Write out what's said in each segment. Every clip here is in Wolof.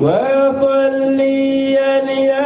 وصلي يا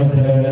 أبدا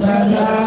salaam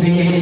الدين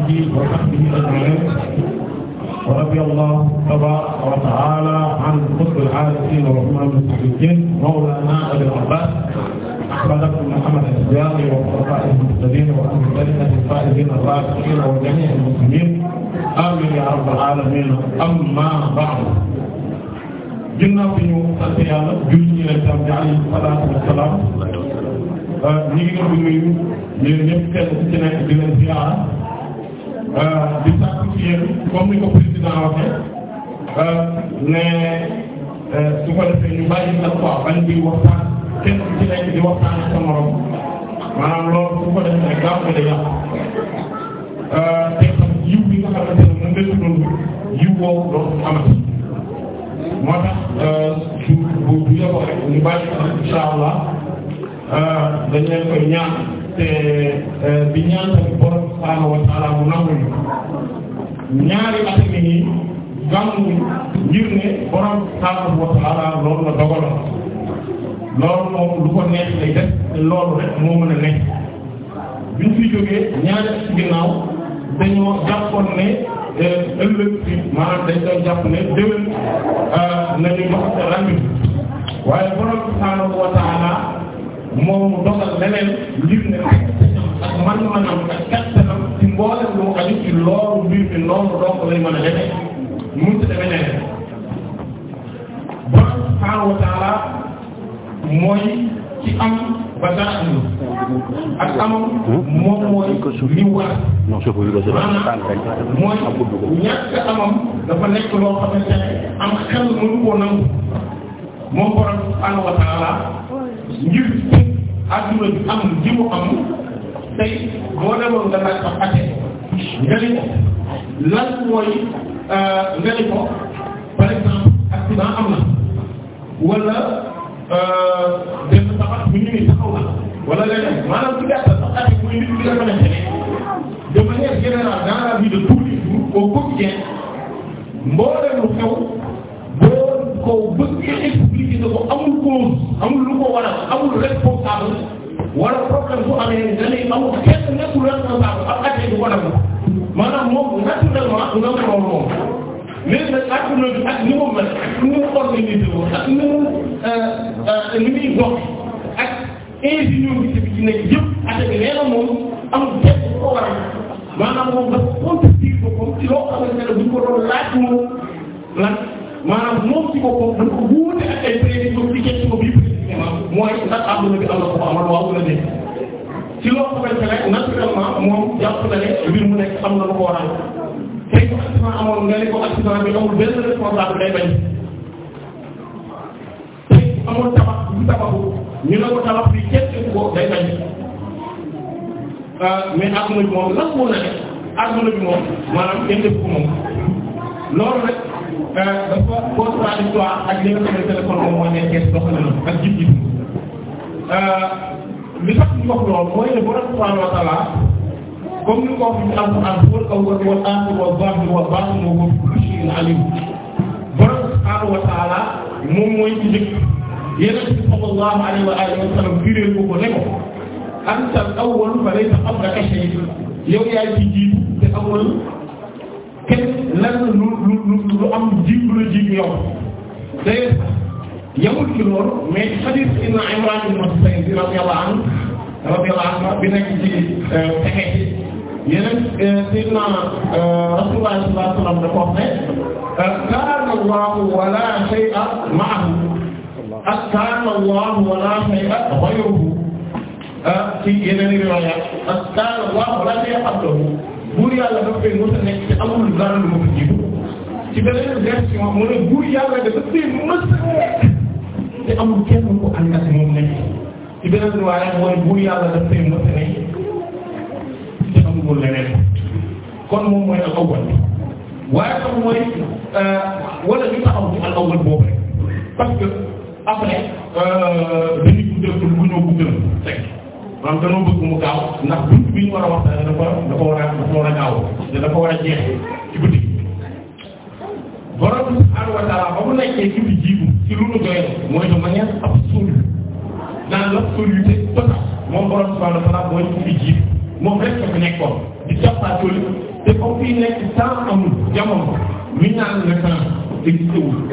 وآله وصحبه أجمعين ورضي الله تبارك وتعالى عن قطب العارفين ورحمن المستحيين مولانا أبي العباس أحمد بن محمد الزياري وخلفائه المهتدين وأهل الجنة الفائزين الراشدين وجميع المسلمين آمين يا رب العالمين أما بعد ginnaaw bi ñu sant yàlla jur ñi leen tam di alayhi salaatu wa salaam ñu ngi leen di nuyu ñun ñëpp kenn ku ci nekk di leen ziyaara Euh, di sàkku ci yéen comme ni ko président waxee euh, ne euh, su ko defee ñu bàyyi la quoi bañ di waxtaan kenn ku ci nekk di waxtaan ak sa morom maanaam loolu su ko defee gàmm day yàq te xam yiw bi nga xamante ne moom lañ doon yiw woowu doon amati moo tax bu bu bu yeboo rek ñu bàyyi ko incha te di eh, ñaan tamit borom subhaanahu wa ta'ala mu nangu ñu ñaari at mi nii gàmmu ngir ne borom subhaanahu wa ta'ala loolu la dogaloo loolu moom lu ko neex lay def te loolu rek moo mën a nekk bi ñu fi jógee ñaari at ginnaaw dañoo jàppoon ne eh, ëllëg si maanaam dañ doon ne déwén eh, nañu wax te ràññu waaye borom moom mu doxal leneen ngir ne ak man-manam ak kattanam ci mboolem lu mu aju ci loolu mbir mi noonu donc lay mën a defee mënut a demee neneen borom subhaanahu wa taala mooy ci am ba dara amul ak amam moom mooy li war maanaam mooy ñàkk amam dafa nekk loo xamante ne am xel mënu koo nangu moom borom subhaanahu wa taala ngir adduna bi am ji mu am tey boo demoon nga laaj ab ate nga ni ko lan mooy euh, par exemple accident am na wala euh, benn tabax bu ñu ni taxaw na wala leneen maanaam ci gàttal sax ate mooy nit bi nga xamante ne de manière générale dans la vie de tous les jours au quotidien mboo dem lu xew koo bëgg nga expliquer que ko amul cause amul lu ko waral amul responsable wala problème bu amee da ngay amul kenn nekkul responsable ak at yi du ko def maanaam moom naturellement nga ko moom léegi nag àdduna bi ak ni mu mel ni mu organisé wu ak ni mu euh, euh, ni muy dox ak ingéniosité bi ci nekk yëpp at bi nee na moom amul kenn ku ko waral maanaam moom dafa contredire boppam ci loo xamante ne bu ñu ko doon laaj moom lan. maanaam moom ci boppam dañ ko wuute ak ay prévisions ci question bi précisément mooy ndax àdduna bi am na ko amal waaw la nekk ci loo xamante ne naturellement moom jàpp na ne mbir mu nekk am na lu ko waral tey ko accident amoon nga ne ko accident bi amul benn responsable day bañ tey amoon tabax bu tabaxu ñu ne ko tabax bi kenn ko day bañ euh, mais àdduna bi moom lan moo na ne àdduna bi moom maanaam kenn def ko moom loolu rek. Euh, dafa contradictoire ak li nga xamante ne kon moom moo nekkee doxalinam ak jëf-jëf euh, li tax ñu wax loolu mooy ne borom subhanahu wa ta'ala comme ni ko wax ci alquran wal awwal wal akhir wal zahir wal batin wa huwa bi kulli shay'in alim borom subhanahu wa ta'ala moom mooy ci njëkk yonent bi sallallahu alayhi wa alihi wa sallam firee ko ko ne ko anta al awwal fa laysa qablaka shay yow yaay ci jiitu te amul kenn lenn lu lu lu am ji lu la ji yow d'ailleurs yamul ci loolu mais hadith Seydina Imran ibn Husayn radiyallahu anhu radiyallahu anhu bi nekk ci euh, Sahih yeneen euh, Seydina euh, Rasulullah sallallahu alayhi wasallam dafa wax ne kaana Allahu wa la shay'a ma'ahu ak kaana Allahu wa la shay'a ghayruhu ci yeneen riwaaya ak kaana Allahu wa la shay'a qablahu buur yàlla dafa fee mës a nekk te amul dara lu ma ko jiitu ci beneen version mu ne buur yàlla dafa fee mës a nekk te amul kenn ko ànd ak moom nekk ci beneen waaye mooy buur yàlla dafa fee mës a nekk te amul leneen kon moom mooy al awwal waaye kon mooy euh, wala ñu taxaw ci al awwal boobu rek parce que après euh, dañuy guddal pour bu ñëw guddal fekk maanaam dañoo bëgg gaaw ndax bunt bi ñu war a waxtaanee dafa dafa war a dafa gaaw te dafa war a jeex ci guddi gi borom subhaanahu wa ta'aala ba mu nekkee ci lu jiitu ci lu nu doyal mooy de manière absolue dans l'absoluté totale moom borom subhaanahu wa ta'aala mooy ci lu moom rek dafa nekkoon di jàppaatoli te comme fii nekk temps amul jamono ñu naan le temps existé wul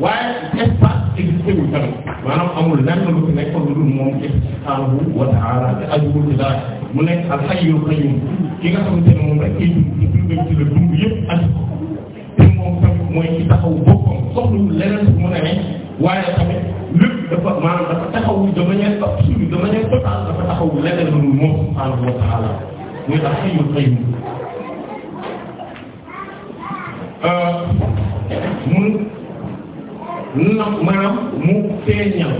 waaye espace existé wul tamit maanaam amul lenn lu fi nekkoon lu dul moom subhaanahu wa te ajuwul ci mu nekk al hayyul qayyum ki nga xamante ne moom rek kay dund ci dundam ci la dund yëpp aju te moom tamit mooy ci taxaw boppam soxlawul leneen su mën a ne waaye tamit lépp dafa maanaam dafa taxaw de manière absolue de manière totale dafa taxaw leneen lu dul moom subhaanahu wa ta'aala muy al hayyul qayyum euh, mun na maanaam mu feeñal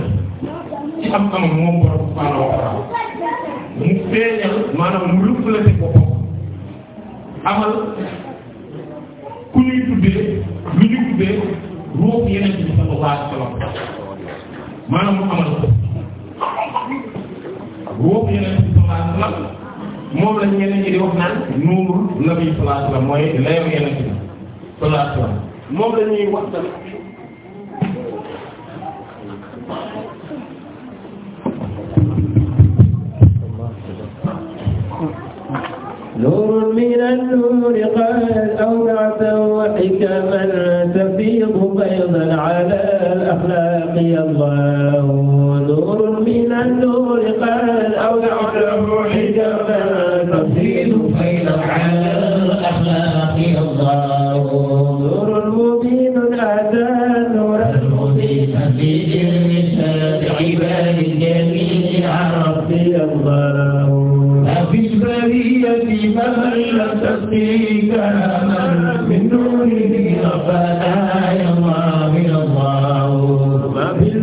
ci am amam moom borom subhaanahu wa ta'ala mu feeñal maanaam mu lëkkalate boppam amal ku ñuy tuddee lu ñu tuddee ruux yeneen bi sallallahu alayhi wa sallam maanaam mu amal ko ruux yeneen bi sallallahu alayhi wa sallam moom lañ ñeneen ñi di wax naan nuurul nabi sallallahu alayhi wa sallam mooy leeru yeneen bi sallallahu alayhi wa sallam moom la ñuy wax tamit نور من النور قالت أوقعت وحكما تفيض بيضا على الأخلاق الله نور من النور قالت أوقعت وحكما تفيض بيضا على الأخلاق الله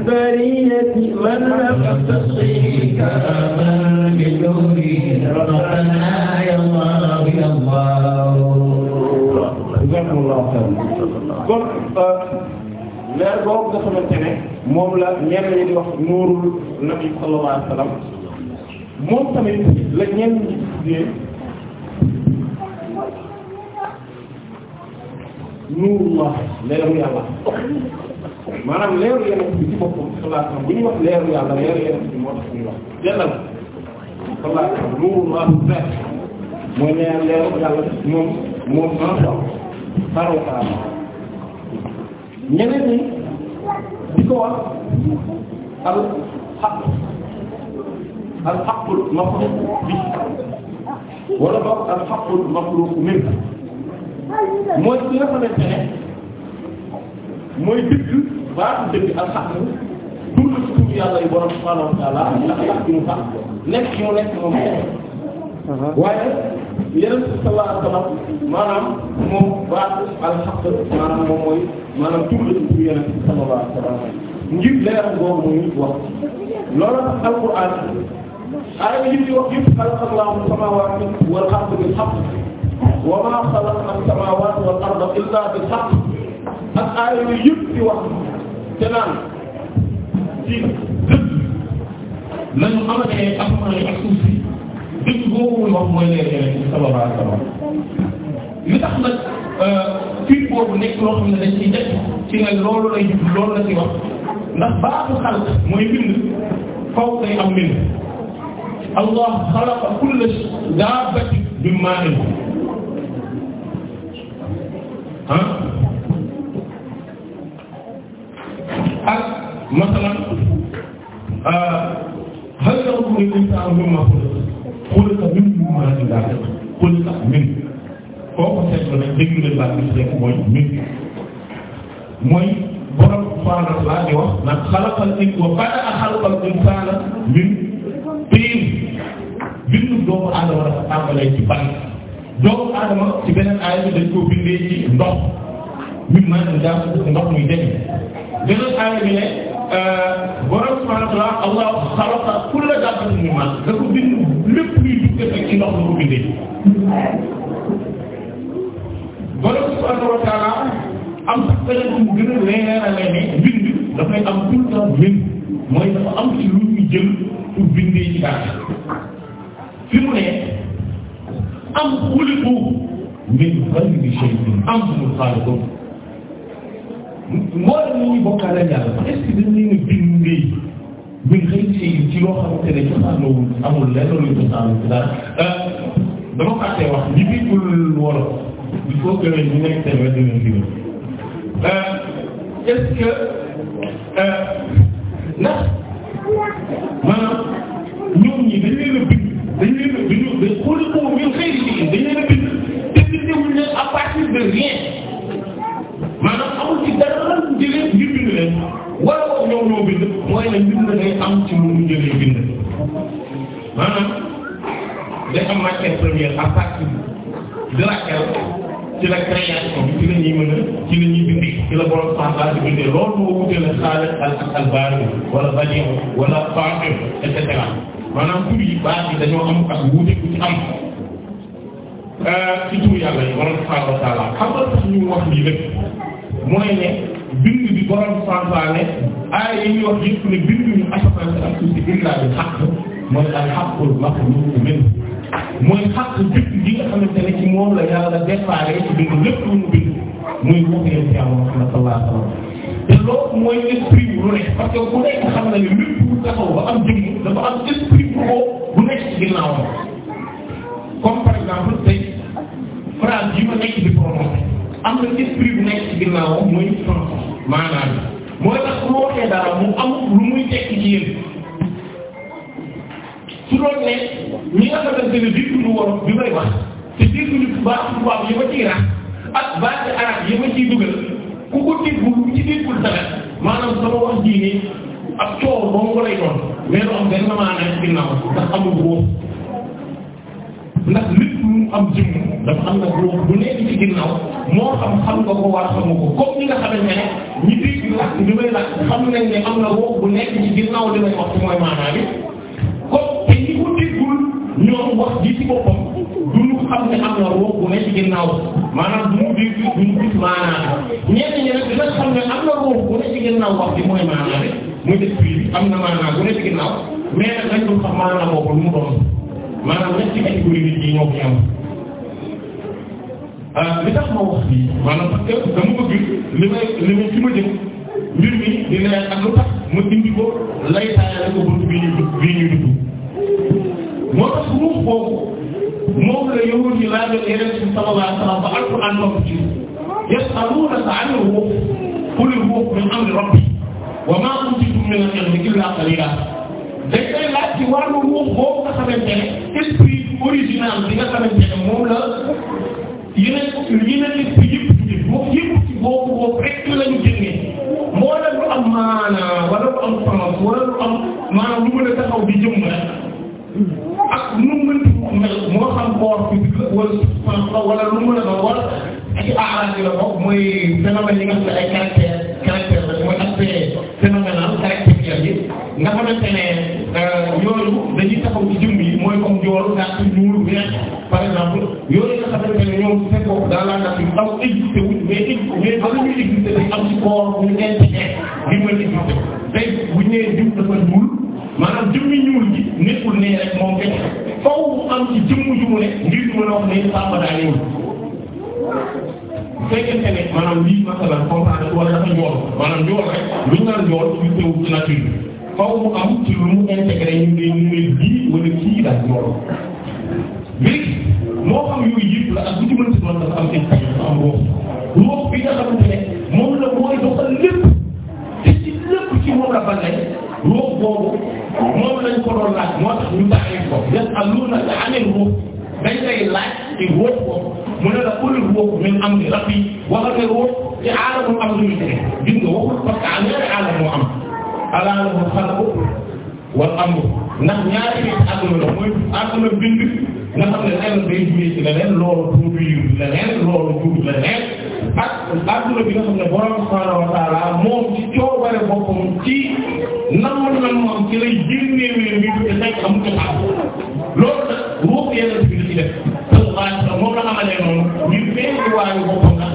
البرية من أقتصيك من بجوره ربنا يا الله يا الله جزاكم الله خيرا leer boobu nga xamante ne moom la ñenn ñi di wax nuurul nabi sallallahu alayhi wa sallam moom tamit la ñenn ñi tuddee nuurullah leeru yàlla maanaam leeru yeneen bi ci boppam sallallahu alayhi wasallam bu ñu wax leeru yàlla leeru yeneen bi moo tax ñuy wax jënd la sallallahu alayhi wasallam nuuru maa zat mooy leer leeru yàlla moom moom ensemble paroo paroo ñeneen ñi di ko wax al xaq al xaqul maqluq bi wala boog al xaqul maqluq min mooy ki nga xamante ne mooy dëgg baatu dëgg alxaq dund ci tur yàlla yu borom subhaanahu wa ta'aala ndax sax bi mu sax nekk ci mu nekk moom uh-huh. waaye yeneen sallallahu alayhi wa sallam maanaam moom baatu alxaq maanaam moom mooy maanaam tur la ci tur yeneen sallallahu alayhi wa sallam ngir leeral boobu muy wax loolu alquran ay yi di wax yëpp xalaqa Allahu samaawaati wal arda bil haqq wa maa xalaqa as-samaawaati wal arda illaa bil haqq ak ay yëpp di wax. te naan ci dëkk lañu amatee asamaan yi ak suuf si dëkk boobu wax mooy leer yeneen bi sallallahu alayhi wa sallam li tax nag euh, fii boobu nekk loo xam ne dañ ciy jot ci ne loolu lay jublu loolu la ci wax ndax baatu xalq mooy bind faww day am bind Allah xalaqa kulla dabbatin min ma'in ah ak masalan euh, hal yaqulu al-insanu mimma xuliqa mimma xuliqa min koo ko seetlu nag dégg nga baat bi rek mooy min mooy borom subhaanahu wa ta'aala di wax nag xalaqal insaan wa bada'a xalaqal insaana min tiin bindu doomu aadama dafa tàmbalee ci ban doomu aadama ci beneen aaya bi dañ koo bindee ci ndox. mi maa ngi jàpp ndox muy dem beneen aaya bi ne euh, borom subhanahu wa ta'ala Allah xalaqa kulla dabbatin min maa dafa bind lépp luy dugg rek ci ndox mu ko bindee borom subhanahu wa ta'ala am beneen bu gën a leeralal ne bind dafay am tout le temps bind mooy am ci lu ñu jël pour bindee ci dara fi mu ne am xuliqu min gayri shay'in am xaaliqun mboolem yi ñuy bokkaale ak yàlla est ce que dañ leen a bindee buñ xëy ci ci loo xamante ne cosaanoo amul lenn luy cosaanoo ci dara euh, dama fàttee wax ñi biggul wolof il faut que ñu nekk seen wet dina fi est ce que euh, ndax maanaam ñoom ñi dañ leen a bind dañ leen a dañu dañ xooli ko min xëy ci dañ leen a bind te bindewuñ leen à partir de rien maanaam amul ci dara di leen ngir bind leen wala wax ñoom ñoo bind mooy ne bind day am ci lu mu jëlee bind maanaam day am matière première à partir de laquelle ci la création bi ci la ñuy mën a ci la ñuy bindee ci la borom sànqal di bindee loolu moo wutale xaalis ak albaari wala badi wala baaxee et cetera maanaam tur yi baax yi dañoo am ak wuute ku ci am euh, ci tur yàlla yi borom subhaanahu wa ta'aala xam nga sax ñu wax lii lépp. mooy ne bind bi borom santaane aaya yi ñuy wax yëpp ne bind ñu asamaan si ak suuf si illaa bi xaq mooy al xaqul maxluuq min mooy xaq bind gi nga xamante ne ci moom la yàlla déparé ci bind lépp mooy esprit bu bu ne ba am bu ko bu nekk ci ginnaawam comme par exemple tey phrase yi ma nekk di prononcer am na esprit bu nekk ci ginnaawam muy sens maanaam mooy tax su ma dara mu am lu muy tekki ci yéen su ne ñi nga xamante ne biir lu woon bi may wax te biir lu baax tubaab yi ma ciy rax ak base arabe yi ma ciy dugal ku ko déggul ci déggul dara maanaam sama wax jii nii ak coow ba mu ko lay doon mais du am benn maanaam ginnaaw ndax amul boobu ndax. am jëmm na góob bu nekk ci ginnaaw moo xam xam nga ko waa xamu ko comme ni nga xamante ne ñi dégg làkk am na góob bu nekk ci ginnaaw li may wax ci mooy maanaa bi comme te ñi ko déggul ñoom wax ji ci boppam du ñu xam ne am na góob bu nekk ci ginnaaw maanaam du ñu dégg du ñu gis maanaa bi ñenn ñi nag dina am na góob bu nekk ci ginnaaw wax ji mooy maanaa bi am na maanaa bu nekk ci ginnaaw mais nag dañ dul xam maanaa boobu lu mu doon maanaam nekk ci catégorie Euh, li tax ma wax bi maanaam parce que dama bëgg li may li may fi ma jëm mbir mi di leer ak lu tax ma indi ko lay taayale ko bunt bii ñu bii ñu dugg moo tax ruux boobu moom la yowoon ci laajal yeneen si sallallahu alayhi wa sallam ba alquran nopp ci yasalunaka ani ruux qul ruux min amri rabbi wa ma utitum min al-ilmi illa qalila dañ koy laaj ci wàllu ruux boobu nga xamante ne esprit original bi nga xamante ne moom la yeneen yeneen yëpp yëpp ci boobu yëpp ci boobu boobu lañu génnee moo la lu am wala lu am sens wala lu am maanaam lu mën a taxaw di jëmm rek ak nu mënti mel moo xam koor physique wala wala lu a doon wala ci aaraat yi la mooy phénomène yi nga xam ay caractère caractère la mooy aspect phénoménal caractère yi nga xamante ne taxaw ci jëmm yi mooy comme jool gàtt ñuul weex par exemple yooyu nga xamante ne ñoom su fekkoon dans la nature am existé wuñ mais mais ba la ñuy existé dañ am ci corps ñu intégré bi ma existé tey bu ñu nee diw dafa ñuul maanaam jëmmi ñuul gi nekkul ne rek moom kese faaw mu am ci jëmm ju mu ne ngir mën a wax ne Samba daa ñuul fekkente ne maanaam lii masalan comprendre wala dafa ñool maanaam ñool rek luñ naan ñool ci teewu ci nature bi faw mu am ci lu mu intégré ñu ne ñu ne bii wala kii daal loolu léegi moo xam yooyu yëpp la ak bu ci mën si doon dafa am ay kii dafa am roof roof bi nga xamante ne moom la mooy doxal lépp te ci lépp ci moom la ban lañ roof boobu moom lañ ko doon laaj moo tax ñu taxee ko yas aluna la amee roof dañ lay laaj ci roof boobu mu ne la kulli roof min am ni rab yi waxal ne roof ci aalamu am lu ñu tege gis nga waxul parce que am ñaari aalam moo am alaa lahu al-khalqu wal amru ndax ñaari mbir àdduna la mooy àdduna bind nga xam ne leneen day jugee ci leneen loolu produire leneen loolu jur leneen ak àdduna bi nga xam ne borom subhaanahu wa ta'aala moom ci coobare boppam moom ci lay génnewee mbir te fekk amu ci xaar loolu nag ruux yeneen bi ci def te moom la amalee noonu ngir benn waayu boppam nag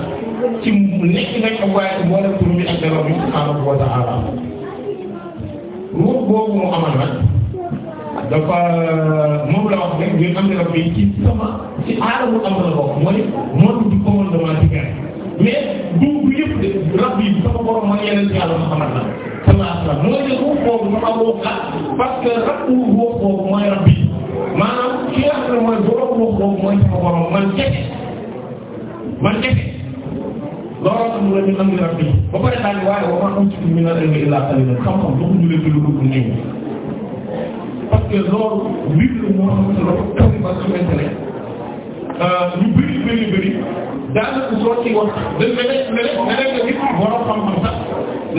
ci nekk nañ ko waaye boole tur bi ak dara bi subhaanahu ruux boobu mu amal nag dafa moom la wax rek ñun am na rafet ci sama ci aadamu am na bokk mooy mode du commandement ci gerte mais du du yëpp de rab yi sama borom mooy yeneen ci yàlla Muhammad la sallallahu alayhi wa sallam mooy ne ruux boobu sama ruux la parce que rabu ruux boobu mooy rab yi maanaam ki nga xam ne mooy borom ruux boobu mooy sama borom man kese man kese. looloo tax mu ne ñun am nañu rab bi ba pare daal di waaye wa maa utiitum mina l-ilmi illaa qaliilan xam-xam jox ñu leen di lu dul néew parce que loolu mbir la moo xamante ne dafa taw bi ba xamante ne euh, ñu bëri bëri bëri daanaka soo ciy wax dañ ne rek ne rek ne rek nga gis borom xam-xam sax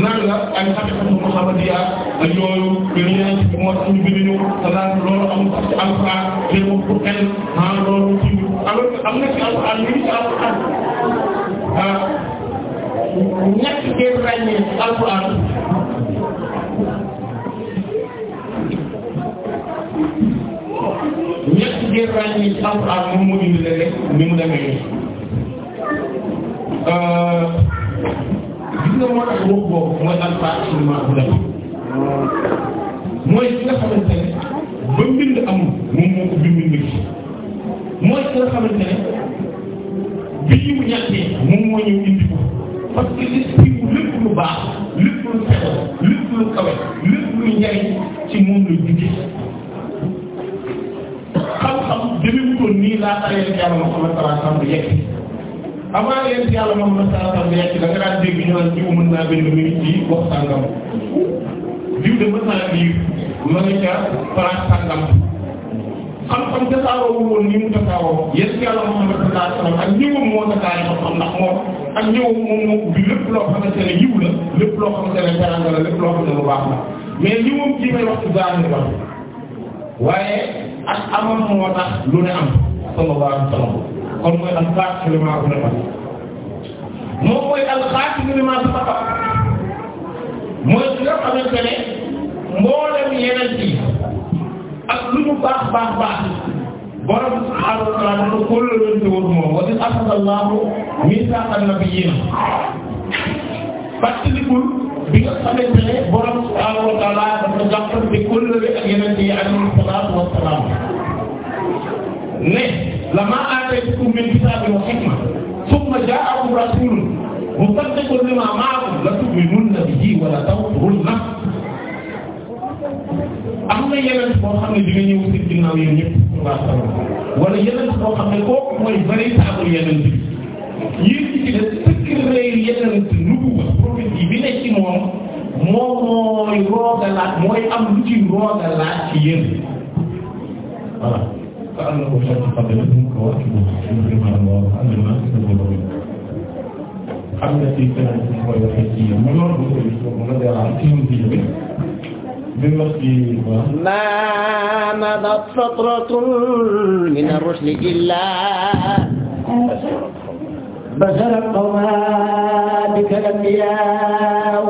naan la ay xam-xam Muhammadiya ak yooyu dañuy naan ci moo tax ñu gën a ñëw te naan loolu amul sax ci alxuraan léegi moom pour xel ah loolu ci alors que am na ci alxuraan ñu ngi ci alxuraan ah. ñett ngeen ràññee alxuraan ñett ngeen ràññee alxuraan moom moo indi rek ni mu demee gis nga moo tax wax boobu mooy alxuraan ci ma bu dem mooy ki nga xamante ne ba mbind amul parce que l'esprit bu lépp lu baax lépp lu sell lépp lu kawe lépp lu njariñ ci moom la jugee xam-xam demewutoon nii laata yéen yàlla Muhammad sallallahu alayhi wa sallam yegg avant yéen yàlla Muhammad sallallahu alayhi wa sallam yegg da nga daan dégg ñu naan jiw mën naa benn minute ci wax sàngam jiw de mën naa lii mën nga ca sàngam. xam-xam tasaaroo woon ni mu tasaaroo yéen yàlla Muhammad sallallahu alayhi wasallam ak ñëwam moo tasaaree xam-xam ndax moom ak ñëwam moom moo ubbi lépp loo xamante ne yiw la lépp loo xamante ne teranga la lépp loo xam ne lu baax la mais li moom ci may wax ci zaahir wax waaye ak amam moo tax lu ne am sallallahu alayhi wasallam kon mooy al xaatim limaa sabaqa moom mooy al xaatim limaa sabaqa mooy li nga xamante ne mboolem yeneen yi ak lu ñu baax baax baax borom subhaanahu wa ta'aala dafa kóllërante woon moom wa iz akhadha Allahu miisaaqa nabiyyiina fàttalikul bi nga xamante ne borom subhaanahu wa ta'aala dafa jàppante kóllëre ak yeneen yi alayhi salaatu wa salaam ne lammaa aataytukum min kitaabin wa hikma thumma jaa'akum rasuulun musaddiqun limaa ma'akum latu'minunna bihi wa la tansurunnahu am na yeneen boo xam ne dina ñëw ci ginnaaw yéen ñëpp sallallahu alayhi wa sallam wala yeneen boo xam ne kooku mooy véritable yeneen bi yéen ci ci des secret yeneen nubuwa prophète yi bi nekk ci moom moom mooy roogalaat mooy am lu ci roogalaat ci yéen voilà. am na ci keneen bu koy waxee ci yéen ñu loolu bu koy mën a dellu ci ñun ci yéen maa madat satratun min ar-rusli illaa bashara qawmaa bika al-anbiyaa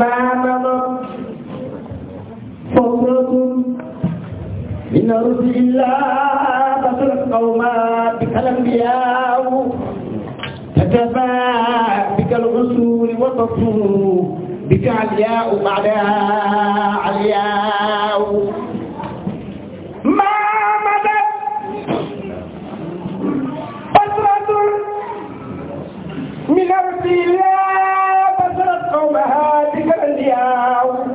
maa madat satratun min ar-rusli illaa bashara qawmaa bika al-anbiyaa takafaa bika al-usuli wa tafuuf بجعل ياء بعدها الياء ما مدت بصرة من أرضي لا بصرت قومها بك الياء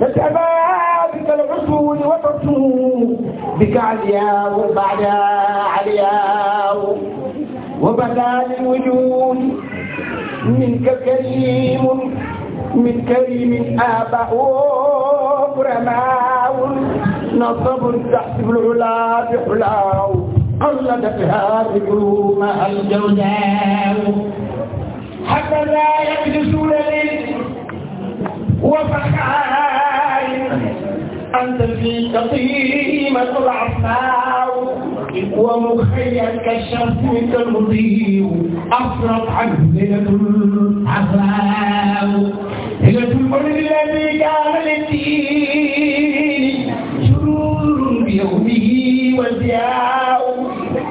تتباهى بك العسول وتصوم بك علياء بعدها علياء وبدا للوجود منك كريم من كريم آباء برماء نصب تحسب العلا بحلاو قلدتها بجروم الجوداء حتى لا يجلسون لي وفكعها أنت في تقيمة العفاو ومخيل كالشمس تضيء أفرط عنه ليلة العفاو ليلة الولد الذي كان للدين شرور بيومه وزياء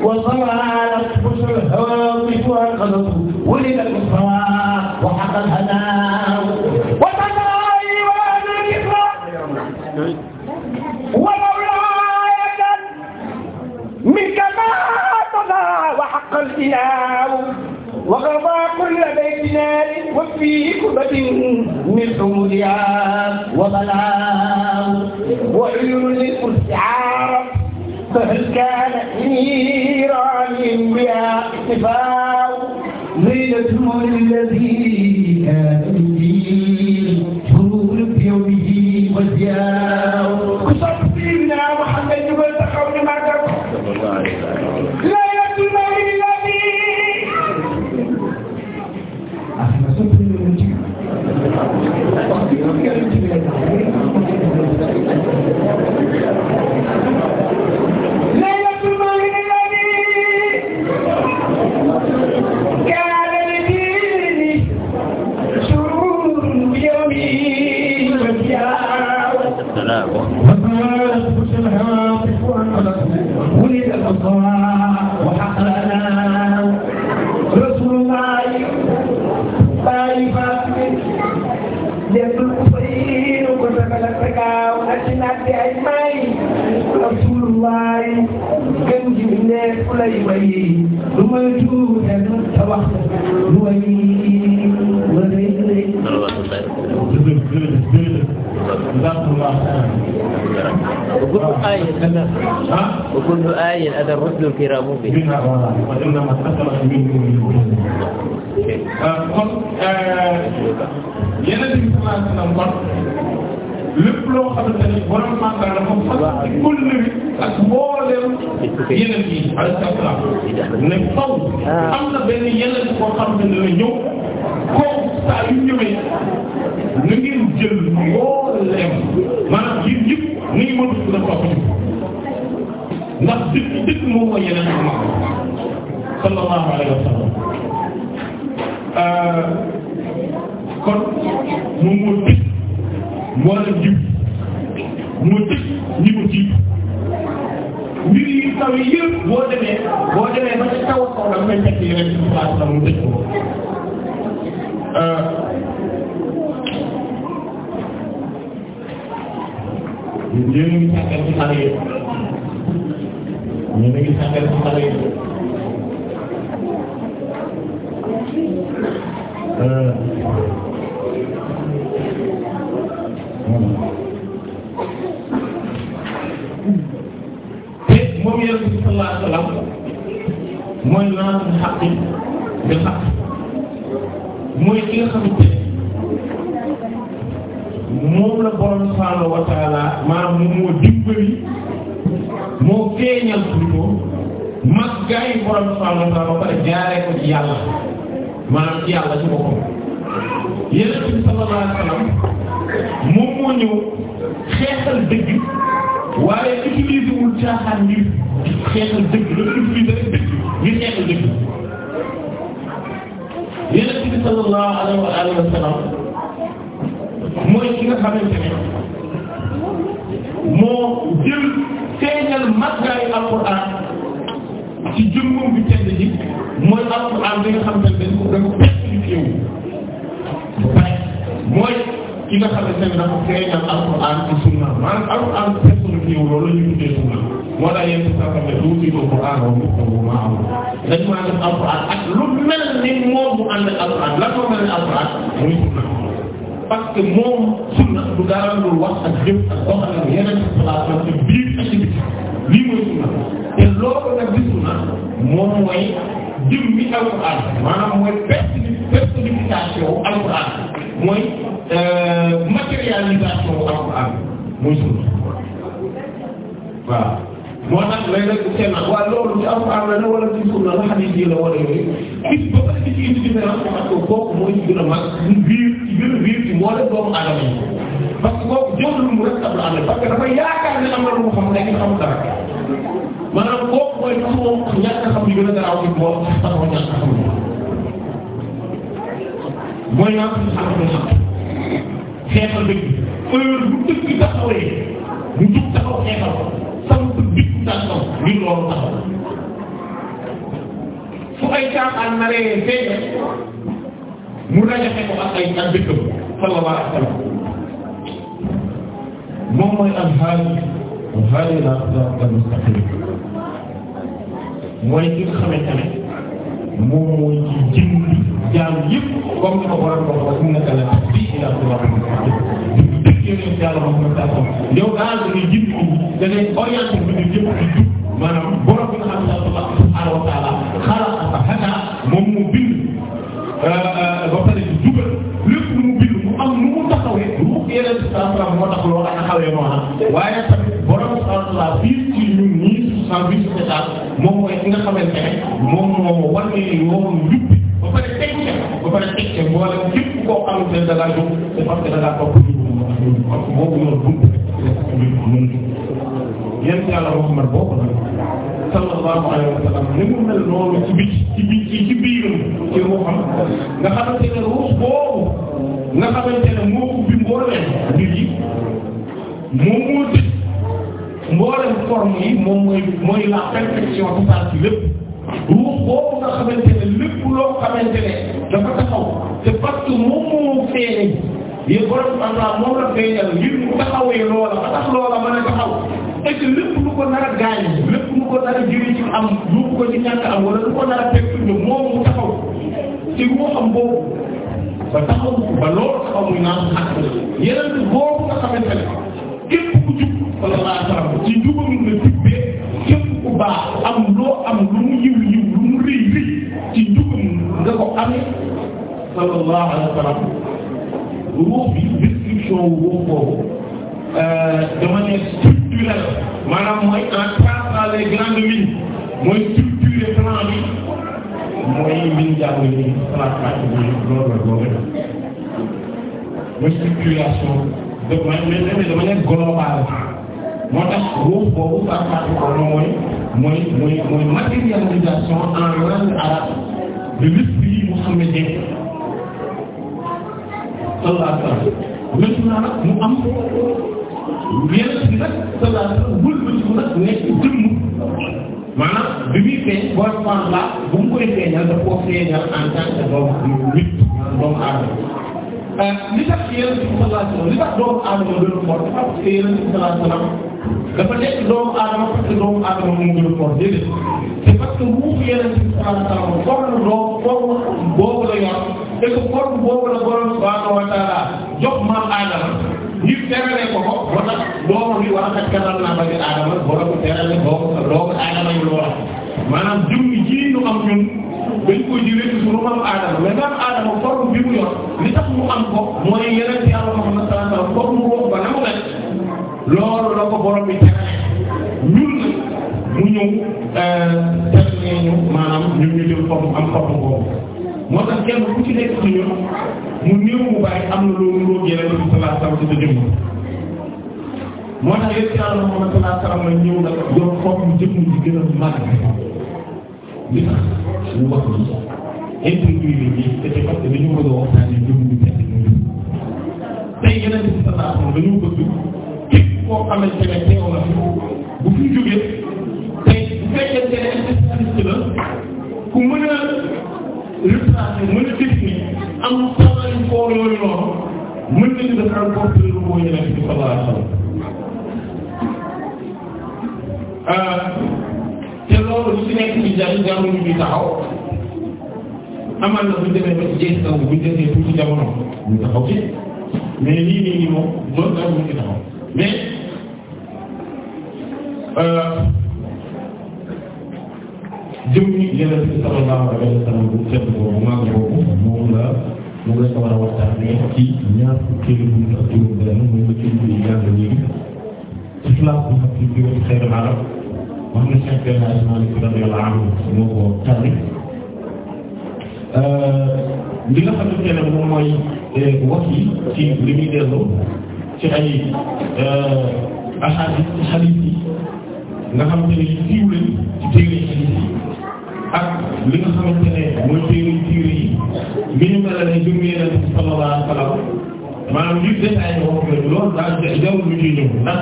وصمالت بشر الهواطف والقلب ولد الأسرى وحق الهناء حق الإله وغضى كل بيت نار وفيه كبة من حمودها وبلاء وعيون للقدس عارف فهل كان حيران بها اتفاق زينة الذي كان به شرور بيومه وزياء كصف سيدنا محمد أجمعين رسول الله كم جبنا كل يومين وموجود التوحد يومين وذين وكل آية أنا وكل آية أنا الرسل الكرام به. kon yeneen bi sallallahu alayhi wa sallam lépp loo xamante ni borom Màkka dafa fas ci kóllëre ak mbooleem yeneen yi alayhi salaam ne faw ah. am na benn yeneen koo xamante ne la ñëw kooku saa yu ñëwee na ngeen jël mbooleem maanaam yéen yëpp ni ngi mën a topp ndax dëkk dëkk moom mooy yeneen ma sallallahu alayhi wa sallam euh, kon moom moo mboolem jiw moo tëj ñi ko jiw mbir yi taw yi yëpp boo demee boo demee ba ci taw kaw daf may fekk mu tëj ko. Euh, yéen a ngi sàkkal ci xale yi yéen a ngi sàkkal ci te moom yonent bi sallallahu alayhi wa sallam mooy naasixul xaqqi bil xaqq mooy ki nga xamante moom la borom subhaanahu wa ta'aala maanaam moom moo dimbali moo feeñal plutôt màggaayu borom subhaanahu wa ta'aala ba pare jaaree ko ci yàlla maanaam ci yàlla ci boppam yonent bi sallallahu alayhi wa sallam moom moo ñëw xeexal dëgg waaye utiliser wul caaxaan ngir xeexal dëgg dafa utiliser rek dëgg ngir xeexal dëgg yonent bi sallallahu alayhi wa alihi wa sallam mooy ki nga xamante ne moo jël feeñal màggaayu alquran ci jëmmum bi tedd ji mooy alquran bi nga xamante ne dañ ko dañ ko personifié wu mooy ki nga xamante ne dafa feeñal alquran ci sunna maanaam alquran personifié loolu la ñu tuddee sunna moo tax yéen sa xam ne lu ci ko alquran wa mithluhu ma'ahu dañ maa def alquran ak lu mel ni moom mu ànd ak alquran lan moo mel ni alquran muy sunna parce que moom sunna du dara lu wax ak jëf ak doxalin yeneen situation te biir activité lii mooy sunna te loolu nag di sunna moom mooy jëm bi alquran maanaam mooy personnification alquran mooy Euh, matérialisation bu alxuraan mooy sunna waaw moo tax léeg-léeg seen waa loolu ci alxuraan la ne wala ci sunna la xadiis yi wala yooyu it ba pare di ci indi différence parce que kooku mooy ci gën a mag ci biir ci gën a biir ci moo def doomu aadama yi parce que kooku jox lu mu rek tabla am parce que dafa yaakaar ne am na lu mu xam nekk xamul dara maanaam kooku mooy ci moom ñàkk xam li gën a garaaw xeexal dëgg heure bu dëgg taxawee mu jug taxaw xeexal ko samp dikk tànkam ngir loolu taxaw fu ay caaxaan naree feeñe mu rajaxe ko ak ay ak dëkkam sallallahu alayhi wa sallam moom mooy alhaali alhaali la al mustaqim mooy ki nga xamante ne moom mooy ci jëndi jaam yëpp comme ni ko waral ko wax naka la bii ci laa ko wax dëgg yàlla yàlla wax na saa soxla yow daal da ngay jënd da ngay orienté bi ñu jëm di jub maanaam borom bi nga xam ne Allah subhanahu wa ta'ala xalaqa hatta moom mu bind euh, euh, ba pare di jubal lépp mu bind mu am nu mu taxawee lu yeneen saa moo tax loolu ak xawee noonu waaye tamit borom subhanahu wa ta'ala fii ci ñun ñii cent huit état moom mooy ki nga xamante ne moom moo war ni moom njub bi ba pare teg ca ba pare teg ca boole képp koo xamante ne da ngaa jóg c'est parce que da ngaa topp njub moom ak ñoom parce que boobu noonu bunt mën yéen yàlla Muhammad boobu nag sallallahu alayhi wa sallam ni mu mel noonu ci biir ci biir ci biiram ci ruuxam nga xamante ne ruux boobu nga xamante ne moo ubbi mbooleem mbir yi moom moo tëj mboolem forme yi moom mooy mooy la perfection totale ci lépp ruux boobu nga xamante ne loo xamante ne dafa taxaw te parce que moom moo feeñee yéen borom Allah moom la feeñal ngir mu taxawee loola ba tax loola mën a taxaw et que lépp lu ko nar a gaañ lépp lu ko nar a jëriñ ci am lu ko ci ñàkk am wala lu ko nar a fekk moom mu taxaw ci ruuxam boobu ba taxaw ba loolu taxaw muy naan ak yeneen boobu nga xamante ne képp ku jub sallallahu alayhi wa sallam ci jubam la tibbee képp ku baax am loo am lu mu yiw yiw lu mu rëy rëy ci jubam nga ko amee sallallahu alayhi wa sallam ruux bi description ruux boobu de manière structurelle maanaam mooy en traçant les grandes lignes mooy structurer plan bi mooy min jàng ni placement bi loolu la loolu la mooy structuration de manière de manière globale moo tax ruux boobu par rapport moom mooy mooy mooy mooy matérialisation en langue arabe de l'esprit mohammédien sallallahu alayhi wa sallam maintenant nag mu am yeneen si nag sallallahu alayhi wa sallam wëlbatiku nag nekk jëmm maanaam bi muy feeñ booy xool la bu mu koy feeñal daf koo feeñal en tant que doomu nit doomu aadama euh, li tax yéen a ngi ci li tax doomu aadama gën a fort dafa nekk doomu aadama parce que doomu aadama moo gën a fort déedéet c'est parce que ruuxu yeneen ci sallallahu alayhi wa sallam forme doomu forme boobu la yor et que forme boobu la borom subhaanahu wa ta'ala jox maam aadama ñu terale ko ko ba tax doomu bi war a fekk kanam naa ba di aadama borom bu terale doomu doomu aadama yi loola maanaam jëmm ji ñu am ñun dañ koy jëlee ci sunu maam aadama mais maam aadama forme bi mu yor li tax mu am ko mooy yeneen ci yàlla Muhammad sallallahu alayhi wa sallam forme boobu ba na mu nekk loolu la ko borom bi teg ñun mu ñëw euh, teg nee ñu maanaam ñun ñu jël forme am forme boobu moo tax kenn ku ci nekk ci ñun mu néew mu bàyyi am na loolu loo gën a def sallallahu alayhi wa sallam ci sa jëmm moo tax yéen saa la moom sallallahu alayhi wa sallam ñëw nag yor forme jëmm ji gën a màgg li tax ñu wax ni introduire bi c'est parce que dañu bëgg a waxtaanee jëmm ñu teg tey yeneen sallallahu alayhi wa sallam dañu bëgg koo xamante ne teew na bu fi jógee te bu fekkente ne spécialiste la ku mën a retracer mën a technique am travail fort yooyu noonu mën nañu def encore plus boo ñëwee ci sallallahu alayhi wasallam euh, te loolu ci nekk ci jaay jamono bi taxaw amal na bu ñu demee ba ci jeexital bu ñu defee tuuti jamono ñu taxaw ci mais lii nii nii moom mën naa mën ci taxaw mais. Euh, jëm yi yeneen bi sallallahu alayhi wa sallam bu sell boobu mag boobu moom la moom la ko war a waxtaanee ci ñaar fukkeelu bunt ak juróom benn moom la ci yi yàlla léegi ci place bu mag ci juróom xeyrul arab wax na Cheikh El Hadji Malick radiyallahu anhu moo ko tànn euh, li nga xamante ne moom mooy euh, wax yi ci li muy dellu ci ay ahadis ci hadith yi nga xamante ne siiw lañ ci téere yi ak li nga xamante ne mooy téere téere yi minimal la jëm yeneen sallallahu alayhi wa sallam maanaam li détaillé wax nga loolu daal jarul lu ñuy ñëw ndax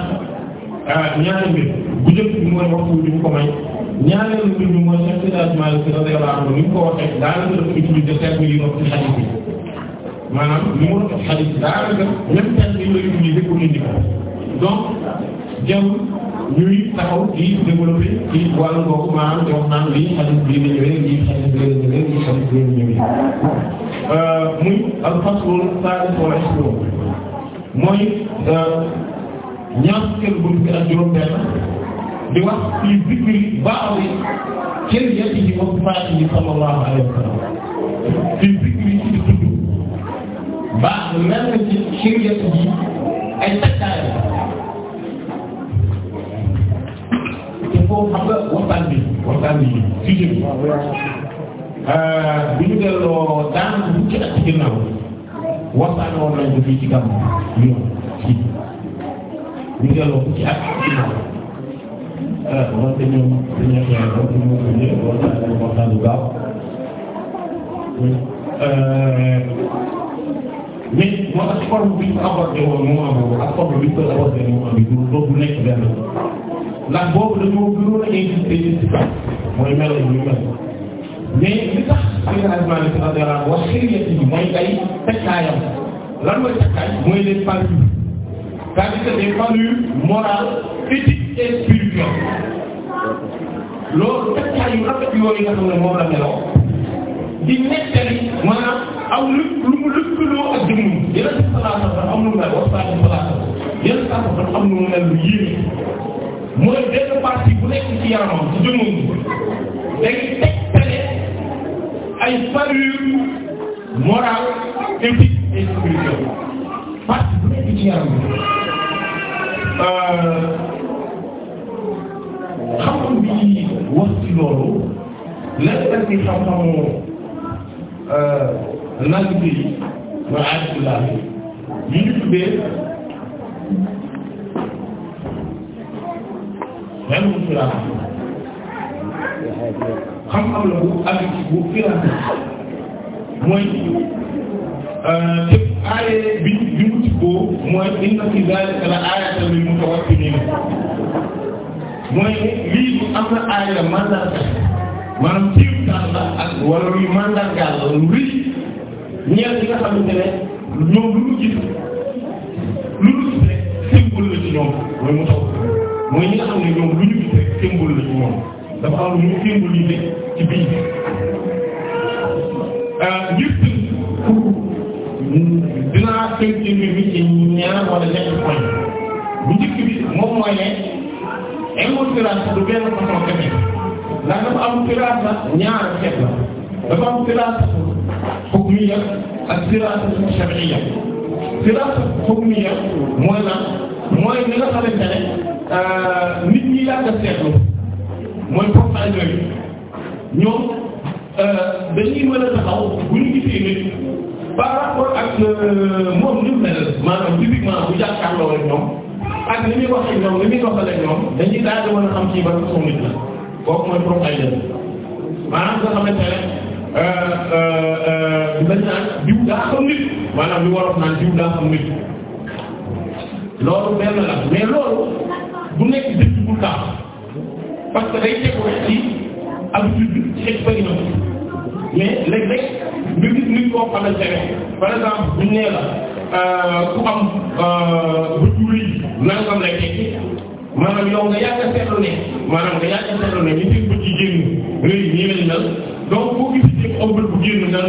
ah, ñaari mbir bu njëkk bi mooy waxtu bi mu ko may ñaareel mbir bi mooy Cheikh Seydou Malick radiyallahu anhu ni mu ko waxee daanaka dafa utilisé terme yi doon ci xadiis bi maanaam li mu doon ci xadiis bi daanaka même terme yi la utilisé pour indi ko donc jarul ñuy taxaw di développer ci wàllu boobu maanaam di wax naan lii xadis bii la ñëwee lii xadis bii la ñëwee lii xadis bii la ñëwee euh, muy al-faslul saalis wal ishruun mooy euh, ñaar fukki bunt bi ak juróom-benn di wax ci zikri baawi yi wa sifaatihi sallallahu alayhi wa sallam ci zikri ci di tudd baax lenn ci shariat yi ay takkaay faut xam nga waxtaan bi waxtaan bi sujet bi bi ah, euh, ñu delloo daanaka bu ci at ci ginnaaw waxtaan woon nañ ko fii ci gàmm yoon fii bi ñu delloo bu ci at ci ginnaaw ah euh, man de ñoom dañoo xëy na donc ñoo ko ñëwee waxtaan bi waxtaan bu gaaw euh, mais moo tax forme bi ñu abordé woon moo amoon ak forme bi ñu ko abordé moo am bi du nekk benn. ndax boobu dañoo gënoon a insister ci mooy melo yu mel mais li tax li nga xam ne dafa dara wax xëy na mooy ay tekkaayam lan mooy tekkaay mooy les valeurs c'est-à-dire des valeurs morales éthiques et spirituelles loolu tekkaay yu rafet yooyu nga xam ne moom la meloo di nettali maanaam aw lu mu lëkkaloo ak jëmm yeneen sallallahu alayhi wa sallam am lu mel wax sallallahu alayhi wa sallam yeneen sallallahu alayhi wa sallam am lu mel lu yéeme mooy benn partie bu nekk ci yaramam ci jëmmam dañuy tegtale ay parures morales éthiques et spirituelles partie bu nekk ci yaramam euh, xam-xam bi ñuy wax ci loolu lan la ci xam-xamu euh, naan bi mooy aadama yi ñu ngi tuddee. même bu firaat xam-xam la bu àgg ci bu firaat mooy képp euh, aaye bi bi mu tibboo mooy inna fi zalika la aayatan lil mutawakkiliin mooy lii am na aaya la mandarga maanaam tiim taal la ak wala luy mandargaal la lu rëy ñeent yi nga xamante ne ñoom lu ñu gis lu ñu gis rek symbole la ci ñoom mooy mutawakkil mooy ñi nga xam ne ñoom lu ñu gis rek symbole la ci moom dafa am lu ñu symboliser ci biir euh, ngir tënk dinaa tënk ci mbir bi ci ñaar wala ñetti point bu njëkk bi moom mooy ne incontinence du benn façon kese ndax dafa am pirate la ñaar xeet la dafa am pirate hukmiya ak pirate shar'iyya pirate hukmiya mooy la mooy li nga xamante ne Euh, nit ñi yàgg a seetlu mooy profil yooyu ñoom euh, dañuy mën a taxaw bu ñu gisee nit par rapport ak euh, moom ni mu mel maanaam typiquement bu jàkkaarloo rek ñoom ak ni muy waxee ñoom ni muy doxalee ñoom dañuy daal di mën a xam ci ban façon nit la kooku mooy profil yooyu maanaam nga xamante ne. dañ naan diw daa xam nit maanaam li waroon naan diw daa xam nit loolu benn la mais du nekk dëkk bu tax que day tegu rek ci habitude bi ci expérience bi mais léeg-léeg nga gis nit koo xamante euh, ku am bët euh, yu rëy nangam lay tekki maanaam yow nga yàgg a seetlu ne maanaam nga yàgg a seetlu ne ñu seen bët yi génn rëy nii nga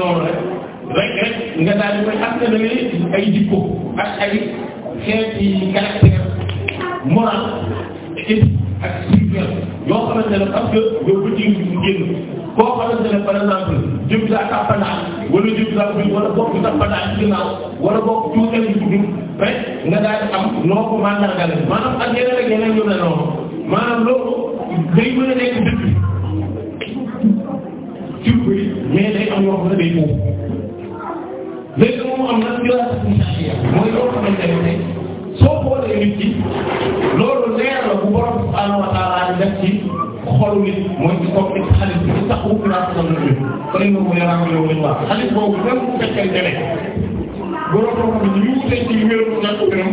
noonu rek rek nga daal di koy askanale ay jikko ak moral éthique ak spirituel yoo xamante ne parce que yow bëccëg ñu génn koo xamante ne par exemple jëm saa tàmpanaa wala jëm saa bu wala bokk tàmpanaa ci ginnaaw wala bokk tuutal ci dugub rek nga daal di am noo ko mandargale maanaam ak yeneen ak yeneen yu ne noonu maanaam loolu day mën a nekk dëkk ci biir mais day am yoo xam ne day foofu léegi moom am na ci la mooy loo xamante ne soo xoolee nit ki loolu leer la bu borom subhaanahu wa ta'aala def ci xolu nit mooy ci kaw nit xaalis bi ci taxawu place am na ñun. kon it ma ko yàlla amee woon waa xaalis boobu même bu fekkente ne borom boo xam ne ñu wutee ci wéru ñàkk gërëm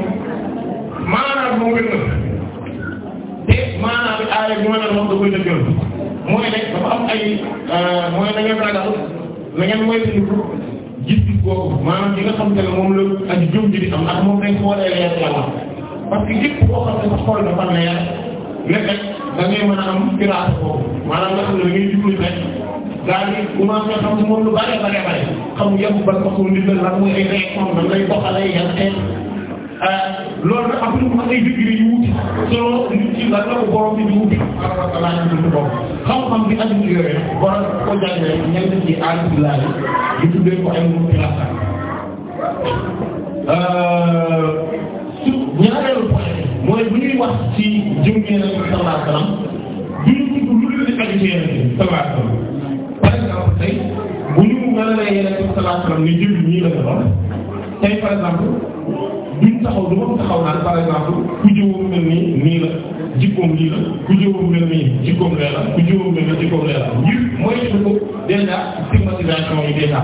maanaam moo gën a te maanaam aaya bi ma leen wax da mooy ne dafa am ay euh, mooy na ngeen ragal na gis-gis boobu maanaam ñi nga xam moom la aji jëm ji di am ndax moom day xoolee leer yàlla parce que képp koo xam ne sa xol dafa leer nekk rek da ngay mën a am piraat nga xam ne da ngay jublu rek daa di commencé xam moom lu bare bare bare xam yàgg ban façon nit la lan mooy ay réaction nan lay doxalee yan xeet Euh, loolu nag am na ay degré yu wuti solo nit ci lan la ko borom bi di wuti alhamdulilah ñu ko xam-xam bi ak ñu yore borom ko jàngee ñenn ci alhamdulilah yi tuddee ko ay mutilasa. Euh, su ñaareelu point mooy bu ñuy wax ci jëm yeneen yi sallallahu alayhi wasallam du ñu tudd lu leen di aju ci yeneen yi sallallahu alayhi wasallam par exemple tey bu ñu mën a ne yeneen yi sallallahu alayhi wasallam ni jëm ñii la ko doon. tey par exemple duñ taxaw du ma par exemple ku jëwoon mel nii nii la jikkoom lii la ku jëwoon mel nii jikkoom lee la ku jëwoon mel nii jikkoom lee la ngir moytu ko déjà stigmatisation yi déjà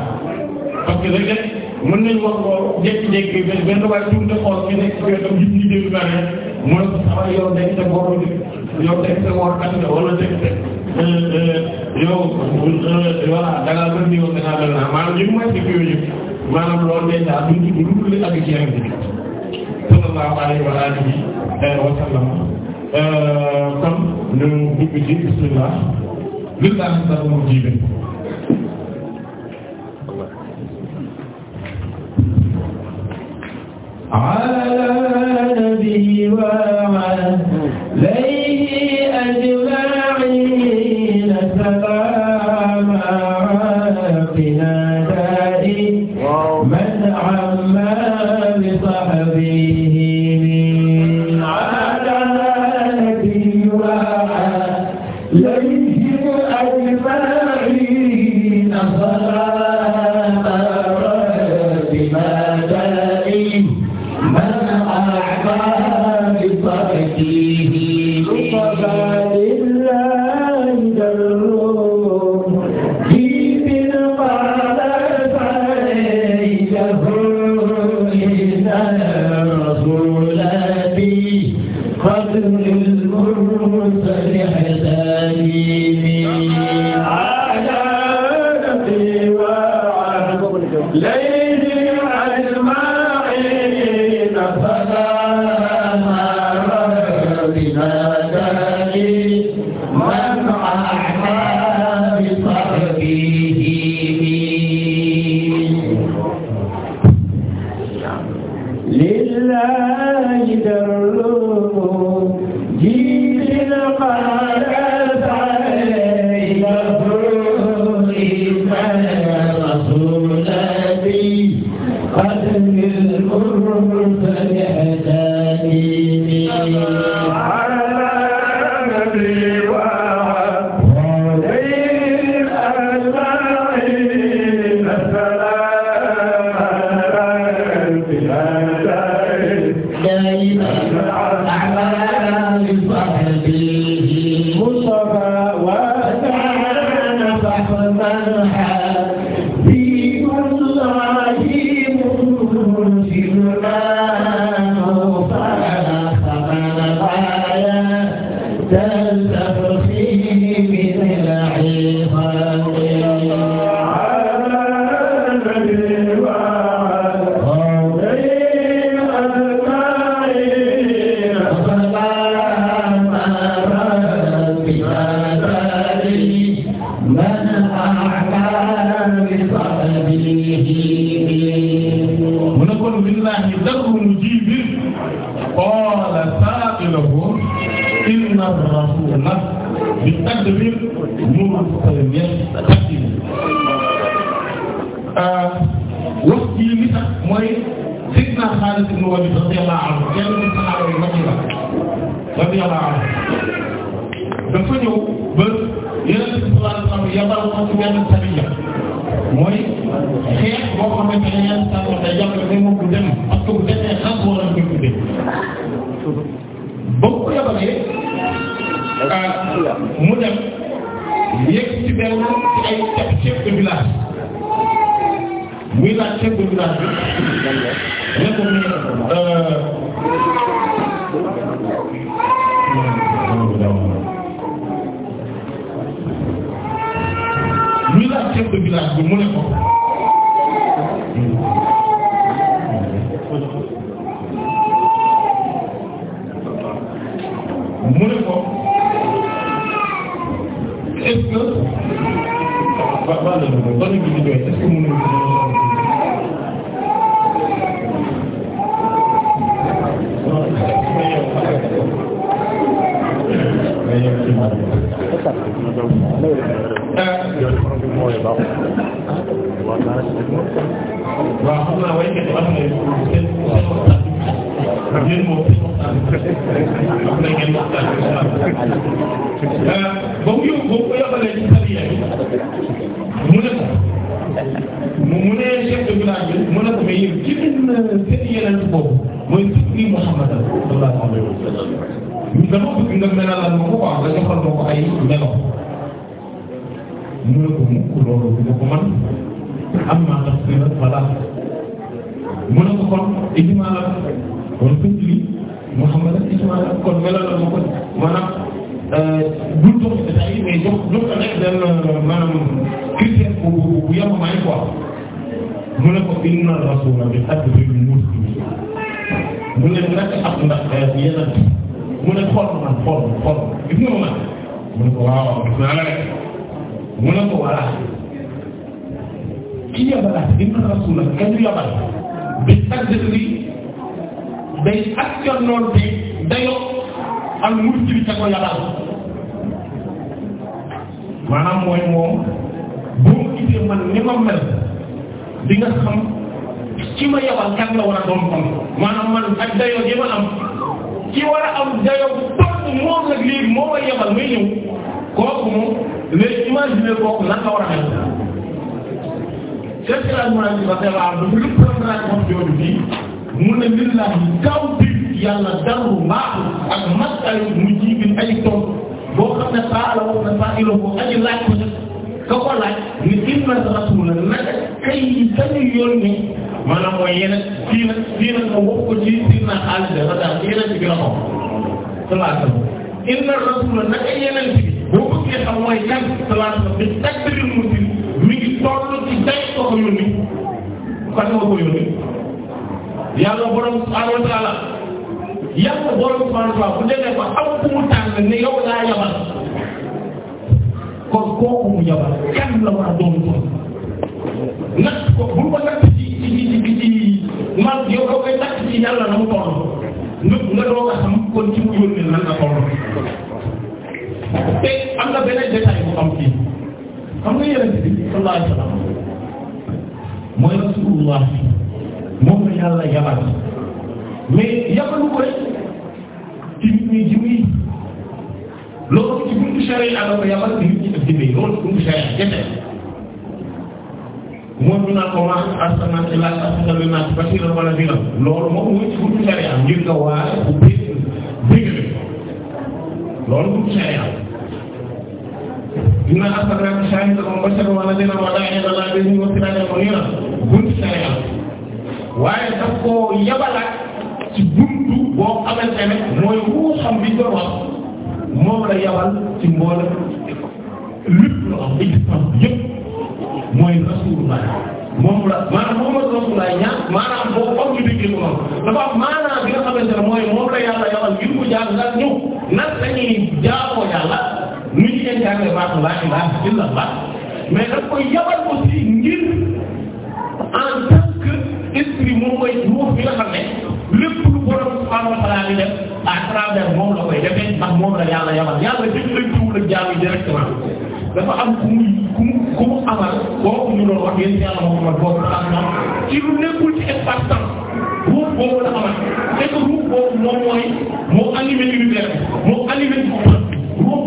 parce que léeg-léeg mën nañu wax loolu jékki-jékki benn benn waaye tuuti te xool ci nekk ci wetam yëpp ñu déglu naa ne mooy sama yow nekk te borom bi yow nekk te war kat nga wala nekk euh, euh, yow euh, voilà da ngaa mel ni yow da ngaa mel naa maanaam ñu ngi may déglu yooyu maanaam loolu day daal ñu ngi ci lu dul àgg ci yeneen bi sallallahu alayhi wa alihi wa sallam euh, kon ñu dugg ci bismillah lillahi salamu jibe ala nabi wa ki ma yabal kan la war a doon kon man ak dayoo ma am ki war a am dayoo topp moom nag lii moo ma yabal may ñëw kooku moom les imaginer kooku lan la war a mel. Cheikh El Hadj Malick Ba Seye waaw dafa reprendre wax jooju bii mu ne lillahi kaw bi yàlla daru mbaaxu ak masayu mu jiibin ay tool boo xam ne saa la wax na saa laaj ko ka ko ni inna rasula naka kay sañu yónni maanaam mooy yeneen fii nag fii nag moom wax ci si na xaalis dafa daal yeneen ci gën a xam salaata inna rasula naka yeneen ci boo bëggee xam mooy kan salaata bi takdiril mutin mi ngi toll ci day ko ko yónni kan nga ko yónni yàlla borom subhanahu wa ta'ala yàlla borom subhanahu wa ta'ala bu demee ba am ku mu tànn ne yow laa yabal kon kooku mu yabal kan la war a doon ko natt ko bul ko natt ci ci man yow da koy takk ci na mu toll nga nga doog a xam kon ci mu yónnee lan la na beneen détail bu am fii xam nga yonent bi sallallahu alayhi wasallam mooy rasulullah moom la yàlla yabal mais ko rek ci nit ñi jiw loolu ci buntu sharia la ko yabal nit ñi ak jiw loolu ci buntu sharia moytu naa ko maanaam asamaan si laaj asamaan bi naaj ba si la wala dina loolu moom mooy ci buntu sariya ngir nga waare bu dégg dégg loolu buntu sariya dina asamaan saa yi dafa mos a wala dina wala ay la laaj bi ñu ko tiraale ko nii la buntu sariya waaye daf koo yabalaat ci buntu boo xamante ne mooy woo xam bi ñu wax moom la yabal ci mboolem lépp lu am existence yëpp. mooy rasulullah moom la maanaam moom la rasulullah ñaan maanaam boo foog ñu déggee ko noonu dafa am maanaam bi nga xamante ne mooy moom la yàlla yowal ngir mu jaar ndax ñëw nan dañuy jaaroo yàlla nu ñu leen jàngee baatu laa ilaaha illallah mais daf koy yabal aussi ngir en tant que esprit moom mooy ruux bi nga xam ne lépp lu borom subhaanahu wa ta'aala di def à travers moom la koy defee ndax moom la yàlla yabal yàlla def lañ tuur ak jaam yi directement. dafa am ku mu ku mu ku mu amal boobu ñu doon wax yéen yàlla moo amal boobu xam-xam ci lu nekkul ci espace temps ruuf boobu la amal te que ruuf boobu moom mooy moo animé univers moo animé ruuf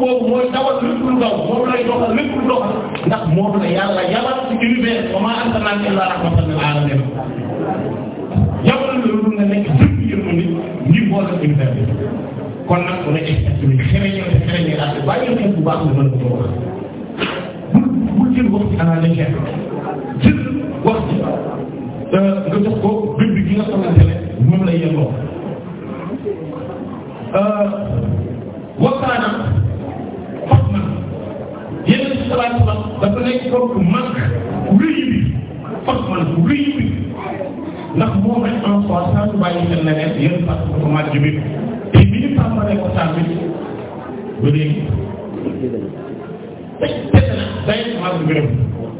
boobu mooy dawal lépp lu daw moom lay doxal lépp lu doxal ndax moom la yàlla yabal ci univers wa maa arsalnaaka illaa rahmatan lil aalamiin yabal la lu nga nekk jëpp yërmande ngir boole univers kon nag bu la expecté xëy na ñëw te xëy na ñëw daal bu baax la mën ko wax. bul jël wax ci à la légère jël euh, nga jox ko bind gi nga xamante ne moom lay yelloo euh, waxtaana xot na yeneen ci salaatu salaam dafa nekk kooku manque man rëy bi ndax moom rek en soi sans que bàyyi xel leneen yéen parce que màgg bi te bi ñu tàmbalee waxtaan bi ba teg teg day xaar gërëm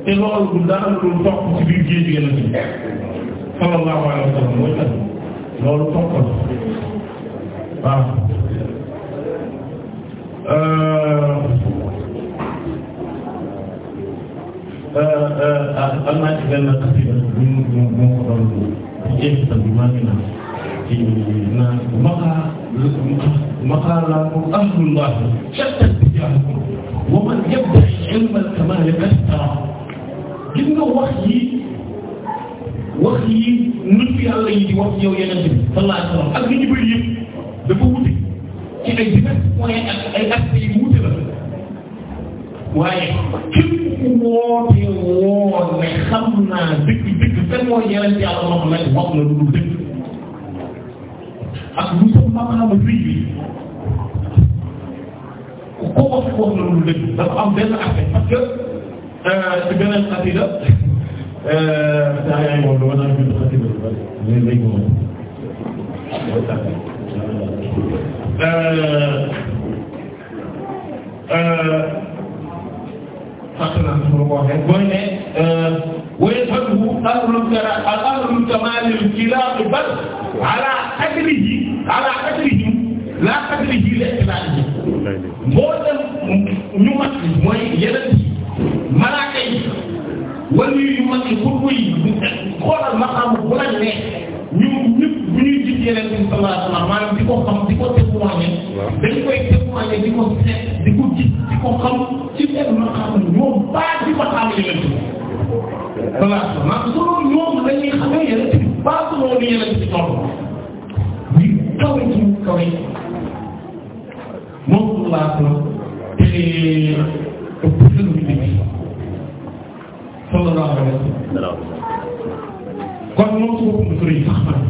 te loolu du dara lu topp ci biir géej gi yàlla bi sallallahu alayhi wa sallam mooy lan loolu topp la waaw. Euh, euh, euh, ah, am naa ci benn xasida bu mu mu mu ko doon ci émission bi maa ngi naan ci naan maqaa maqaa la mu ahlullah wa man yabda'i ilma al-kamal kastara gis nga wax yi wax yi nit yàlla yi di wax yow yeneen bi sallallahu alayhi wa sallam ak li ñu bëri yëpp dafa wute ci ay divers points ak ay aspects yu wute la waaye képp ku woote woon ne xam naa dëgg dëgg kan mooy yeneen yàlla Muhammad wax na lu dul dëgg ak lu sa maqaama rëy bi ku ko fi wax loolu dëgg dafa am benn affaire parce que ci beneen xasida saa yaay moom dama naan bind xasida bu bari mais léegi moom mooy tax fàttali naa ne su ma ko waxee booy ne ويجهله أهل الأهل كمال الكلاب بل على قدره على قدره لا قدره لإطلاقه mboolem ñu mag yi mooy yeneen yi malaaka yi wala yu mag yi pour muy xoolal maqaam bu la neex ñu ñëpp bu ñuy gis yeneen bi sallallahu alayhi wasallam maanaam di ko xam di ko témoigner dañ koy témoigner di ko seet di ko gis di ko xam ci seen maqaam ñoom baa di maqaam yeneen bi voilà maanaam solo ñoom dañuy xamee yeneen bi baa solo ni moom laa ko defee ëpp seen liggéey sallallahu alayhi wa sallam kon moom su boppam dafa rëy man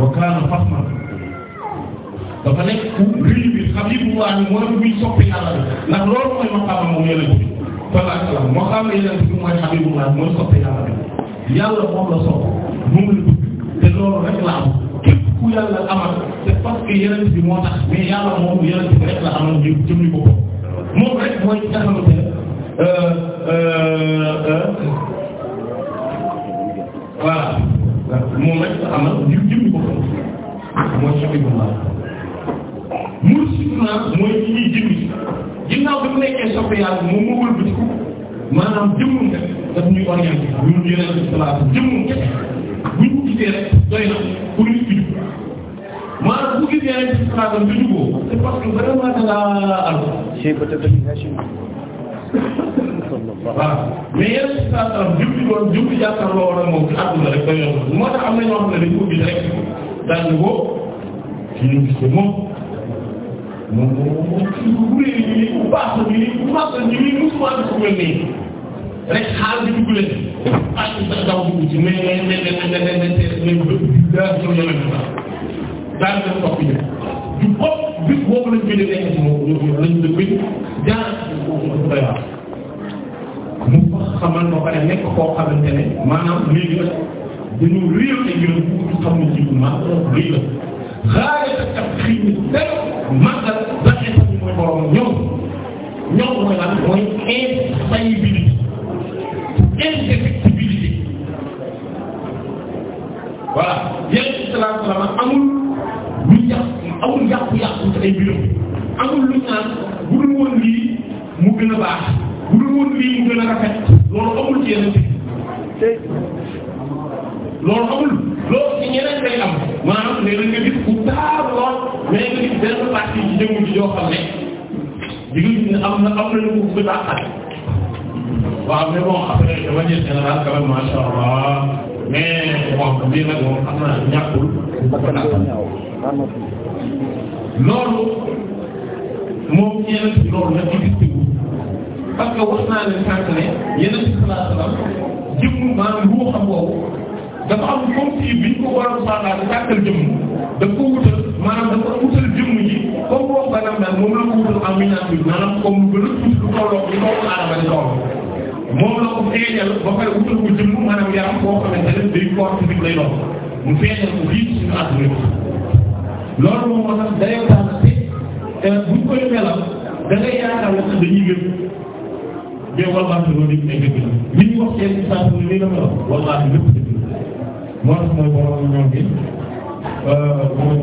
wa kaana man dafa nekk rëy bi xam li mu waa ni mooy muy bi ndax loolu mooy ma xam moom yeneen bi sallallahu alayhi wa sallam moo xam ne yeneen bi mooy xam li mu waa mooy soppi yàlla bi yàlla moom la sopp moom la bëgg te loolu rek képp ku yàlla amal c'est parce que yeneen bi moo tax mais yàlla moom yeneen bi rek la amal jëm jëmmi boppam moom rek mooy nga xamante ne euh, euh, euh, voilà moom rek am na jiw jiw ko mooy jiw bi bu baax mursid naa mooy ci ñuy jiw yi ginnaaw bi mu nekkee sopp yàlla moom moo wëlbatiku maanaam jëmmum def daf ñuy orienté ñun yeneen i salatu jëmmum def buñ ko gisee rek doy na pour nit ki jub maanaam bu gisee rek ci xalaatam bi juboo c'est parce que vraiment da ngaa am. waaw mais yenn ci saa salaam jub bi doon jub bi jàkkaarloo wala moom ci àdduna rek doy na moo tax am na ñoo xam ne dañ ko gis rek daañu ko ci ñu gis ko moom. moom moom moom ci bu réer yi ñu ne bu baax la ñu ne bu baax la ñu ne mosumaan ko mel nii rek xaal bi dugg leen. ak sa daw dugg ci mais mais mais mais mais mais mais daal ñoom ñoo mel daal nga topp ñu du bopp bis boobu lañ gën a nekk ci moom lañ la gën jaar doy waar mu xamal ma ba ne nekk koo xamante ne maanaam léegi nag dañu réew ay yoon bu xam ne jiw ma lii la xaaral ak ak xëy na dara màggal ba xeetu mooy borom ñoom ñoom mooy lan mooy infaillibilité indéfectibilité voilà yeneen i sallallahu alayhi wasallam amul lu yàq amul yàqu-yàqu ci ay mbiram amul lu naan bu dul woon lii mu gën a baax bu dul woon mu gën a rafet loolu amul ci yeneen loolu amul loolu ci ñeneen day am maanaam léeg nga gis ku taar lool mais nga gis benn partie ci jëmm ji yoo xam ne di nga gis ne am na am na lu ko gën a waaw mais bon après de manière générale quand même macha allah mais bon lii nag moom xam naa ñàkkul loolu moom yeneen ci loolu nag ci gis parce que wax naa leen sànq ne yeneen ci sallallahu alayhi wa sallam jëmm maanaam lu xam boobu dafa am comme si biñ ko waral sànqal sàkkal jëmm daf ko wutal maanaam dafa wutal jëmm ji comme boo ko gànnaaw daal moom la ko wutal en miniature maanaam comme lu gën a tuuti lu tolloo li ko aadama di toll moom la ko feeñal ba pare wutal ko jëmm maanaam yaram boo xamante ne day porte bi lay doon mu feeñal ko fii suñu àdduna bi loolu moom moo tax dayoo tax te buñ koy melal da ngay yaakaar ne sax dañuy gëm mais wallaahi loolu dañ koy gëm li ñu wax seen saa su ne la melal wallaahi lépp dëgg la moo tax mooy borom ñoom bi euh, mooy.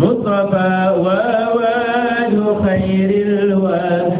Mustafa wa waadu xayril waad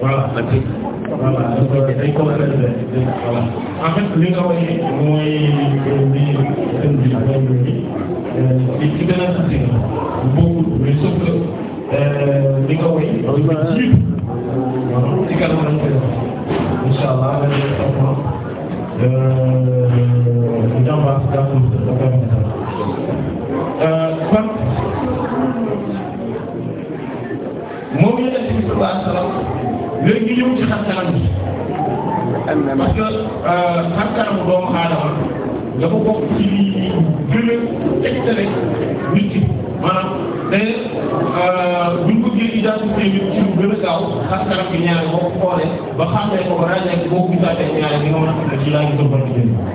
voilà dëgg voilà dañ ko war a def voilà en fait li nga wax mooy li sëñ bi ci gën a parce que xar kanamu doomu aadama dafa bokk ci lii gën a tegtale nit ki maanaam te euh, buñ ko jëlee identité nit ci lu gën a gaaw xar kanam bi ñaari boo ko xoolee ba xàmmee ko ba ràññee ko boo gisaatee ñaari bi nga mën a xam ne ci laa ñu doon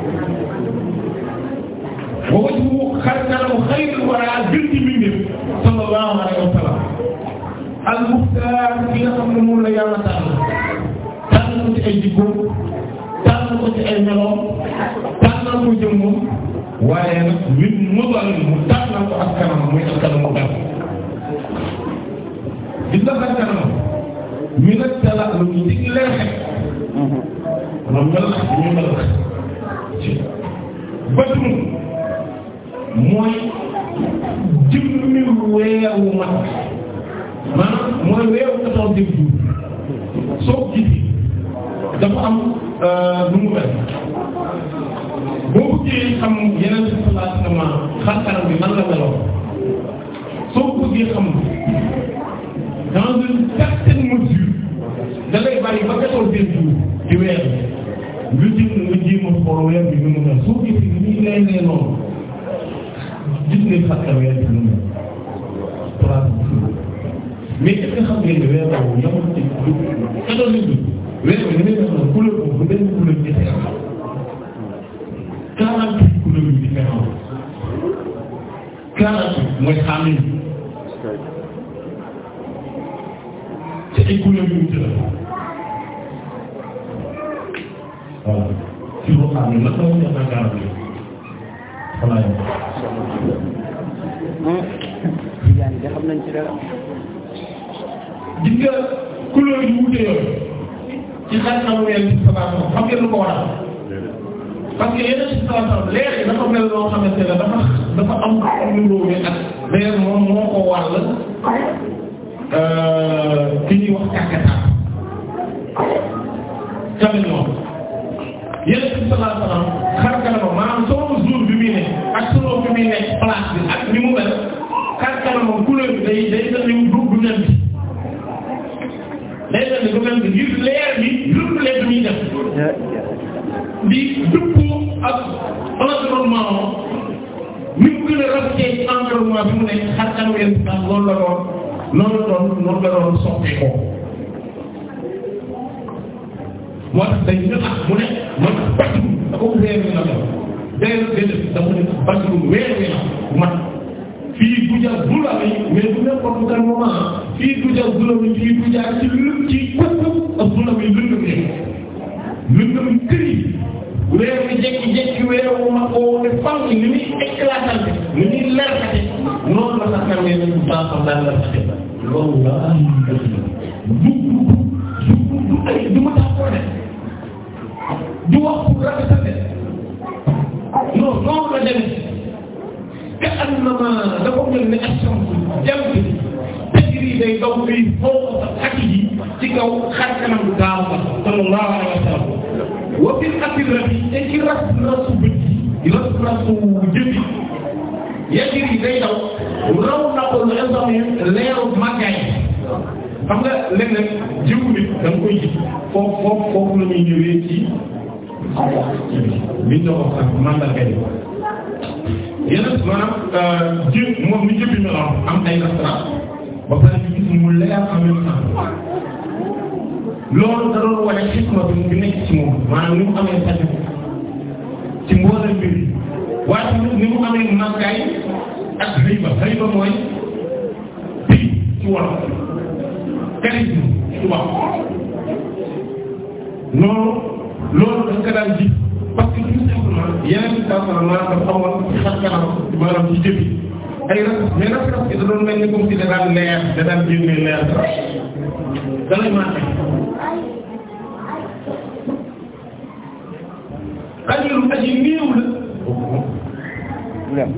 wax maanaam mooy weeru quatorzième jour soo gis dafa am lu euh, mu mel boo bëggee xam yeneen sallallahu alayhi wa sallam xar-xaram bi nan la meloon soo bëggee xam dans une certaine mesure da lay bàyyi ba quatorzième jour di weer bi nga jëm nga jéem a xool weer bi ni mu mel soo gisee nii lay nee noonu gis nañ xar-xaram weer bi boobu yàlla na tëj ko catholique bi weer bi dafay defoon couleur boobu benn couleur bi dafay am 48 couleurs yu différentes 48 mooy xàmmee ci ay couleurs yu wuute la voilà ci loo xam ne naka la ñu def yooyu ci xaritamu yéen ci salaatu xam ngeen lu ko waral parce que yéen ci salaatu léegi dafa mel loo xamante dafa am lu mu ak moo ko wàll euh, ki ñuy wax kàkkataa tamit moom yéen ci salaatu xar kanamam bi muy ne ak solo bi muy ne place bi mu mel xar kanamam couleur bi day day dañuy dugg bi mel lu mel ngir leer bi lépp leer bi muy def di dëppoo ak environnement ni mu gën a rafetee ci environnement bi mu nekk xar kanam yëpp sax loolu la doon noonu la doon noonu la doon soppeekoo. moo tax dañu ne ah mu ne man bàcc na comme weer wi la mel weer wi la def dafa ne bàcc na weer wi la mat. fii du jar du la mais du n'importe quel moment fii du jar du la fii du jar ci lënd ci kooku ak du la muy lëndëm ne lëndëm kër yi weer wi jékki-jékki weer wu ma koo ne fànn ni muy éclatante ni muy leerate noonu la sax xam ne baaxoon naa leerate loolu laa du du du ay du ma taa du wax pour rafetate non noonu la demee ka annama dafa mel ne asamtu jant bi tajri day daw fii foofu sa xati yi ci kaw xar kanam daaw ba sallallahu alayhi wa sallam wa fil atirati te ci ras rasu bët yi ras rasu jëbi yajri day daw raw na ko lu insamien leeru màggaay xam nga la ñuy ñëwee ci xaw ma ci biir yeneen maanaam euh, jiw moom mi jëmmi melo am ay astra ba pare ñu gis mu leer en même temps loolu da doon wane xikma bi mu nekk ci moom maanaam ni mu amee xajul ci mboolem mbir yi waaye tamit ni mu amee màggaay ak xëyba xëyba mooy prix ci wolof charisme ci tubaab noonu loolu dañ ko daan gis. parce que tout simplement yeneen i saa salaam maanaam dafa amoon ci xar kanam maanaam ci jëf yi ay rafet mais rafet yi da doon mel ni comme si da daan leer da daan génne leer da lay manqué. xalilu aji néew la. waaw.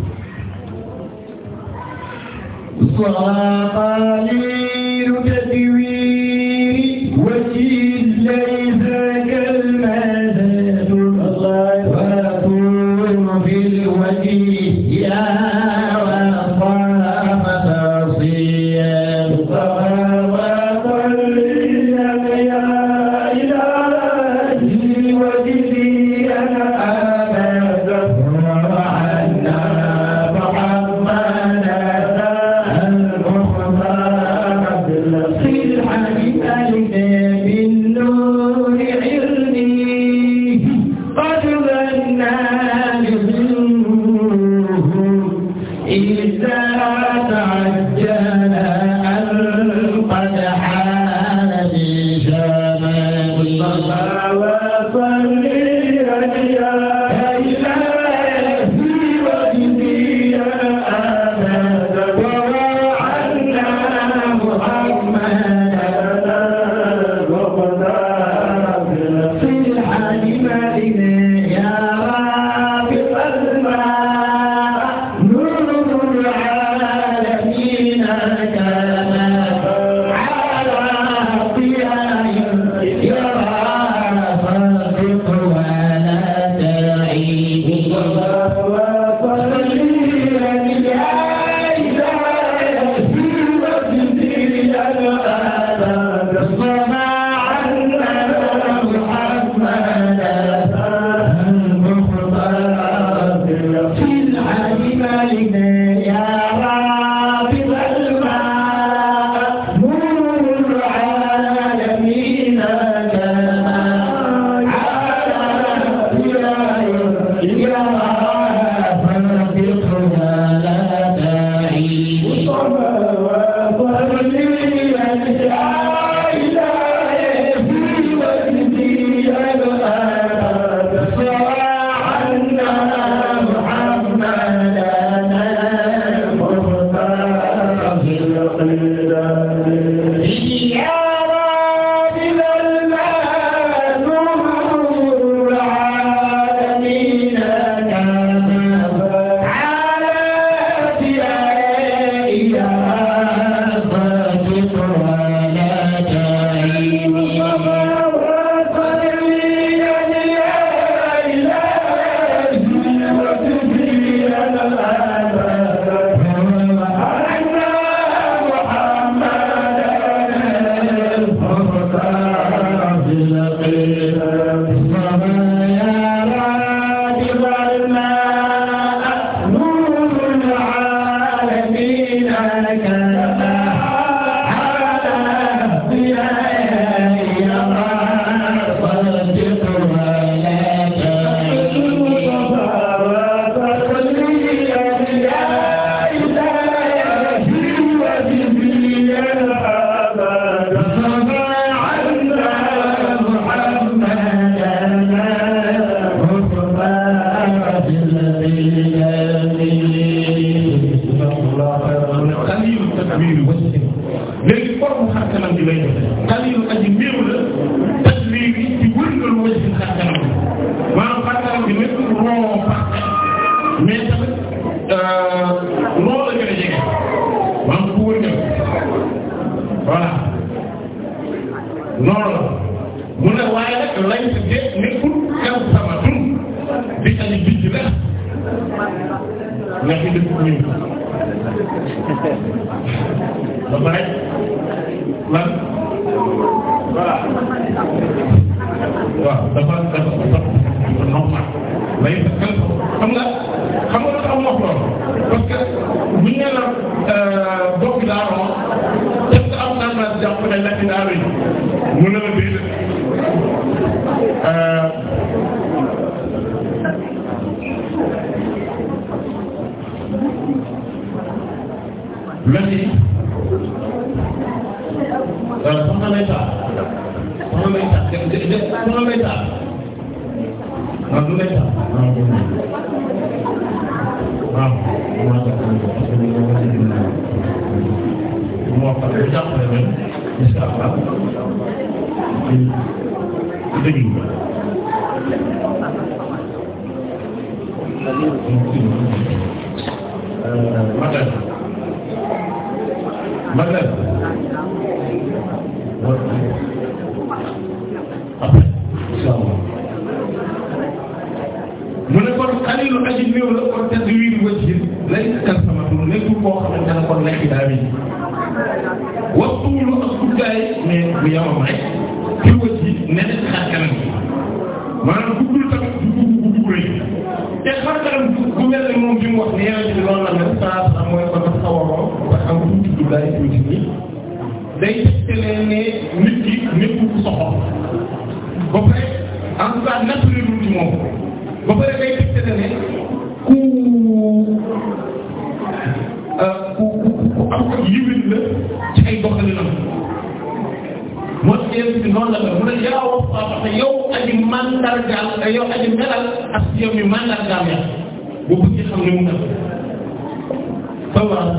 sallallahu alayhi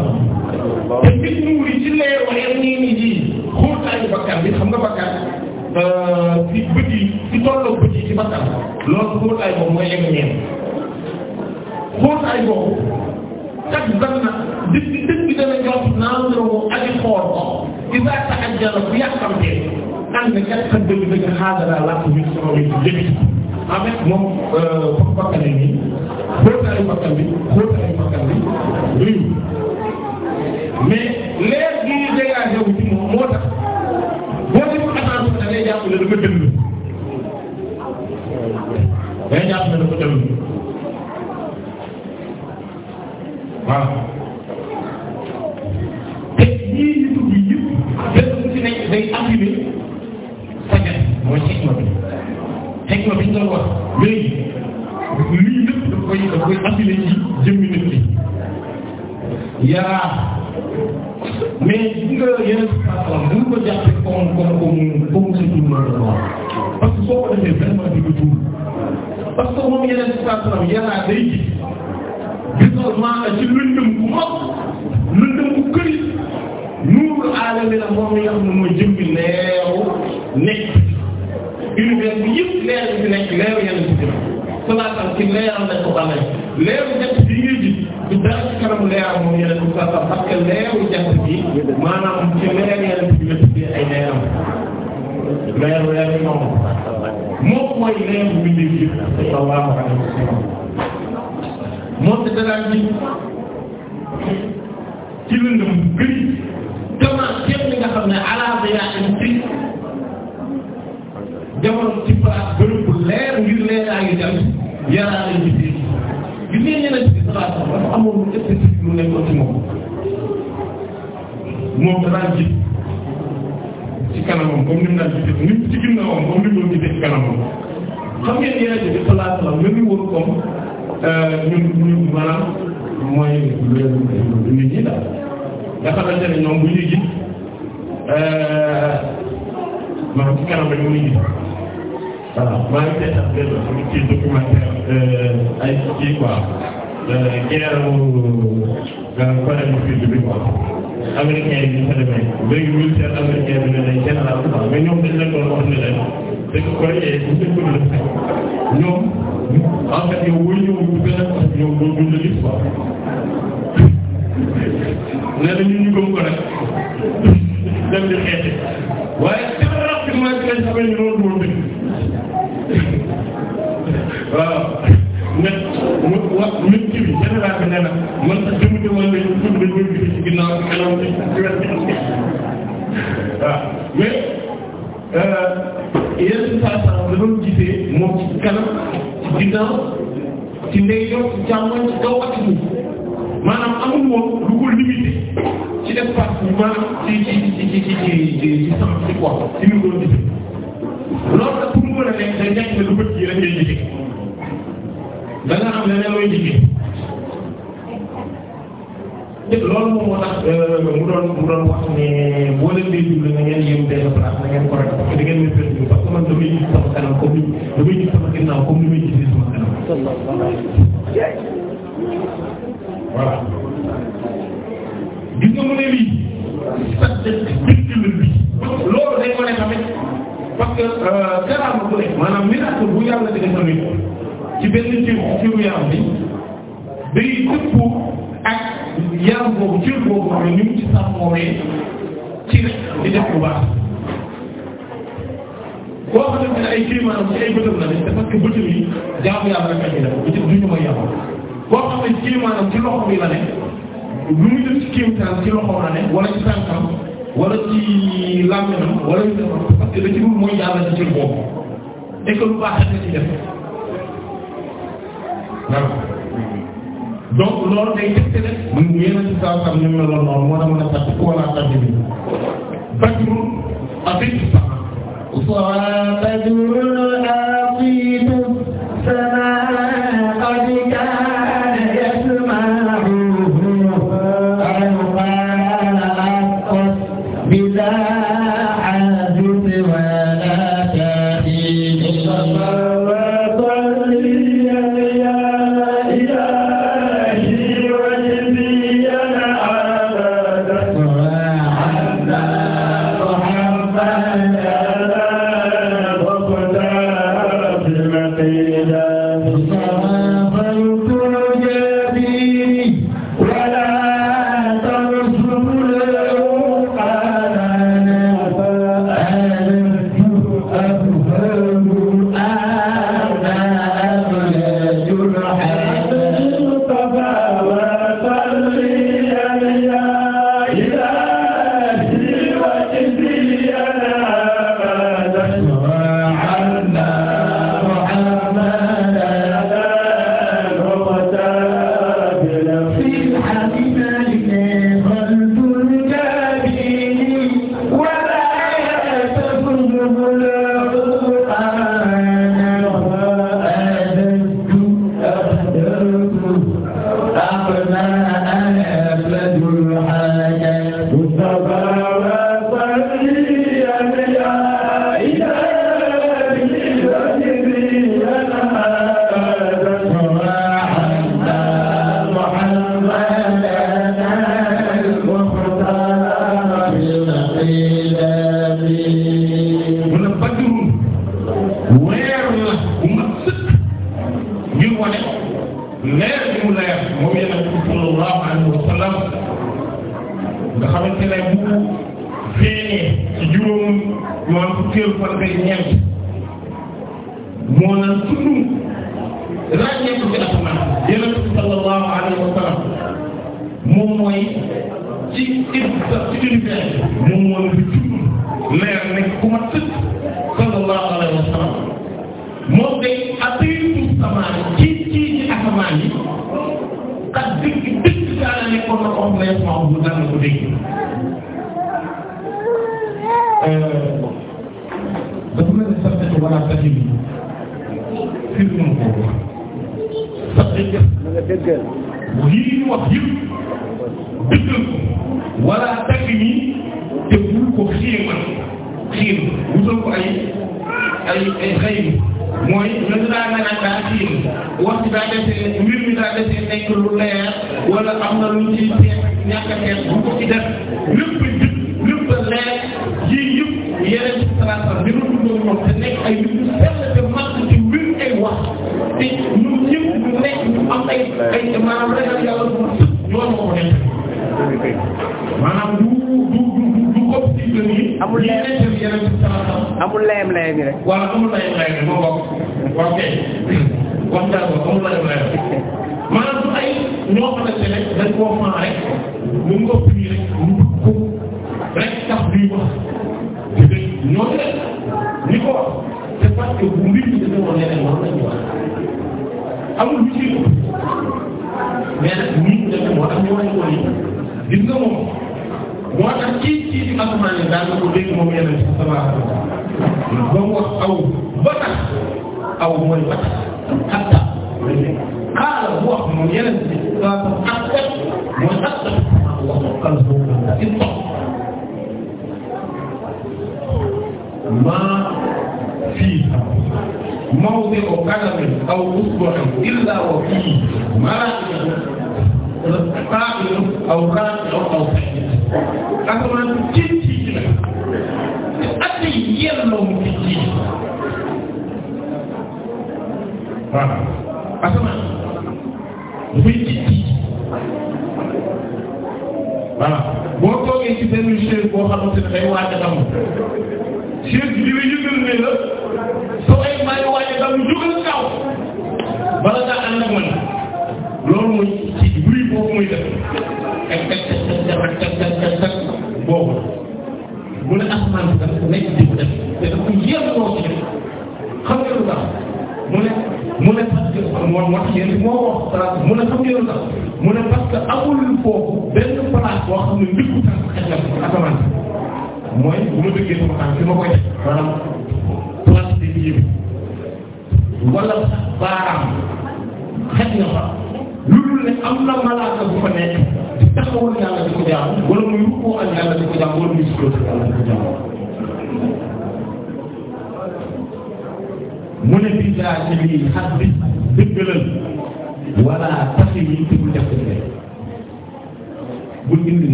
wa sallam te nit nuuri ci leer wa yam nii nii ji xóotaayu bakkan bi xam nga bakkan euh, ci bët yi ci tolloo bët yi ci bakkan loolu xóotaay boobu mooy yem ñeen xóotaay boobu kat zan na di di dëgg dana jot naan robo aji xool ko di saa taxajjala bu yàkkamtee ànd kat xam dëgg dëgg xaaral laa ko wis sama wis jëmi en fait moom euh, bakkan nii xóotaayu bakkan bi xóotaayu bakkan bi rëy mais leer bi ñuy dégagé wu ci moom moo tax boo deful attention da ngay jàpp ne dafa dëng day jàpp ne dafa dëng waaw. yaraax mais gis nga yeneen saafara bu ñu ko jàppee comme comme comme comme si tuur la doon parce que soo ko defee vraiment di ko tuur parce que moom yeneen saafara yaraax day gis gisal maanaam ci lëndëm bu mag lëndëm bu këri nuurul aalami la moom mi nga xam ne mooy jëmbi leeru nekk univers bi yëpp leer bi nekk leeru yeneen ci biir. ci leeral lañ ko bànnee leeru nekk bi dara ci kanamu leeram moom yeneen bi sallallahu alayhi wasallam parce que leeru jant bi maanaam ci leer yeneen bi la tuddee ay leeram leer leer moom moom mooy leeru mbindeef yi sallallahu alayhi wasallam moom te danaa ji ci lëndëm gëri dama képp li nga xam ne ala yaa ci jamono ci place bërëb bu leer ngir leeraa ngi jant yaraa la gis ngeen yeneen ci sallallahu alayhi wasallam amoon lu spécifique lu nekkoon ci moom moom danaa ji ci kanamam comme ni mu daan jiite ni ci ginnaawam comme ni mu doon jiite ci kanamam xam ngeen yeneen ci sallallahu alayhi wasallam ñu ngi woon comme euh, ñun ñun maanaam mooy nit ñi daal nga xamante ne ñoom bu ñuy gis euh, maanaam ci kanam rek mu ngi gis. voilà maa ngi seetaan benn am ci documentaire ay euh, kii quoi guerre Corée du Sud bi quoi américain yi ñu fa demee léegi militaire américain bi ne day général mais ñoom dañ leen doon wax ne leen dëkk coréen bu dëkk la ñoom en fait yow wóy ñëw bu gën a ñoom doo dund la gis quoi nee na ñu ñu gëm ko rek dem di xeeti waaye très rapidement dinañ xamee ni loolu moo dëgg waaw mais mu wax nit ki bi général bi nee na man sax jëmu ci wàllu ñu tudd dañu koy gis ci ginnaaw ci kanam ci ci wet bi waaw mais yenn saa saa da doon gisee moom ci kanam ci ginnaaw ci ndeyjoor ci càmmoñ ci kaw ak ci suuf maanaam amul woon lu ko limité ci espace bi maanaam ci ci ci ci ci ci ci sens ci quoi ci ni mu doon gisee. loolu nag pour mu mën a nekk day nekk ne lu bët yi rek ngay gisee da nga xam leneen looy gisee te loolu moom moo tax euh, mu doon mu doon wax ne boo leen dee jublu na ngeen yem benn place na ngeen ko rek parce que da ngeen may perdu parce que man damay gis sama kanam comme ni damay gis sama ginnaaw comme ni may gisee sama kanam. voilà gis nga mu ne lii sax dëkk bi loolu day ko ne tamit. parce que teraanga bu ne maanaam miracle bu yàlla di defal nit ci benn cir ciru yaram bi day dëpp ak yaram boobu cir boobu xam ne ni mu ci sàmmoowee ci di def bu baax boo xamante ne ay kii maanaam ci ay bëtëm la ne c'est parce que bëtëm yi jaamu yàlla rek la ñuy def bëtëm du ñu may yàlla boo xam ne kii maanaam ci loxo bi la ne lu muy def ci kiim taan ci loxo la ne wala ci tànkam wala ci làmmiñam wala ci parce que ci dul mooy yàlla ci cër boobu et que lu baax rek ci def donc loolu day tëkk ne. ñun yéen a ci saa saa ñu meloon noonu moo tax mën a tàcc koo laa tàcc bi. بدر أبيت صلاة بدر أبيت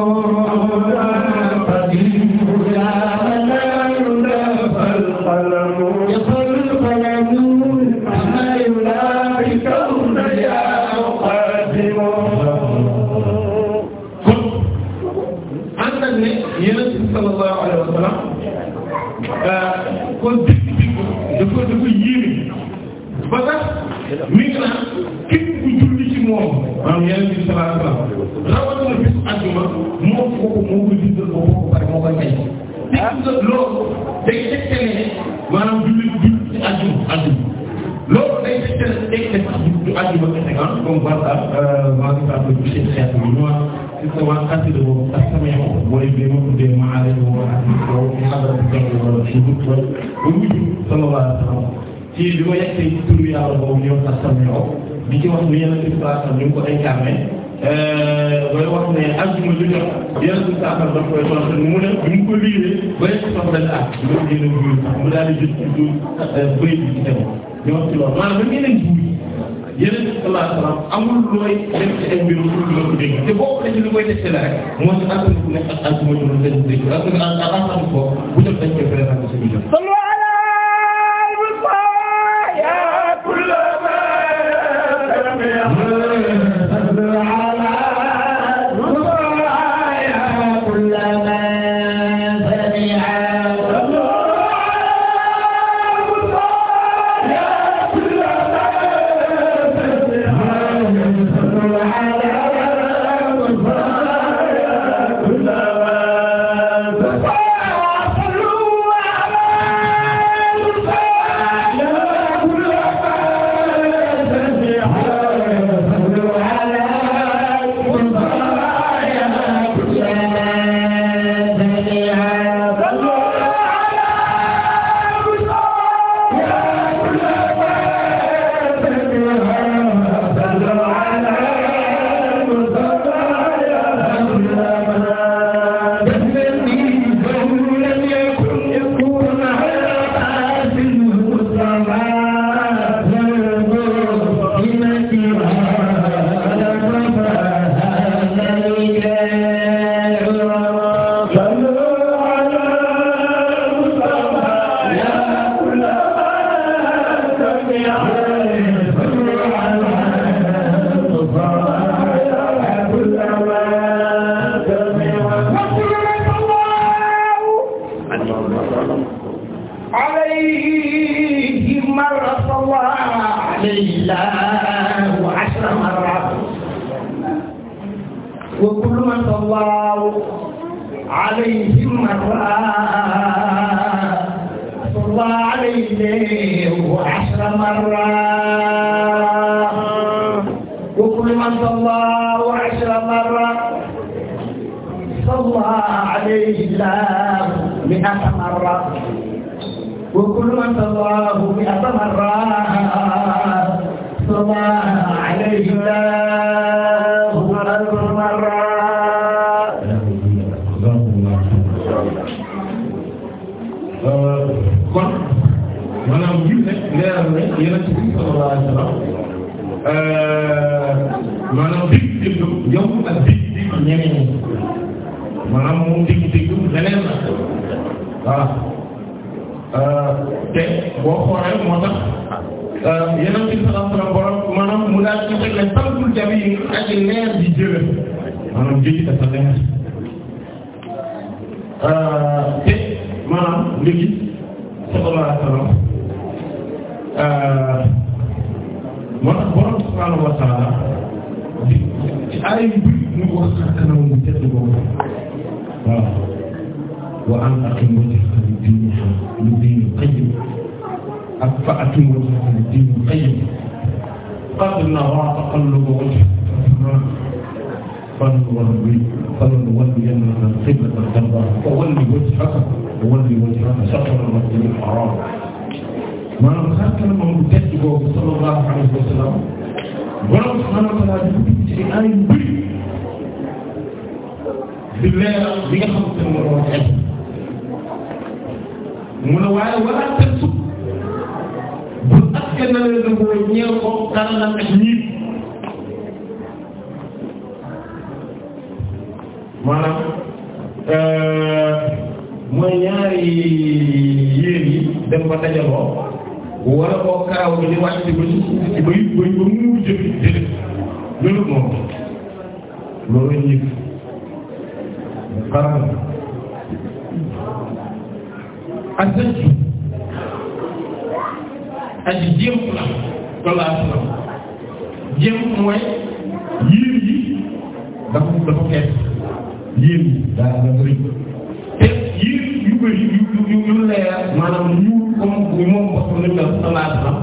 الله askan mooy bi ma tuddee ma aaree ma wala si wala ba mujj sama waa ci bi ma yegg ci tur bi yàlla boobu ñëw askan bi ci wax ni yeneen situation ñu ngi ko incarné booy wax ne àjjuma ju jot yeneen situation daf koy tontu mu ne bi mu ko liiree ba yegg sax benn at mu daal di jot ci du bëy bi ci dem ñu wax ci loolu maanaam ba yeneen yeneen bi sallallahu alayhi wasallam amul looy dem ci ay mbiru pour nga ko dégg te boo ko defee li koy def ci la rek moo ci ànd ak ku nekk ak ànd bu ma jëloon seen dégg parce que ànd ak ànd bu ko bu jot dañ koy présenté suñu jot. sallallahu alayhi wasallam jéem mooy yéen yi dafa dafa fees yéen yi daa dafa rëy te yéen yu bëri yu yu yu leer maanaam ñu comme bu moom wax dëgg yàlla sallallahu alayhi wasallam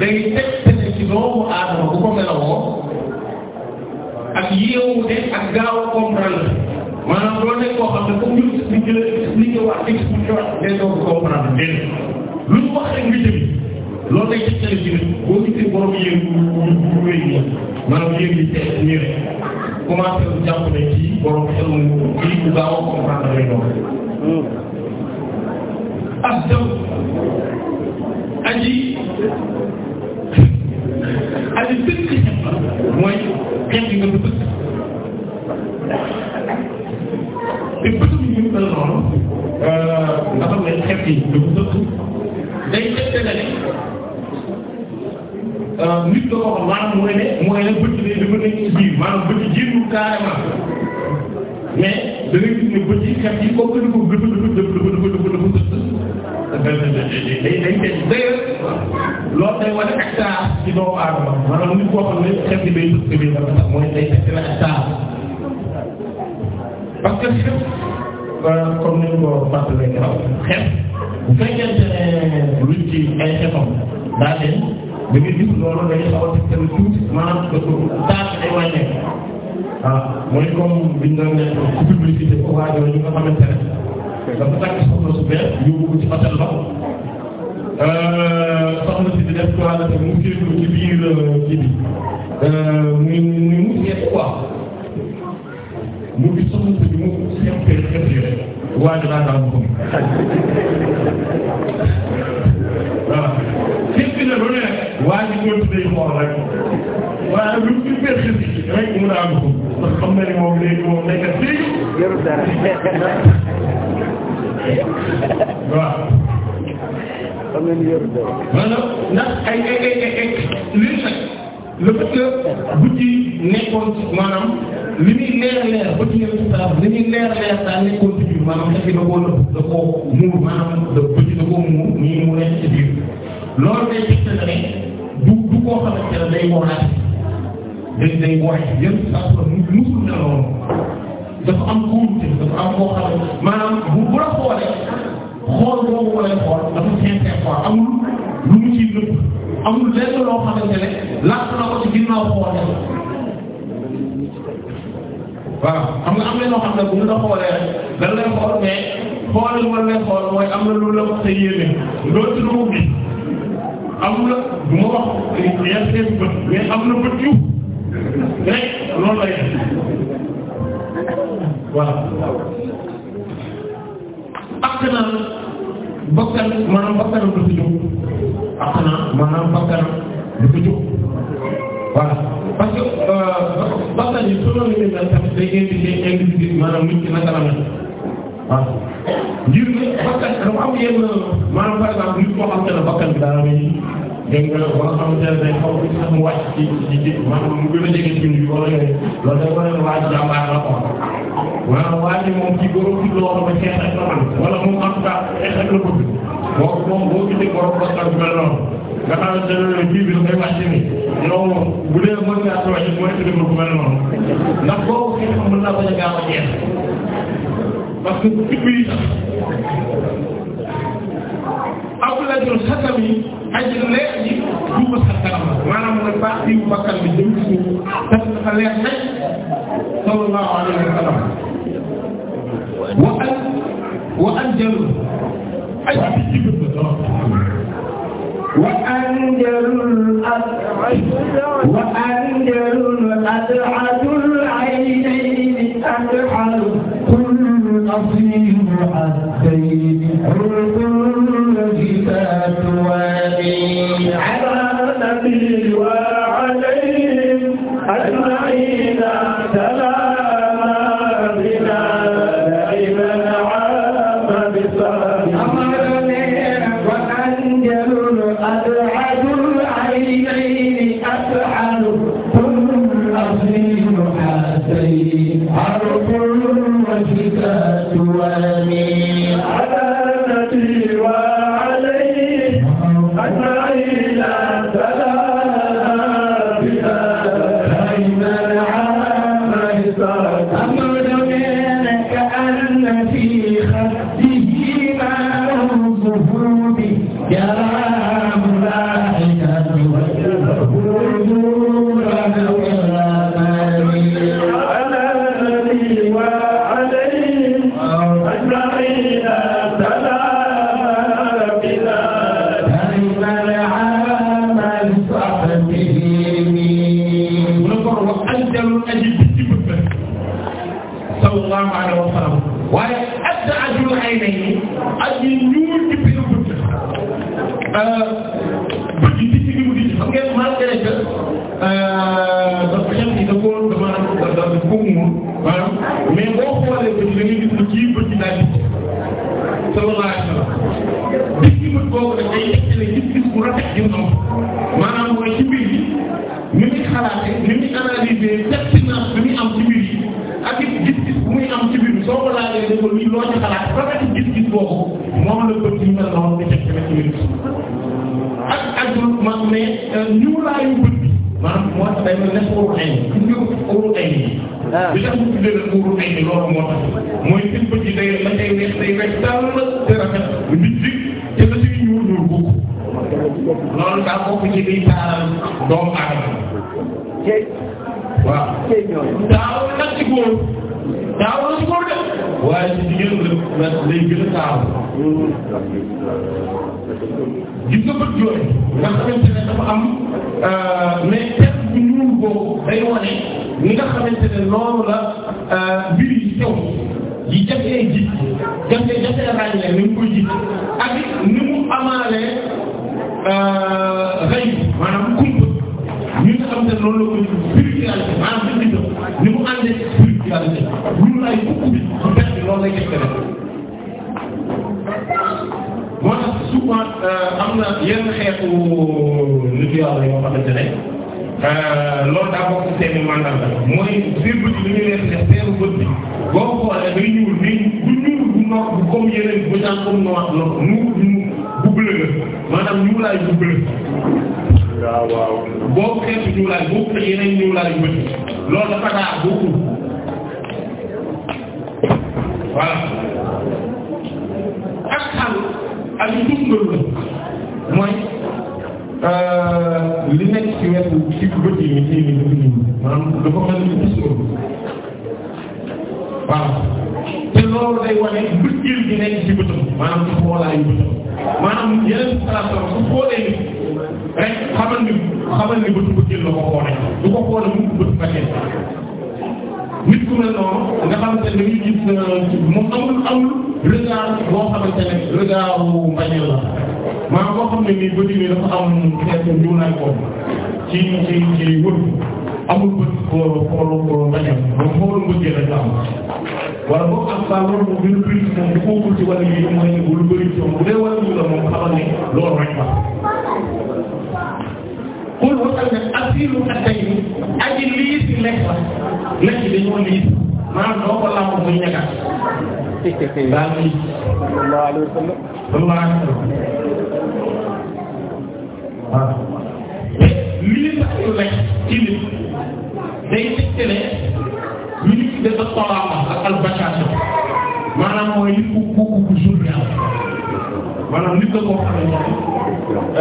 day teg teg ci doomu aadama bu ko melawoo ak yeewu de ak gaaw a comprendre maanaam loolu lañ koo xam ne comme ñu ngi jëlee li ñu wax expliqué wax day doon comprendre dégg lu ñu wax rek nga jëm. loolu lay tegtale ci nit boo gisee borom yéen bu wéy moom maanaam yéen ñi teel ñu rek commencé bu jàpp ne ci borom xel mu kii bu gaaw a comprendre lay doon. ak jam aji aji dëkk mooy xeetu nga bëgg te bëgg bi ñu mel noonu euh, nga xam ne xeet yi du bëgg day Euh, nit la ko xam maanaam mooy ne mooy ne bëcc ne dafa nekk ci biir maanaam bëcc jiitu carrément mais da ngay gis ne bëcc xet yi comme que dafa dafa dafa dafa dafa dafa dafa day day day day loolu day wane hectare ci doomu aadama maanaam nit koo xam ne xet yi day dëkk bi dafa tax mooy day fekk la hectare parce que xet euh, comme ni ñu ko fàttalee xet bu fekkente ne lu ci ay xetam daa leen da ngay gis loolu dañuy xaw a tëkkal tuuti maanaam da ko taat ay wàññeeku ah mooy comme biñ doon nekk ci publicité ko waa ñu nga xamante ne dafa takk soxna su bees yóbbu ko ci hôtel ba euh, soxna si di def toilette mu séetu ci biir euh, kii bi muy euh, muy mu seet quoi mu ngi soxna si mu sempé xëy na waa ji laa daal ko voilà. waa ji ñëpp day xool rek waaye lu ñu ci rek mun a am ko ndax xam nga ni moom léegi moom nekk fii. yorul dara waaw. xam nga ni yorul dara. maanaam ndax ay ay ay ay ay luy fekk le fait que bu ci nekkoon maanaam li muy leer leer ba ci yeneen saa li muy leer leer daa nekkoon ci biir maanaam fekk da koo da koo muur maanaam da ko ci da koo muur nii mu nekk ci biir loolu day fekk ne. du du koo xamante ne day woonaat day day wooy yëpp sax mu musul ne loolu dafa am kóolute dafa am koo xam ne maanaam bu bu la xoolee xool boobu wala xool dafa sincère quoi amul lu mu ciy nëbb amul lenn loo xamante ne laaj na ko ci ginnaaw xoolee waaw xam nga am na ñoo xam ne bu ñu la xoolee rek dañ lay xool mais xoolal wala lay xool mooy am na lu la ko sa yéene loolu ci lu mu am na bu ma wax yàlla seen bët mais am na bët yu rek loolu lay def voilà ak naa bakkan maanaam bakkanam du ko jóg ak naa maanaam bakkanam du ko jóg voilà parce que euh, bakkan yi selon li ñu mel tamit day indi day indi maanaam nit ki naka la waaw ngir bakkan dafa am yenn maanaam par exemple nit koo xam te ne bakkan bi daa may dégg nga wala xamante ne day xaw sax mu wàcc ci ci ci maanaam mu gën a jege ci ñu wala yooyu loolu day wane ne waa ji jàmbaar la ko maanaam waa ji moom ci borom ci loo xam ne xeex ak la man wala moom en tout cas xeex ak la bëgg boo moom boo gisee borom bakkan bi mel noonu nga xamante ne bii bi dafay wàcc ni yow bu dee mën ngaa tooy mooy tëdd ko mel noonu ndax boobu xeex mën naa bañ a gaaw a jeex parce que depuis Abdoulaye xasam yi aji leer yi du ko sa kanam maanaam mooy baax bi bakkan bi jëm ci suuf daf dafa leer nag sallallahu alayhi wa sallam wa an wa an jël ay bi ci wa anjalul ad'at wa anjalul ad'at عرض الجبال وبيعا day mel ne xuuru ay bi ñu xuuru ay bi. waaw ah. li tax ñu tuddee la xuuru ay bi loolu moo tax mooy seen bët yi day la day weex day weex tàll te rafet bi dig te la ci ñuul ñuul bokk loolu daa bokk ci liy taaral doomu aadama. waaw daaw nag ci góor daaw la ci góor def waaye ci jigéen la lay gën a taaw mm-hmm. gis nga bët yooyu nga xamante ne dafa am euh, mais boobu day wane ni nga xamante ne noonu la euh, mbir yi sew yi jafee ji jafee jafee ràññee ni mu koy ji ak ni mu amaalee euh, rëy maanaam kumpa ñi nga xamante ne noonu la koy spiritualité maanaam dëgg ni mu àndee spiritualité ñu lay fukk bi bu def bi loolu lay jafee rek moo tax souvent euh, am na yenn xeetu nit yàlla yoo xamante ne Euh, loolu daa bokk seen i mandarga mooy biir bët bi ñu leen def seen bët bi boo ko xoolee day ñuul nii bu ñuul bu noor bu comme yeneen bu ñaan comme noor loolu mu mu bubble la maanaam ñuulaay bubble waaw waaw boobu xeetu ñuulaay boobu nag yeneen ñuulaay bët loolu dafa daa bokkul voilà ak xal ak yu duggal la mooy Euh, li nekk ci wetu ci bët yi ñu téye nii nii maanaam dafa mel ni pistool waaw te loolu day wane bëccëg gi nekk ci bëtam maanaam xoolaayu bëtam maanaam yeneen traçons su xoolee nit rek xamal ni xamal ni bëtu bëccëg la ko xoolee du ko xoolee mu bët ba nit ku mel noonu nga xamante ne dañuy gis euh, moom amul amul regard boo xamante ne regard bu mbañeel la maanaam boo xam ne nii bët yi dafa am xeetu njuunaay boobu ci ci ci wër amul bët koo xooloo koo mbañeel moom xooloo mbëggee rek la am. wala boo am saa loolu moom benn prix moom du ko ci wàllu yi mooy lu bëri ci moom bu dee wàllu la moom xamal ne loolu rek la. pour bu xam ne asilu atay aji liis lekk la lekk dañoo liis maanaam doo ko làmb muy ñaga daal liis sallallahu alayhi wa sallam sallallahu alayhi wa sallam waaw liis asilu lekk ci nit day tegtale ñu nit dafa tolaama ak albachation maanaam mooy nit ku kooku bu journal maanaam nit la koo xam ne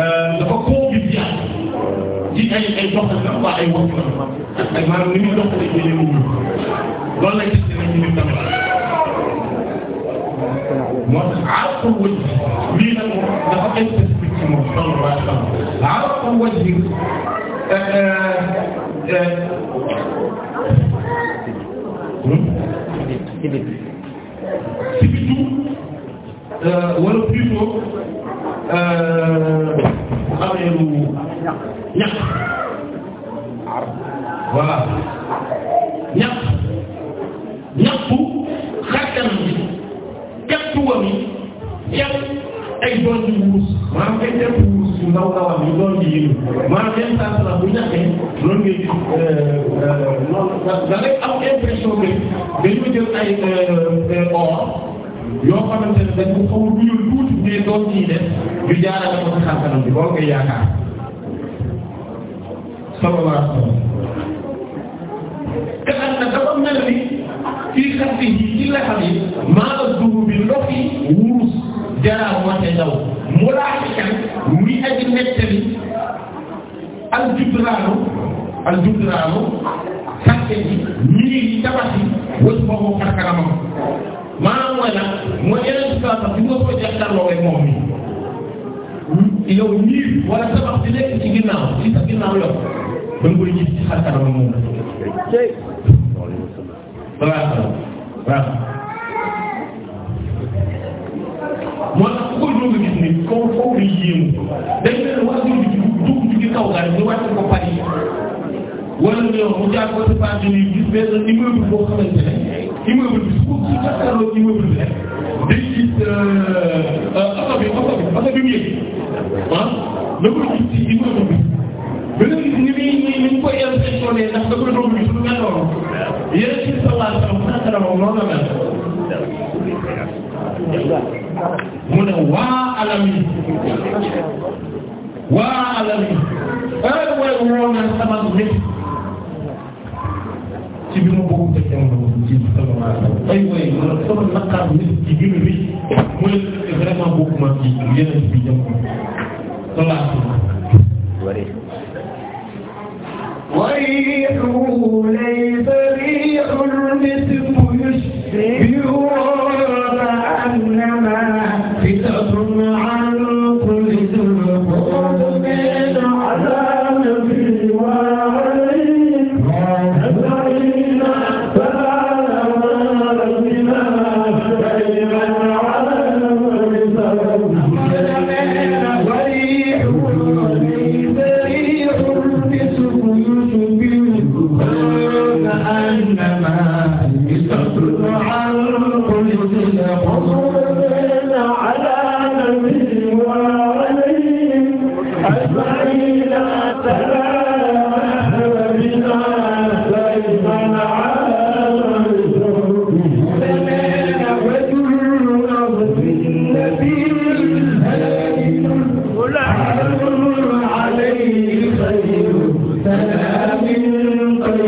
euh, dafa convivial ci ay ay doxalinam waa ay wàccu ay maanaam ni muy doxalee ci yeneen yi loolu la gis dinañ ñu dem moo tax aarfa wëj lii nag moom dafa ay spécifique ci moom loolu laa xam aarfa wëj bi si euh, euh, euh, hmm? bitu wala plutôt affaire ñaq voilà ñaq ñaqu xarkan bi kat tuwam yi yàq ay doon di wuus maanaam ay tepp wuus yu ndaw ndawam yu doon di yëngu maanaam yenn saa la bu ñaqee loolu ngay gis euh, euh, noonu da ngay am impression que dañu jël ay euh, or yoo xamante ne dañ ko xaw a wuyul tuuti mais doon ciy def ñu jaarale ko ci xarkanam bi loolu ngay yaakaar sallallahu alayhi wa sallam te am na dafa mel ni fii xam te ci lexal yi maanaam dugub bi ndox yi wurus jaraa wante daw mu laaj kan muy aji nettali al judraanu al judraanu sàkke ji ñii tabax yi wës boobu xar kanamam maanaam mooy nag mooy yeneen situation bi nga ko jàkkaarloo moom mi. Hmm? yo nii wala tabax bi nekk ci ginnaaw ci sa ginnaaw yow da nga koy gis ci xar kanam moom la. waaw waaw. moo tax ku ko jóg gis ni kaw kaw day yéemu dañ leen war a jóg ci dugg ci kaw ga ñu wàcc ko Paris wala ñoom mu jaar ko ci Paris gis benn immeuble boo xamante ne immeuble bi su ko su jàkkaarloo immeuble bi rek day gis euh, euh, oto bi oto bi oto bi mu yëg ah da koy gis ci immeuble bi beneen bi ni muy ni ñu koy impressionné ndax da koy doon gis lu mel noonu yéen ci sallallahu alayhi wa sallam noonu la mel mu ne waa alam yi waa alam yi ah, waay waay woo na sama nit ci bi ma bokk ci jamono boobu ci sama ay way man sama naqaar nit ci gën a rëy mooy vraiment bokkuma ci yeneen bi jamono salaatu wari وريح ليس ريح المسك يشبه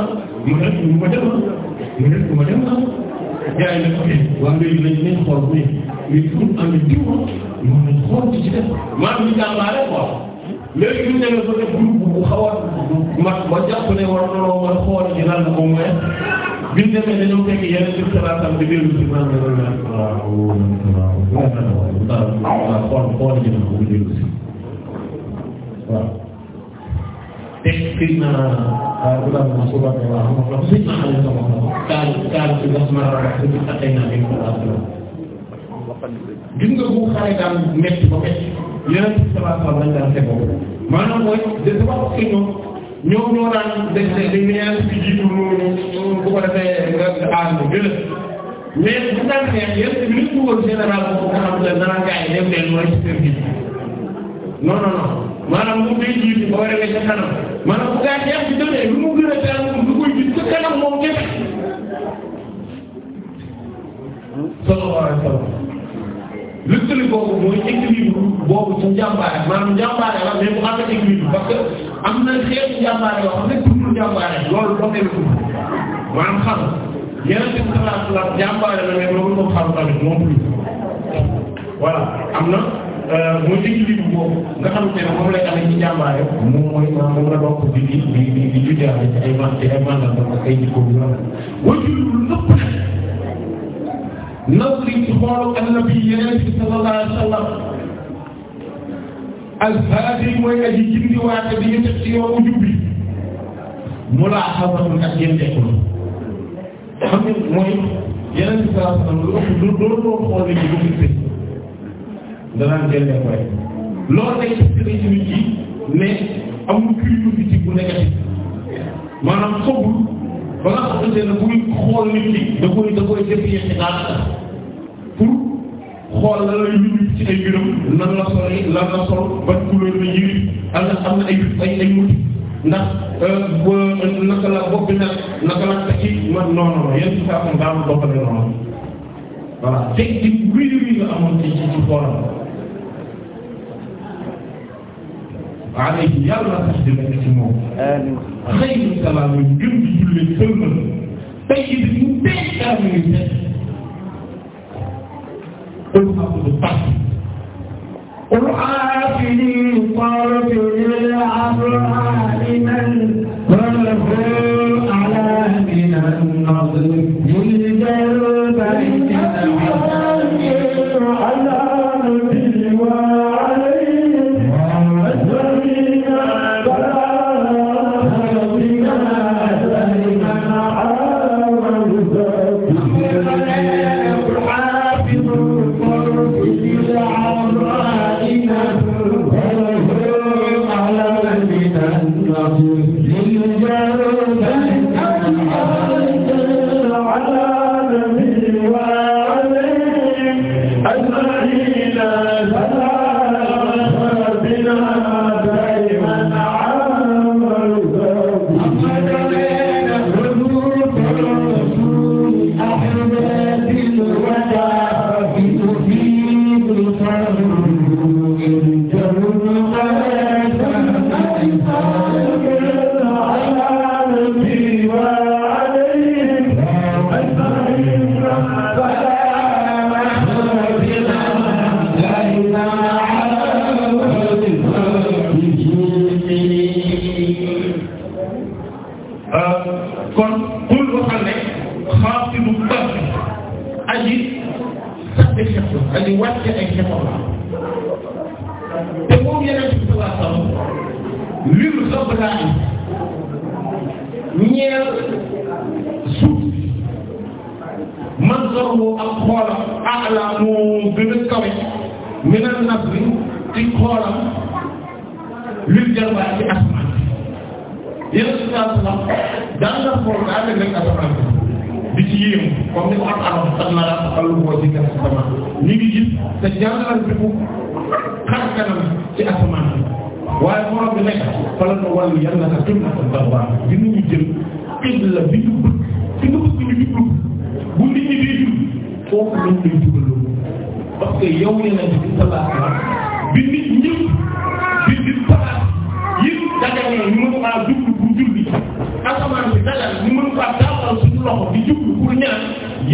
ma def ma def ma def ma def gars yi nag ok waa léegi nañ nañ xool bu ne mais pour am diw ma mën nañ xool ci ci def maanaam ñu jàmbaare quoi léegi ñu demee ba def groupe bu xaw a ma ma jàpp ne war na loo mën a xool ci lan au moins bi ñu demee dañoo fekk yeneen ci salaatam di dellu ci naan waaw waaw xool xool ji na ko dellu si waaw سيدنا غلام منصور رضي الله عنه سيدنا علي رضي الله عنه قال قال في الاسم الرحيم اتينا من الاخره gis nga bu xare daan métti ba métti yeneen ci sa baax lañ daan teg boobu maanaam mooy de sa baax que ñoom ñoom ñoo daan dañ ne dañ ne yaa ngi fi jiitu bu ko defee nga aar nga gën a mais bu daan xeex yéen ministre woon général bu ko xam ne dana gaay dem leen mooy ci service non non non maanaam mu day jiitu ba war a weesu kanam maanaam bu gaa jeex bi demee lu mu gën a teel lu koy gis ca kanam moom képp. sallallahu alayhi wa sallam lëkkale boobu mooy équilibre boobu ci njàmbaare maanaam njàmbaare la mais bu ànd ak équilibre parce que am na xeetu njàmbaare yoo xam ne tuddul njàmbaare loolu doxee la tudd maanaam xam yeneen ci xalaat la njàmbaare la mais loolu moom xam tamit moom plus voilà am na. mooy euh, digg bu boobu nga xamante ne moom lay amee ci jàmbaare moom mooy moom la bokk di di di di di ci ay man ci ay man la ak ay jikko yu rafet waaye lu nëpp na nasri ci xoolu annabi yeneen bi sallallahu alayhi wa sallam alhaadi mooy aji jindiwaate di ñu teg ci yoonu jub bi mu laa xamatun ak yéen tekkul xam nga mooy yeneen bi sallallahu alayhi wa sallam lu ëpp loolu loolu xool nañu ko danaan jël def rek loolu nag ne amul culture bu ne buy xool nit ñi da koy da koy ci daal pour. xool lan lay yëngu ci ay mbiram lan la sol lan la sol ban couleur la yëngu na ay ay ay mucc ndax euh, naka la bopp bi naka la tekki man non non yéen saa ko noonu. voilà fekk di bu rëy rëy la amoon ci ci booram waaw léegi yàlla sax di nekk ci moom. xëy na salaam yi gën di jullee sëlmal tey it ñu tey salaam yi ñu nekk. الحمد العافي طرف للعبران من وله على من النظر للجلبين ànd ak nag asamaan bi di ci yéemu comme ni ko am amoon sax na la xalu ko ci asamaan ñu ngi gis te jàllal bi mu xar kanam ci asamaan bi waaye bi nekk fa la ñu wàllu na tënk ko baax dinañu jël xib bi ñu bëgg fi nga bëgg ñu jublu bu nit ñi di jub foofu lañ lay jubaloo parce que yow yaa ngi ci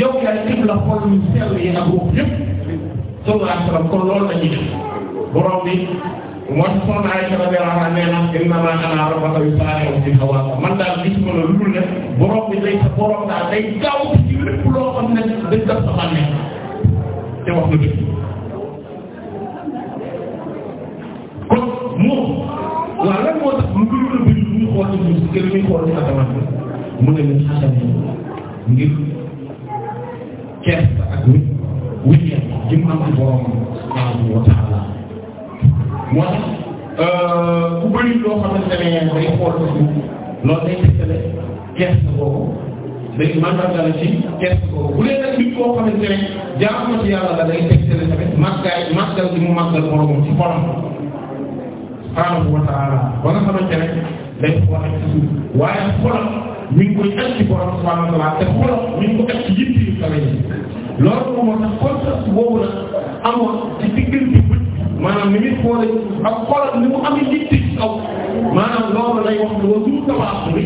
yow yaay xibla xol yu sell yi ak ruux yëpp sallallahu alayhi wa sallam kon loolu la ñuy def borom bi moo tax soxna Aysa radiyallahu anha nee na innama ana rabbuka yusaari'u fil xawaas man daal gis ma la lul ne borom bi day sa borom daal day gaaw ci lépp loo xam ne dañ def sa bànne te wax na dëgg kon moom waaw lan moo tax mu gën a bëri lu ñu xool ci suuf si kër yi muy xool ci asamaan mu ne la ngir. kersa ak wét wét ya jëm am ci borom subhanahu wa ta'ala moo tax euh, ku bëri loo xamante ne day xool ko loolu day tegtale kersa boobu day mandargal ci kersa boobu bu dee nag nit koo xamante ne jaamu ci yàlla la mu màggal borom ci borom ta'ala ba nga xamante ne day wax ci suuf waaye mi ngi koy egg ci borom subhanahu wa ta'ala te xolam mi ngi ko egg ci yitt yu kawe yi loolu moom moo tax contraste boobu nag amoon ci diggante bët maanaam ni muy xoolee ak xolam ni mu amee yitt ci kaw maanaam loolu lay wax lu wàllu tabax bi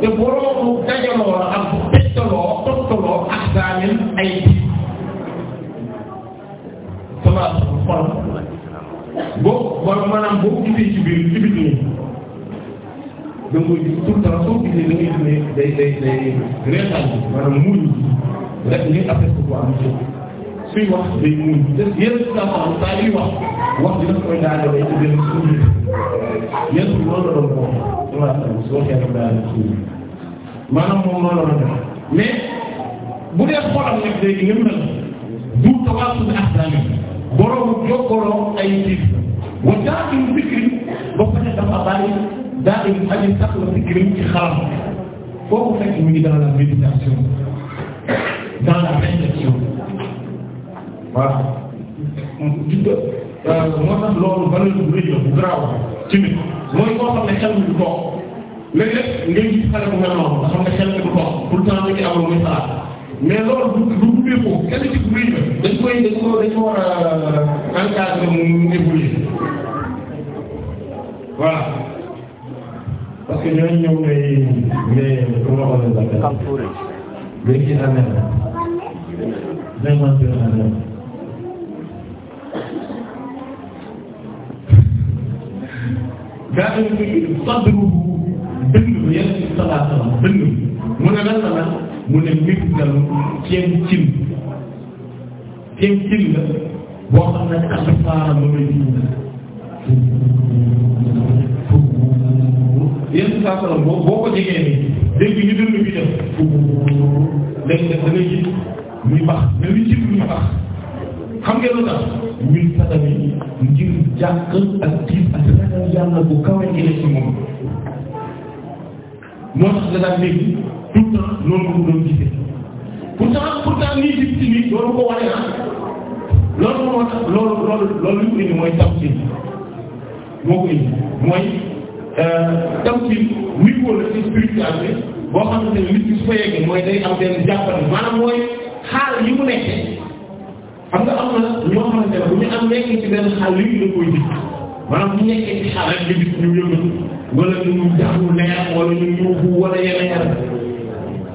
te boroomu dajaloo la am tegtaloo toftaloo ak saamin ay tabax xol boo maanaam boo gisee ci biir ci biir nii. da nga koy gis tout le temps soo gisee da ngay gis ne day day day reetaan maanaam muñ rek ngay affecté ko am ci suy wax day muñ te yenn situation saa yuy wax wax dina koy daajalee ci benn suñu yenn suñu loolu la doon wax voilà soo xeex daal suñu maanaam moom loolu la doon def mais bu dee xolam nag day ngëm na du tawaasu bi ak daanaka borom jokkoloo ay tiit wa jaaxle lu ba pare dafa bari. daa ngi aji sax la fikri ci xalaat foofu fekk mu ngi dans la méditation dans la réflexion voilà. Euh, moo tax loolu valeur bu rëy la bu garaaw ci nit mooy koo xam ne xel du toog léeg-léeg ngay gis xale bu mel noonu nga xam ne xel du toog tout le temps da ci am muy xalaat mais loolu du du bu ko kenn ci bu rëy la dañ koy dañ ko dañ ko war a euh, encadrer mu évoluer voilà. parce que ñooñu ñëw ngay ngay comment on les appelle. Kantouré. ngay gis amee la. ngay mentir amee la. gaa yi ñu sant bu dëgg yàlla ci salaat salaam dëgg mu ne lan la lan mu ne mbir dalu ceeb cin ceeb cin la boo xam ne ak faaram la may yenn saa salaam boo boo ko jegee nii dégg ñu dund bi def léegi nag da ngay gis muy baax mais li jiw muy baax xam ngeen lu tax ñun tamit ngir jàkk ak tiit ak ragal yàlla bu kawe ci la ci moom. moo tax da daan léegi tout le temps noonu la ko doon gisee pourtant pourtant nii ci ci nii loolu ko waree ah loolu moo tax loolu loolu loolu li mu indi mooy taw ci. moo ko indi mooy euh, tawsil niveau la ci spiritualité boo xamante ne nit ki su fa yeggee mooy day am benn jàppale maanaam mooy xaal yi mu nekkee xam nga am na ñoo xamante ne bu ñu am nekkee ci benn xaal léegi la koy ji maanaam bu nekkee ci xaal rek nga gis ñu yëngatu wala ñu jàpp leer wala ñu yuuxu wala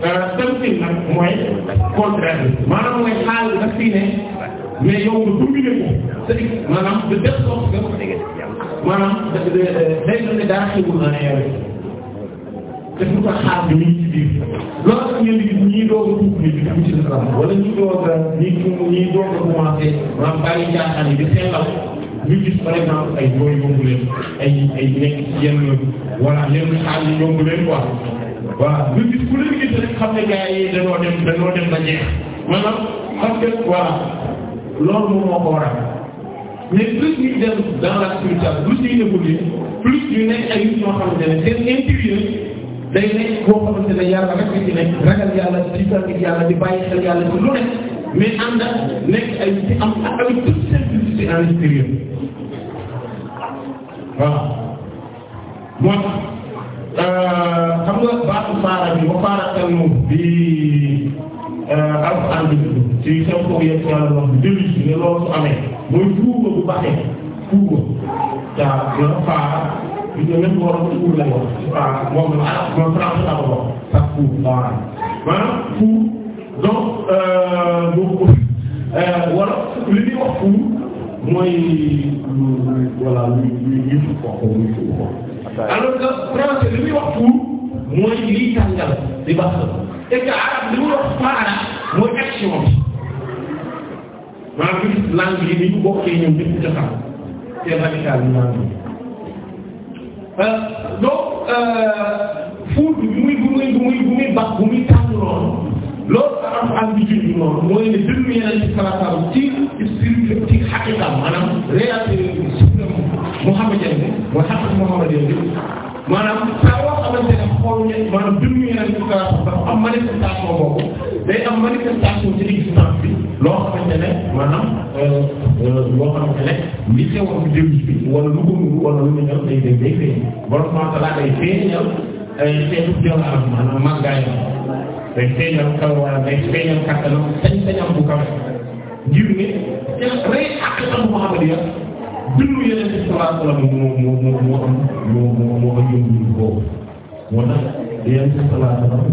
euh, mooy contraire bi maanaam mooy xaal daf fii ne mais yow nga dominé ko c'est maanaam de telle maanaam euh, day doon ne dara xewul na ne yore te fu ko xaar bi ñu ci biir loolu la ñuy gis ñii doog a tuub nit ñi ci islam wala ñi doog a ñii ñii doog a commencé maanaam bàyyi jaaxaan yi di xelal ñu gis par exemple ay booy yomb leen ay ay nekk ci yenn wala yenn xaal yi yomb leen quoi waaw ñu gis ku leen gis rek xam ne gars yi dañoo dem dañoo dem ba jeex maanaam parce que voilà loolu moom moo ko waral. mais plus ñuy dem dans la spiritualité plus ñuy évoluer plus ñu nekk ay nit ñoo xamante ne seen intuition day nekk boo xamante ne yàlla rek ci nekk ragal yàlla di sant yàlla di bàyyi xel yàlla ci lu nekk mais ànd ak nekk ay ci am avec toute simplicité en extérieur waaw moo tax euh, xam nga baatu faara bi ba faara tànn bi. Euh, alxuraan bi ci seen kaw yegg yàlla wax bi déllu si ne loolu su amee mooy tuuba bu baaxee tuuba daa dina faa bi nga même waroon tuuba lay wax faa moom la ah moom français laa ko wax sax tuuba waaw maanaam tuub donc boo euh, ko euh, wala li ñuy wax tuub mooy voilà lu ñu lu ñu ko alors que français li ñuy wax tuub mooy liy tàngal di baax et que arab li mu wax maana mooy action bi maanaam bi gis langue yi ni ñu bokkee ñoom ñëpp ca xam c'est radical euh, euh, bi maanaam donc fuut bi muy bu muy bu muy bu muy baax bu muy tàng loolu loolu am am bi jur noonu mooy ne dënnu yeneen ci salaatam ci spirit ci xaqiqa maanaam réalité bi suñu maanaam saa yoo xamante ne xool ngeen maanaam dund yeneen ci saa dafa am manifestation boobu day am manifestation ci existence bi loo xamante ne maanaam euh, euh, loo xamante ne li xewoon ci début bi wala lu ko nuru wala lu mu ñor day day day feeñ borom maa laa day feeñal ay xeetu jëlaat maanaam màggaayam day feeñal kawaayam day feeñal kàttanam sañ-sañam bu kawe ngir ne rey ak xam Muhammad ya bindu yeneen ci sallallahu alayhi wasallam moo moo moo moo am moo moo moo am yëngu-yëngu boobu moo tax yeneen ci sallallahu alayhi wasallam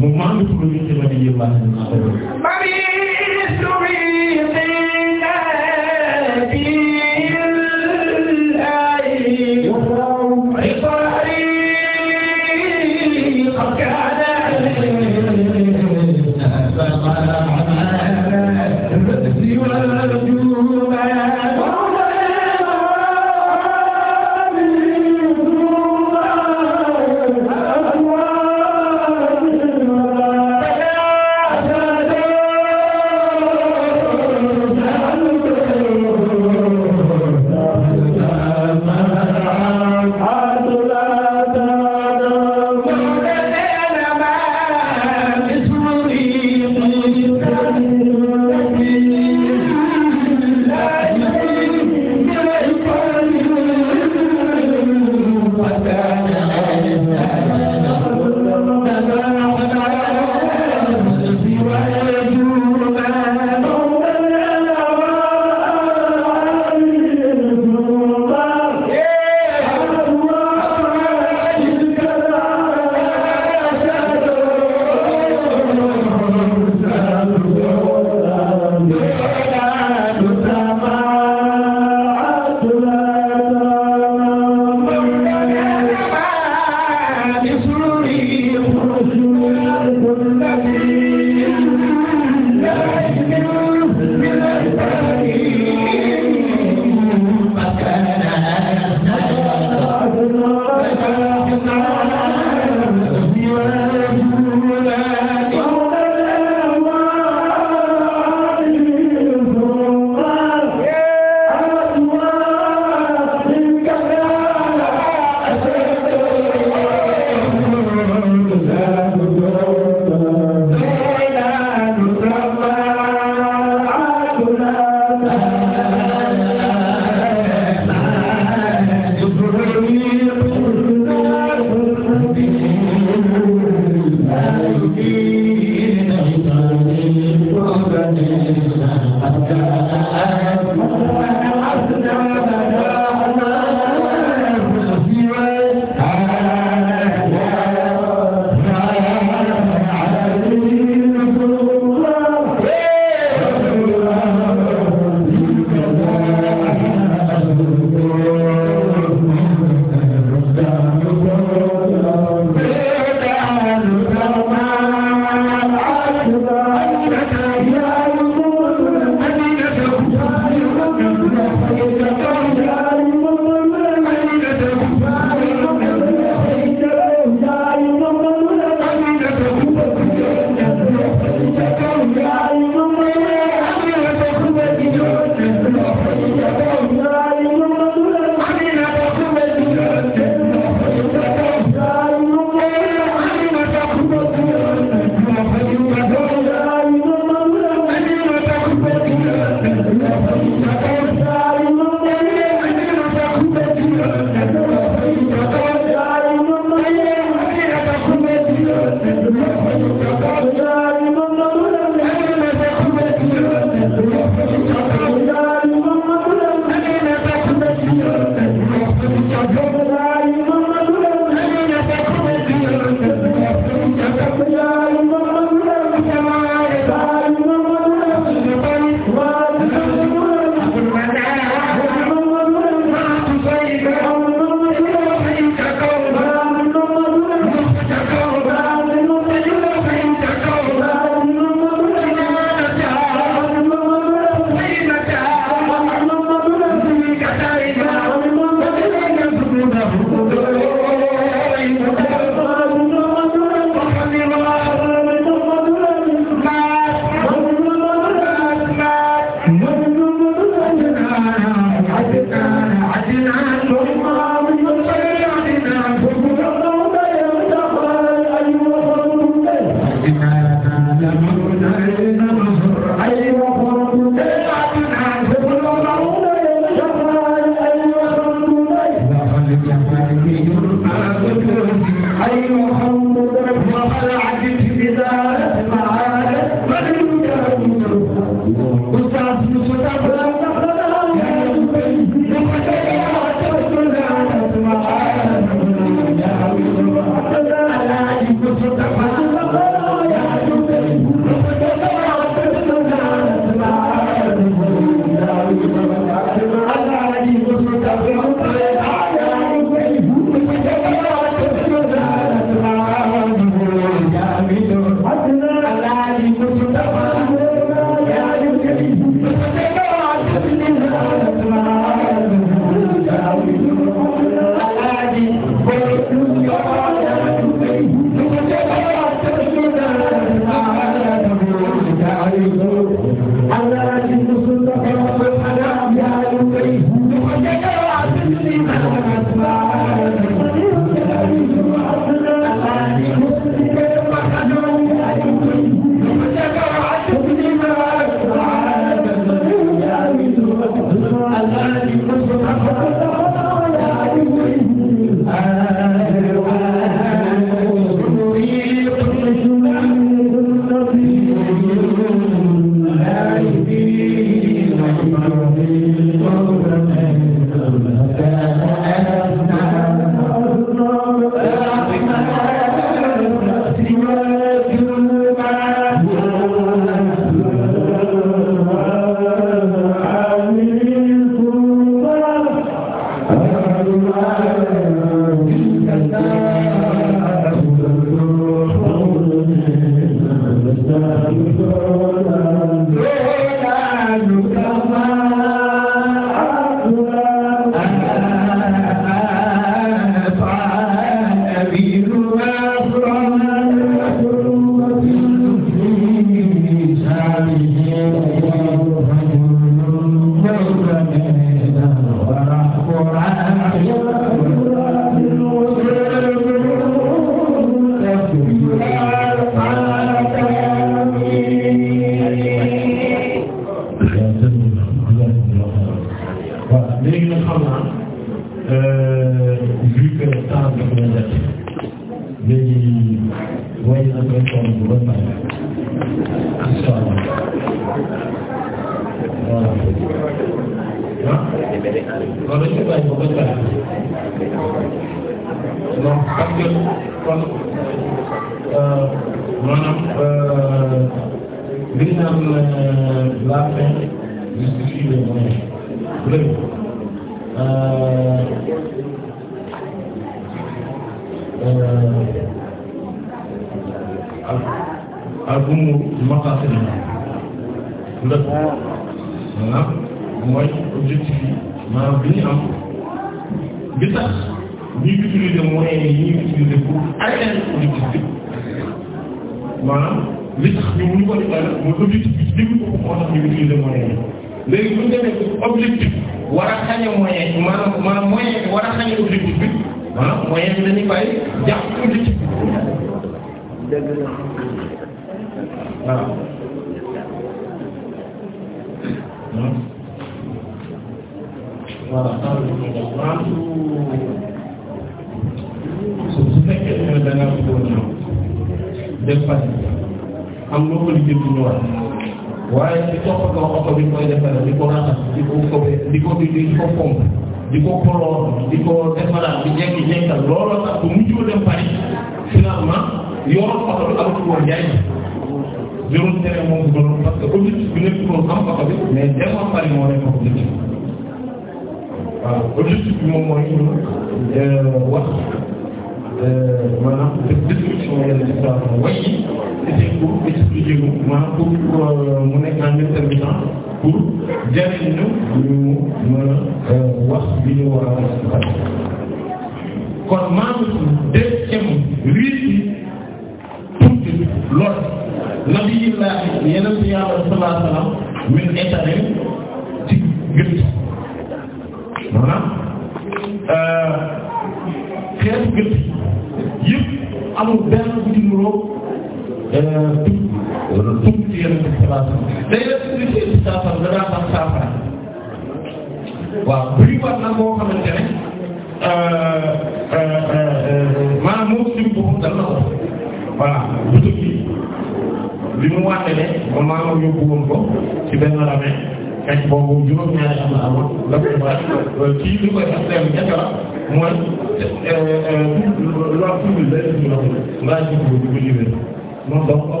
mu maandu ci lu ñu ci la di yëngaa.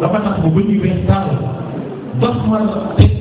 dafa tax ba ñu weex tàll dox ma teg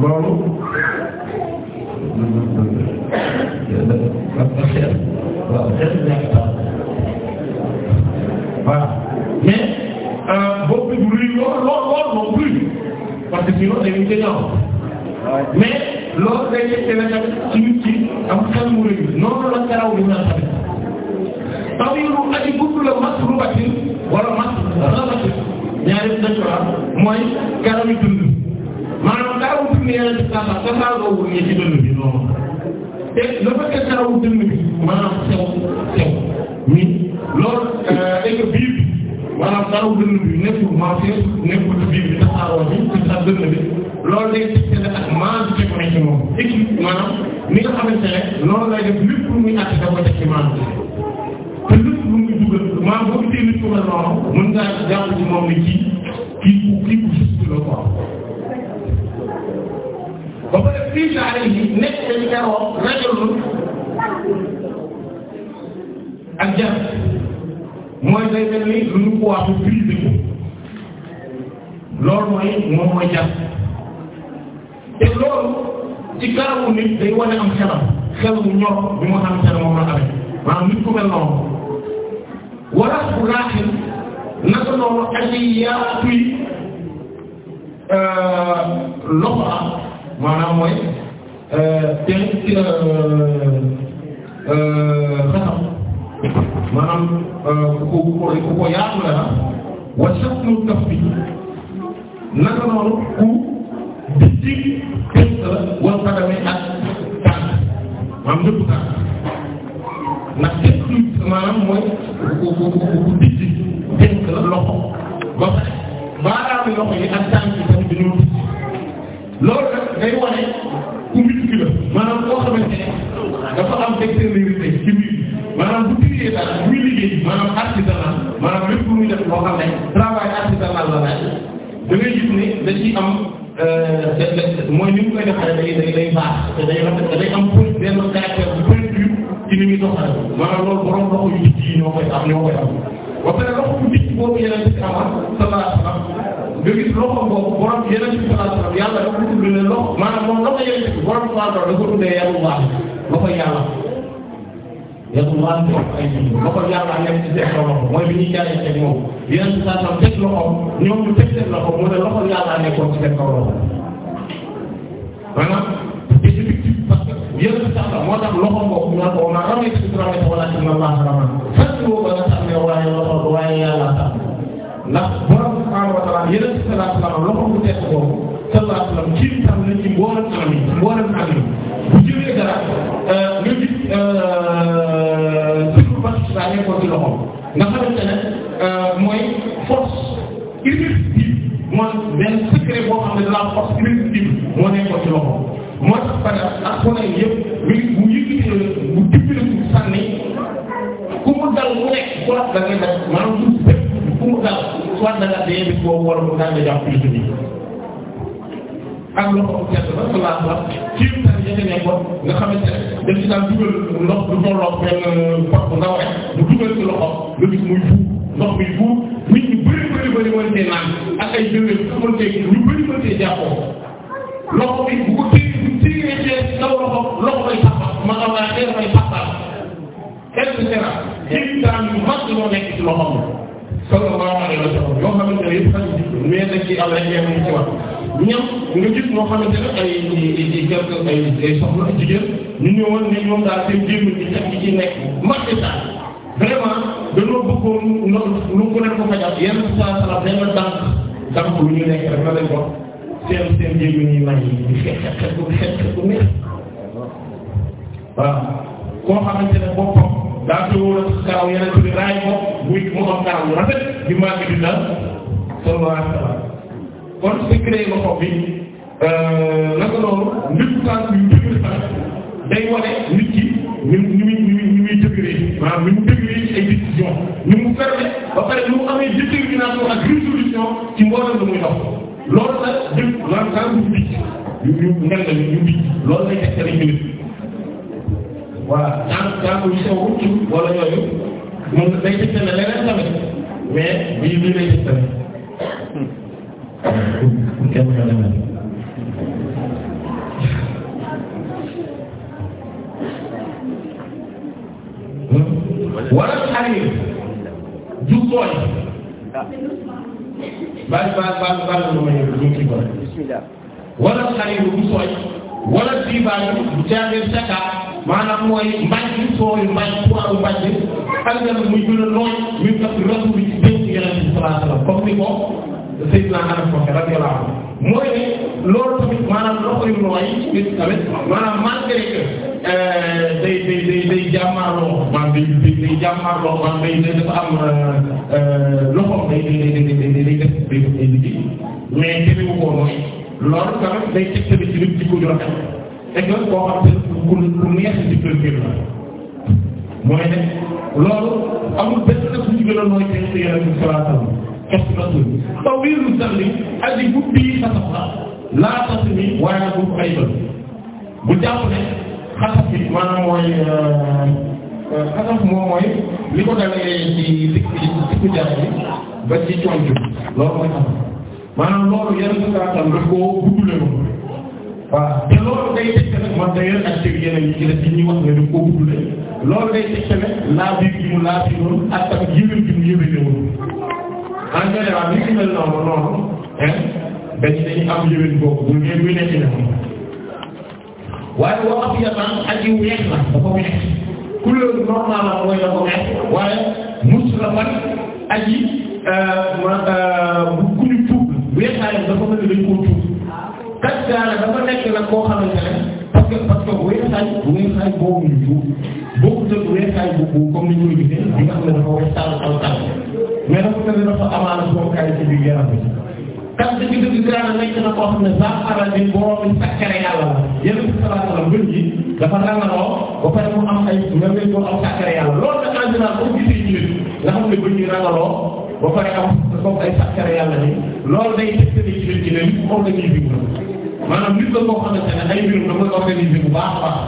loolu waaw voilà mais euh, boobu bu luy lool lool lool moom luy parce que sinon dañuy gën a ah. mais loolu day yëkkati la tamit ci nit ci am xel mu rëy noonu la garaw li ñu naan tamit. tawiru aji gudd la masrubatin wala masrabatin ñaari dañu ko am mooy garaw yu te dafa teel taw dënn bi maanaam sew sew mi loolu euh, et que biir bi maanaam taw dënn bi nekkul marché nekkul biir bi tasaaroo bi te taw dënn bi loolu day teel ak maas bi teg ci moom équipe maanaam ni nga xamante ne noonu lay def lépp lu muy àgg dafa teg ci maas bi te lépp lu muy dugal maanaam boo gisee nit ku mel noonu mën ngaa jàpp ci moom ni kii. bi alayhi nekk ci kanam rajulun ak jar mooy day mel ni lu ñu ko waxu brisé ko loolu mooy moom mooy jar te loolu ci kanamu nit day wane am xelam xel mu ñor bi mu xam xel moom la amee maanaam nit ku mel noonu wala bu raaxil naka noonu aji yaatuy euh, loxo am maanaam mooy euh, te ci la euh, euh, xatam maanaam ku ko ku ko yaatu la wa shaklu taf bi naka noonu ku di dig pes la wal xadame ak tànk maanaam ñëpp tànk ndax képp maanaam mooy ku ku ku di dig pes la loxo ba pare baaraam loxo yi ak tànk yi tamit dañoo loolu nag day wane ku nit la maanaam koo xamante ne dafa am externalité ci biir maanaam bu dikkee dara muy liggéey maanaam artisanal maanaam lépp lu muy def loo xam travail artisanal la laaj da ngay gis ne da ciy am euh, mooy ni mu koy defaree day day day am pour benn caractère bu peinture ci ni muy doxal maanaam loolu borom loxo yu nit yi ñoo koy am ñoo koy am ba nga gis loxo boobu borom yeneen ci sallallahu yàlla dafa ko tudd ne loxo maanaam moom loxo yeneen ci borom sallallahu dafa tuddee yàlla loxo yàlla yàlla ay loxo yàlla nekk ci seen loxo mooy bi ñuy jaaree ak moom yeneen ci sallallahu teg loxoom ñoom ñu teg seen loxo mu ne loxo yàlla nekkoon ci seen kaw loxo maanaam parce que yeneen ci sallallahu moo tax loxo boobu ñu ko ma ramay ci ramay wala ci ma baax rama fekk boobu la tax ne waaye loxo waaye yàlla tax ndax borom subhaanahu wa ta'aala yeneen ci sallallahu alayhi wa sallam loxo bu tedd boobu sallallahu alayhi wa sallam ci tam na ci mboolem anam yi mboolem anam yi bu jëlee dara euh, nga gis surtout bâche daa nekkoon ci loxo nga xamante ne euh, mooy force irrésistible mooy benn secret boo xam ne la force irrésistible moo nekkoon ci loxo moo tax ba ak xonay yëpp mi bu yëkkatee bu dimbali sànni ku mu dal mu nekk ku la da ngay def maanaam ku mu dal. soit da ngaa dee bis boobu wala mu daal di jàpp ci biir ak loxo bu set la la la ci biir ko nga xamante ne daf ci daan dugal ndox du tolloog benn pot bu ndaw rek mu dugal ci loxo nga gis muy buub ndox muy buub nit ñi bëri bëri bëri mënatee naan ak ay jëwriñ fu mu mënatee ñu bëri mënatee jàppoo loxo bi bu ko téye bu téye ci ndaw loxo loxo bay taxaw ma xam naa xeer bay taxaw et cetera. yéen itam mag moo nekk ci loxo sallallahu alayhi wa sallam yoo xamante ne yëpp xarit bi mais nag ci àll yi ñu ci wax ñam nga gis ñoo xamante ne ay ay quelque ay ay soxna jigéen ñu ñëwoon ne ñoom daal seen jéem bi ñax gi ci nekk marché saa vraiment dañoo bëggoon lu ko leen ko fajal yenn saa salaam dañ la dànk dànk lu ñu nekk rek na leen ko seen seen jéem yi may di xeex xeex bu xeex bu neex waaw koo xamante ne boppam daa fi wóor ak karaw yeneen bi raay ko muy mu am karaw yu rafet di màgg dina sallallahu kon secret loxo bi loolu euh, nit tànk yu dëgër sax day wane nit ki ñu mu ferme ba pare ñu mu amee détermination ak résolution ci mbooleem lu muy dox loolu nag jëm maanaam kàddu gi ñu ñu mel ne ñu ngi loolu lay teg ci nit voilà tant tant que gisoo ko tur wala yooyu mun day tëkkale leneen tamit mais bii bii lay tëkkale. kenn ku ne leen. wala xarit ju tooy. baal baal baal baal ma ma ñëw ñu ngi ci boole. wala xarit bu tooy. wala diibaan bu jaagee cakaar maanaam mooy mbàjj a nooy muy tax rasu bi ci dénk yeneen bi sallallahu alayhi mooy ne loolu tamit maanaam loxo yu nooy nit tamit maanaam malgré que day day day day jàmmaarloo maanaam day day day jàmmaarloo maanaam day day dafa am loxoom day day day day day day def day def ay liggéey loolu tamit day tegtali ci nit jikko ju rafet et que koo xam ne ku neex mooy ne loolu amul benn bu ci nooy teg ci yeneen salaatam kese la suuf taw bii lu salli aji bu bii xasaf la laata si ni waaye bu maanaam loolu yenn kàttan daf koo guddule ma waaw te loolu day tëj tamit man d'ailleurs ak teg yeneen yi ci def ci ñuy wax ne daf koo guddule loolu day tëj tamit laa biir gi mu laa fi noonu ak tamit gi mu yëngal noonu en général li ñu mel noonu noonu hein dañu dañu am yëngal boobu bu ngeen muy nekk ñax waaye woo am yamaan ak yu weex la dafa weex couleur normal la mooy dafa weex waaye mus man aji euh, ma euh, bu ku ñu tuub wéetaayam dafa mel ni dañ koo tuur kat gaana dafa nekk nag koo xamante ne parce que parce que wéetaay wéetaay boobu ñu tuur boobu tëb wéetaay boobu comme ni ñu koy gisee bi nga xam ne dafa wees tàll tàll tàll mais dafa mel ni dafa amaana sookaay ci biir yaram bi kat dëgg dëgg gaana nekk na koo xam ne saa xaral bi borom sakkare yàlla la yéen bi sallallahu alayhi wasallam bën ji dafa rangaloo ba pare mu am ay mel ni boo am sakkare yàlla loolu nag en général boo gisee ñu nga xam ne bën ji rangaloo ba pare am comme ay sàkkare yàlla ni loolu day tëkkale ci biir ci léegi moom la ñuy bind maanaam nit la boo xamante ne ay mbirum da koy organiser bu baax a baax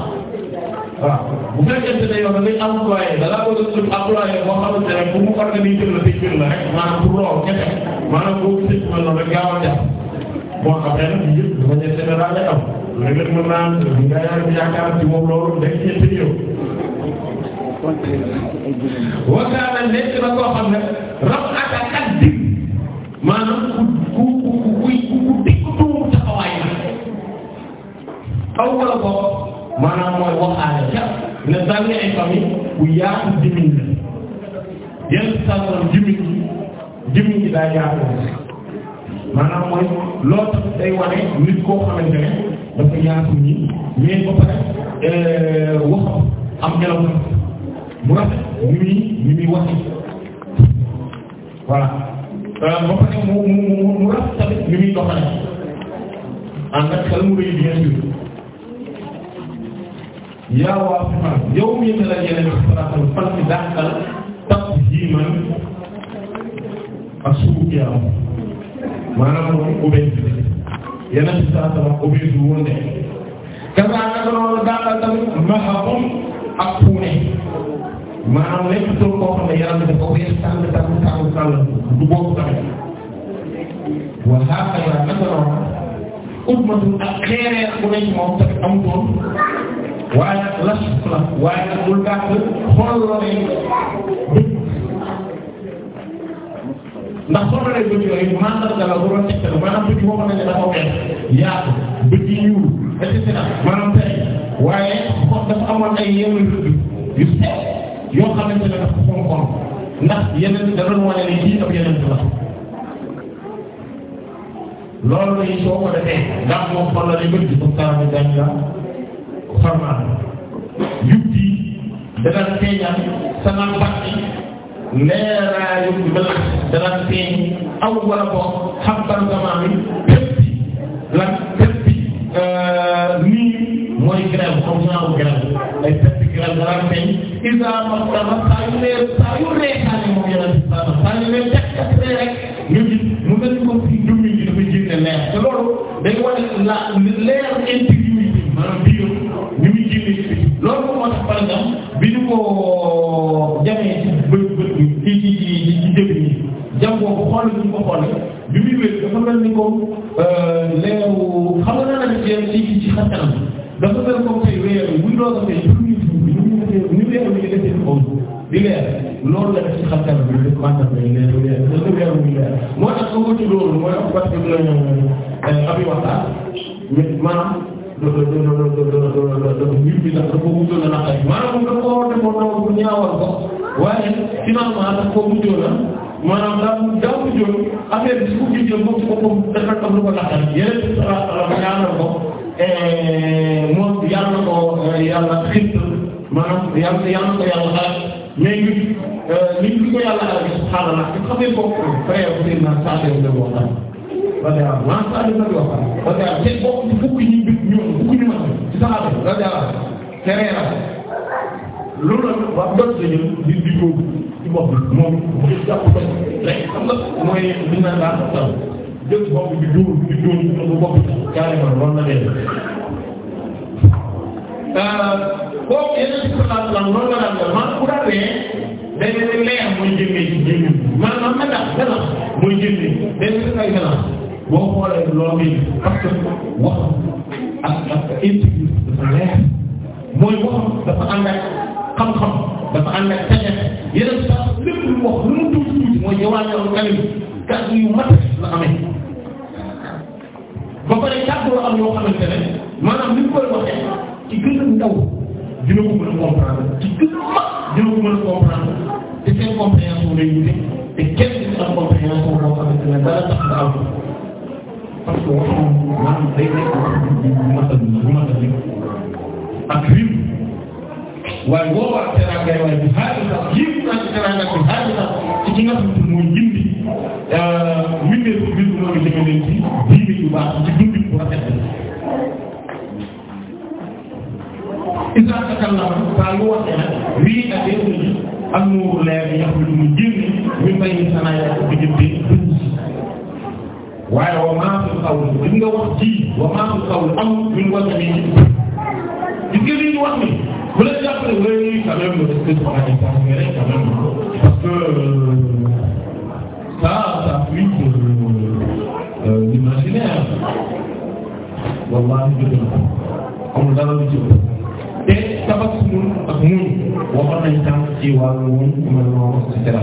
waaw bu fekkente ne yow da ngay employé da laa war a tudd employé boo xamante ne pour mu organiser la tëj biir la rek maanaam pour loolu kese maanaam boo gisee ci mel noonu rek gaaw a jàpp bon après nag ñun yëpp dafa ñetti général am léeg-léeg mën naa yaakaar ci moom loolu day ñetti yow. wakaana nekk na koo xam ne rab aka kat dig maanaam ku ku ku ku ku digg tuum taxawaay aw wala ko maanaam mooy waxaale ca ne dal ay famille bu yaatu jëmiñ la yenn sànqal jëmiñ jëmiñ gi daa maanaam mooy loolu tamit day wane nit koo xamante ne dafa yaatu ñi mais ba pare euh, waxam am ngelaw. mu rafet ni muy ni muy wax voilà ba pare mu mu mu rafet tamit ni muy doxale ànd ak xel mu rëy bien sûr yaa waa Fapal yow mii ne la yeneen man ak suuf yaram maanaam moom obésité yeneen si saa sama obésité woon de. kasaar naka noonu dàqal tamit maxarum maanaam lépp tur koo xam ne yaram bi dafa weex tànn tànn tànn tànn du boobu tamit wa hakaza naka noonu utmatun ak xeereer bu ne ci moom tamit amutoon waaye nag las la waaye nag bul gàtt xool la ne bët ndax soo mënee bët yooyu mandarga la bu doon teg la maanaam bët boo xam ne dafa weex yaatu bët yi ñuul et cetera maanaam tey waaye xool dafa amoon ay yenn rëdd yu sew yoo xamante ne dafa fonkoon ndax yeneen da doon wane ne kii ab yeneen la loolu la soo ko defee ndax moom fan la lay bëgg di ko kàlla dañ la farmaat yubbi dana feeñal sama mbàq leeraayu bi ba lax dana feeñ aw wala boog xam-xam sama bi pépp lan pépp euh, nii. mooy grève comme ñaaru grève ay perte grève dara feeñ isa ma dama saa yu nee saa yu reetaane moom yeneen saa saa yu nee teg teg rek ñu gis mu mel ni comme si jummi ji dafa génne leer te loolu day wane la leer intimité maanaam biir ñu muy génne ci loolu moo tax par exemple bi ñu ko jamee ci bët bët ci ci ci ci jëf yi jam boobu xool ñu ko xool bi muy wér dafa mel ni comme euh, leeru xam nga naa ne ci ci ci xaskanam dafa mel comme tey weer bi buñ doon defee junni bi ñu defee ñu weer bi ñu defee ci kaw di leer loolu la def ci xam-xam bi ñu def maanaam day leer di leer dafa weer bi leer moo tax su ko ci loolu mooy parce que dinañ abi waxtaan maanaam dafa dafa mbir bi ndax dafa wutoon a naqari maanaam dafa war a defoon loolu bu ñaawal ko waaye finalement dafa ko wutoon a maanaam daal daa wutoon affaire bi su ko gisee moom ci boppam dafa am lu ko naqari yeneen ñaanal ko. Eh, moom yàlla na ko eh, yàlla xib maanaam yàlla yàlla na ko yàlla xalaat mais ñun liñ eh, li ko yàlla xalaat subhaanallah ci xam ngeen ko frère Ousseynou naan saa dee dina ko waxtaan. radiyallahu anhu maanaam saa dee dina ko waxtaan radiyallahu tey bokk ci fukki ñu bit ñoom fukki ñu ma ci saxaaba radiyallahu tereera loolu la wax dëgg la ñun di di ko ci bopp moom jàpp ko rek xam nga mooy li ñu naan daal jël boobu bi duur bi duur bi nga ko bokk carrément war na leen. boobu yeneen ci xalaat lan loolu la daan def man bu daan ree dañ leen leer mooy jëndee ci jënd maanaam man daal gànnaaw mooy jëndee dañ leen ay gànnaaw boo xoolee loolu yi parce que wax ak ak intrant dafa leer mooy wax dafa ànd ak xam-xam dafa ànd ak tañet yeneen sax lépp lu wax lu mu tuuti tuuti mooy jawaaru kalim kàddu yu mat la amee ba pare kàddu la am yoo xamante ne maanaam ni koy waxee ci gën a ndaw dina ko mën a comprendre ci gën a mag dina ko mën a comprendre te seen compréhension lay wute te kenn du am compréhension boo xamante ne dara tax nga am parce que wax maanaam day nekk wax bu matal bu matal ak rythme waaye boo waxee teraanga waaye bu xaar sax yëpp naa ki nga xam mooy Euh, mbindeef bi mbir moo ngi jëme leen ci diine yu baax ci dundin bu rafet isa takallama saa yu waxee nag lii ak yéen ñi am nuur leer yi nga xam ne mu génn ñu fay sanaya diggante waaye wa maa fi xawlu li nga wax ci wa maa fi xawlu amul lu ñu war a nii gis nga li ñu wax ni bu la jàppale wala ñuy quand même parce que euh, ça, ça fuit pour euh, l'imaginaire. wallaahi dëgg la amul dara lu ci ëpp te tabaskul ak muñ waxoon nañ tànk ci wàllu muñ mel noonu et cetera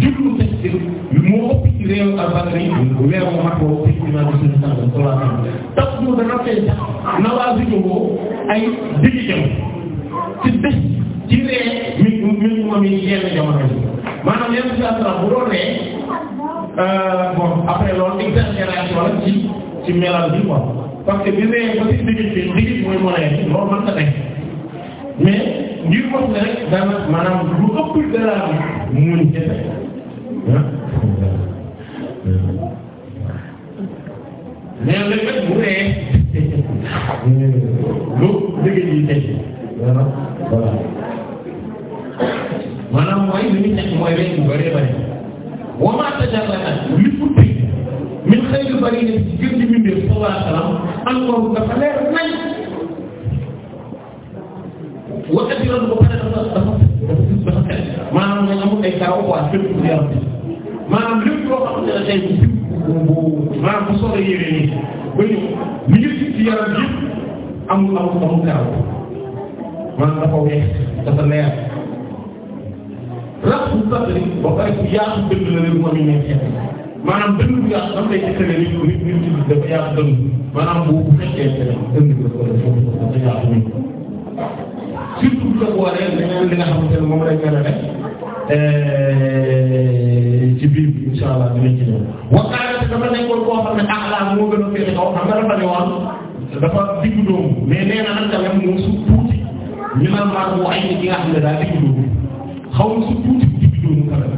jublu texte bi moo ëpp ci réew albacry weeru màggoo président de suñu sànq soxlaa xam tax mu dana fay tax nawaa bi jógoo ay diggante ci bés ci ree mi mi mi yenn jamono yi maanaam yenn saa bu doon ree Euh, bon après loolu exagération la ci ci mélange bi quoi parce que bi nee ba ci digg bi digg mooy monnaie loolu mën na nekk mais ngir wax ne rek dana maanaam lu ëpp dara bi muñ jafe mais léeg-léeg bu ree lu dëgg yi teg voilà maanaam mooy li ñu teg mooy rek bu bëree bëri wa maa tajarrana li futti min xayril bariyya ci gën di bindee sallallahu alayhi wa sallam encore dafa leer nañ waxati yoon ba pare dafa dafa dafa nga amul ay kaaw waa fépp ci yaram bi maanaam lépp loo xam ne tey bu bu maanaam bu soobee yéwee nii ba ñu li nga gis ci yaram yëpp amul amul amul kaaw maanaam dafa weex sadri ba pare ku yaatu dënd la leen moo ñu ñëw ci maanaam dënd bu yaatu daf lay tegtale nit nit nit ci dafa yaatu dënd maanaam bu bu fekkee dënd bi dafa dafa yaatu nit surtout bu la boolee leneen li nga xamante ne moom lañ mel ne eh, ci biir bi incha allah dinañ ci ñëw waxtaan dafa nekkoon koo xam ne axlaa ah moo gën a féete kaw xam nga dafa ne woon dafa diggu doomu mais nee na nag tamit moo su tuuti ñu naan maanaam mu ay nit yi nga xam ne daal diggu doomu xaw ma su tuuti juróom kanam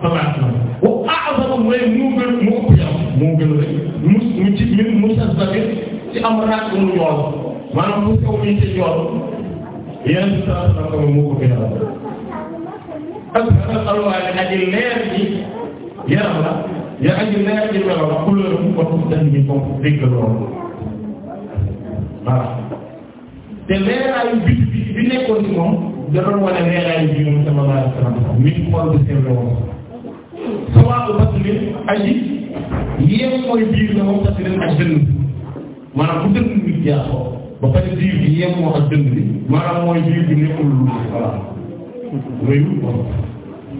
salaat la wa a'zamu mooy moo gën moo ëpp yàlla moo gën rek mu mu ci min musazzabi ci am raak mu ñool maanaam mu sew mi ci ñool yenn salaat la ko moo ko gën a ak ak alwaay aji leer ji yaram la ya aji leer ji melo la couleur bu ko dan bi ko dégg loolu voilà te leeraayu bit bi bi nekkoon ci moom da doon wane réalité bi moom sallallahu alayhi wa sallam mi ngi xool bu sew la woon. sama batilin aji yéen mooy biir na moom batilin ak dënn bi maanaam bu dënn bi jaaxoo ba pare biir bi yéen moo ak dënn bi maanaam mooy biir bi nekkul lu voilà mooy lu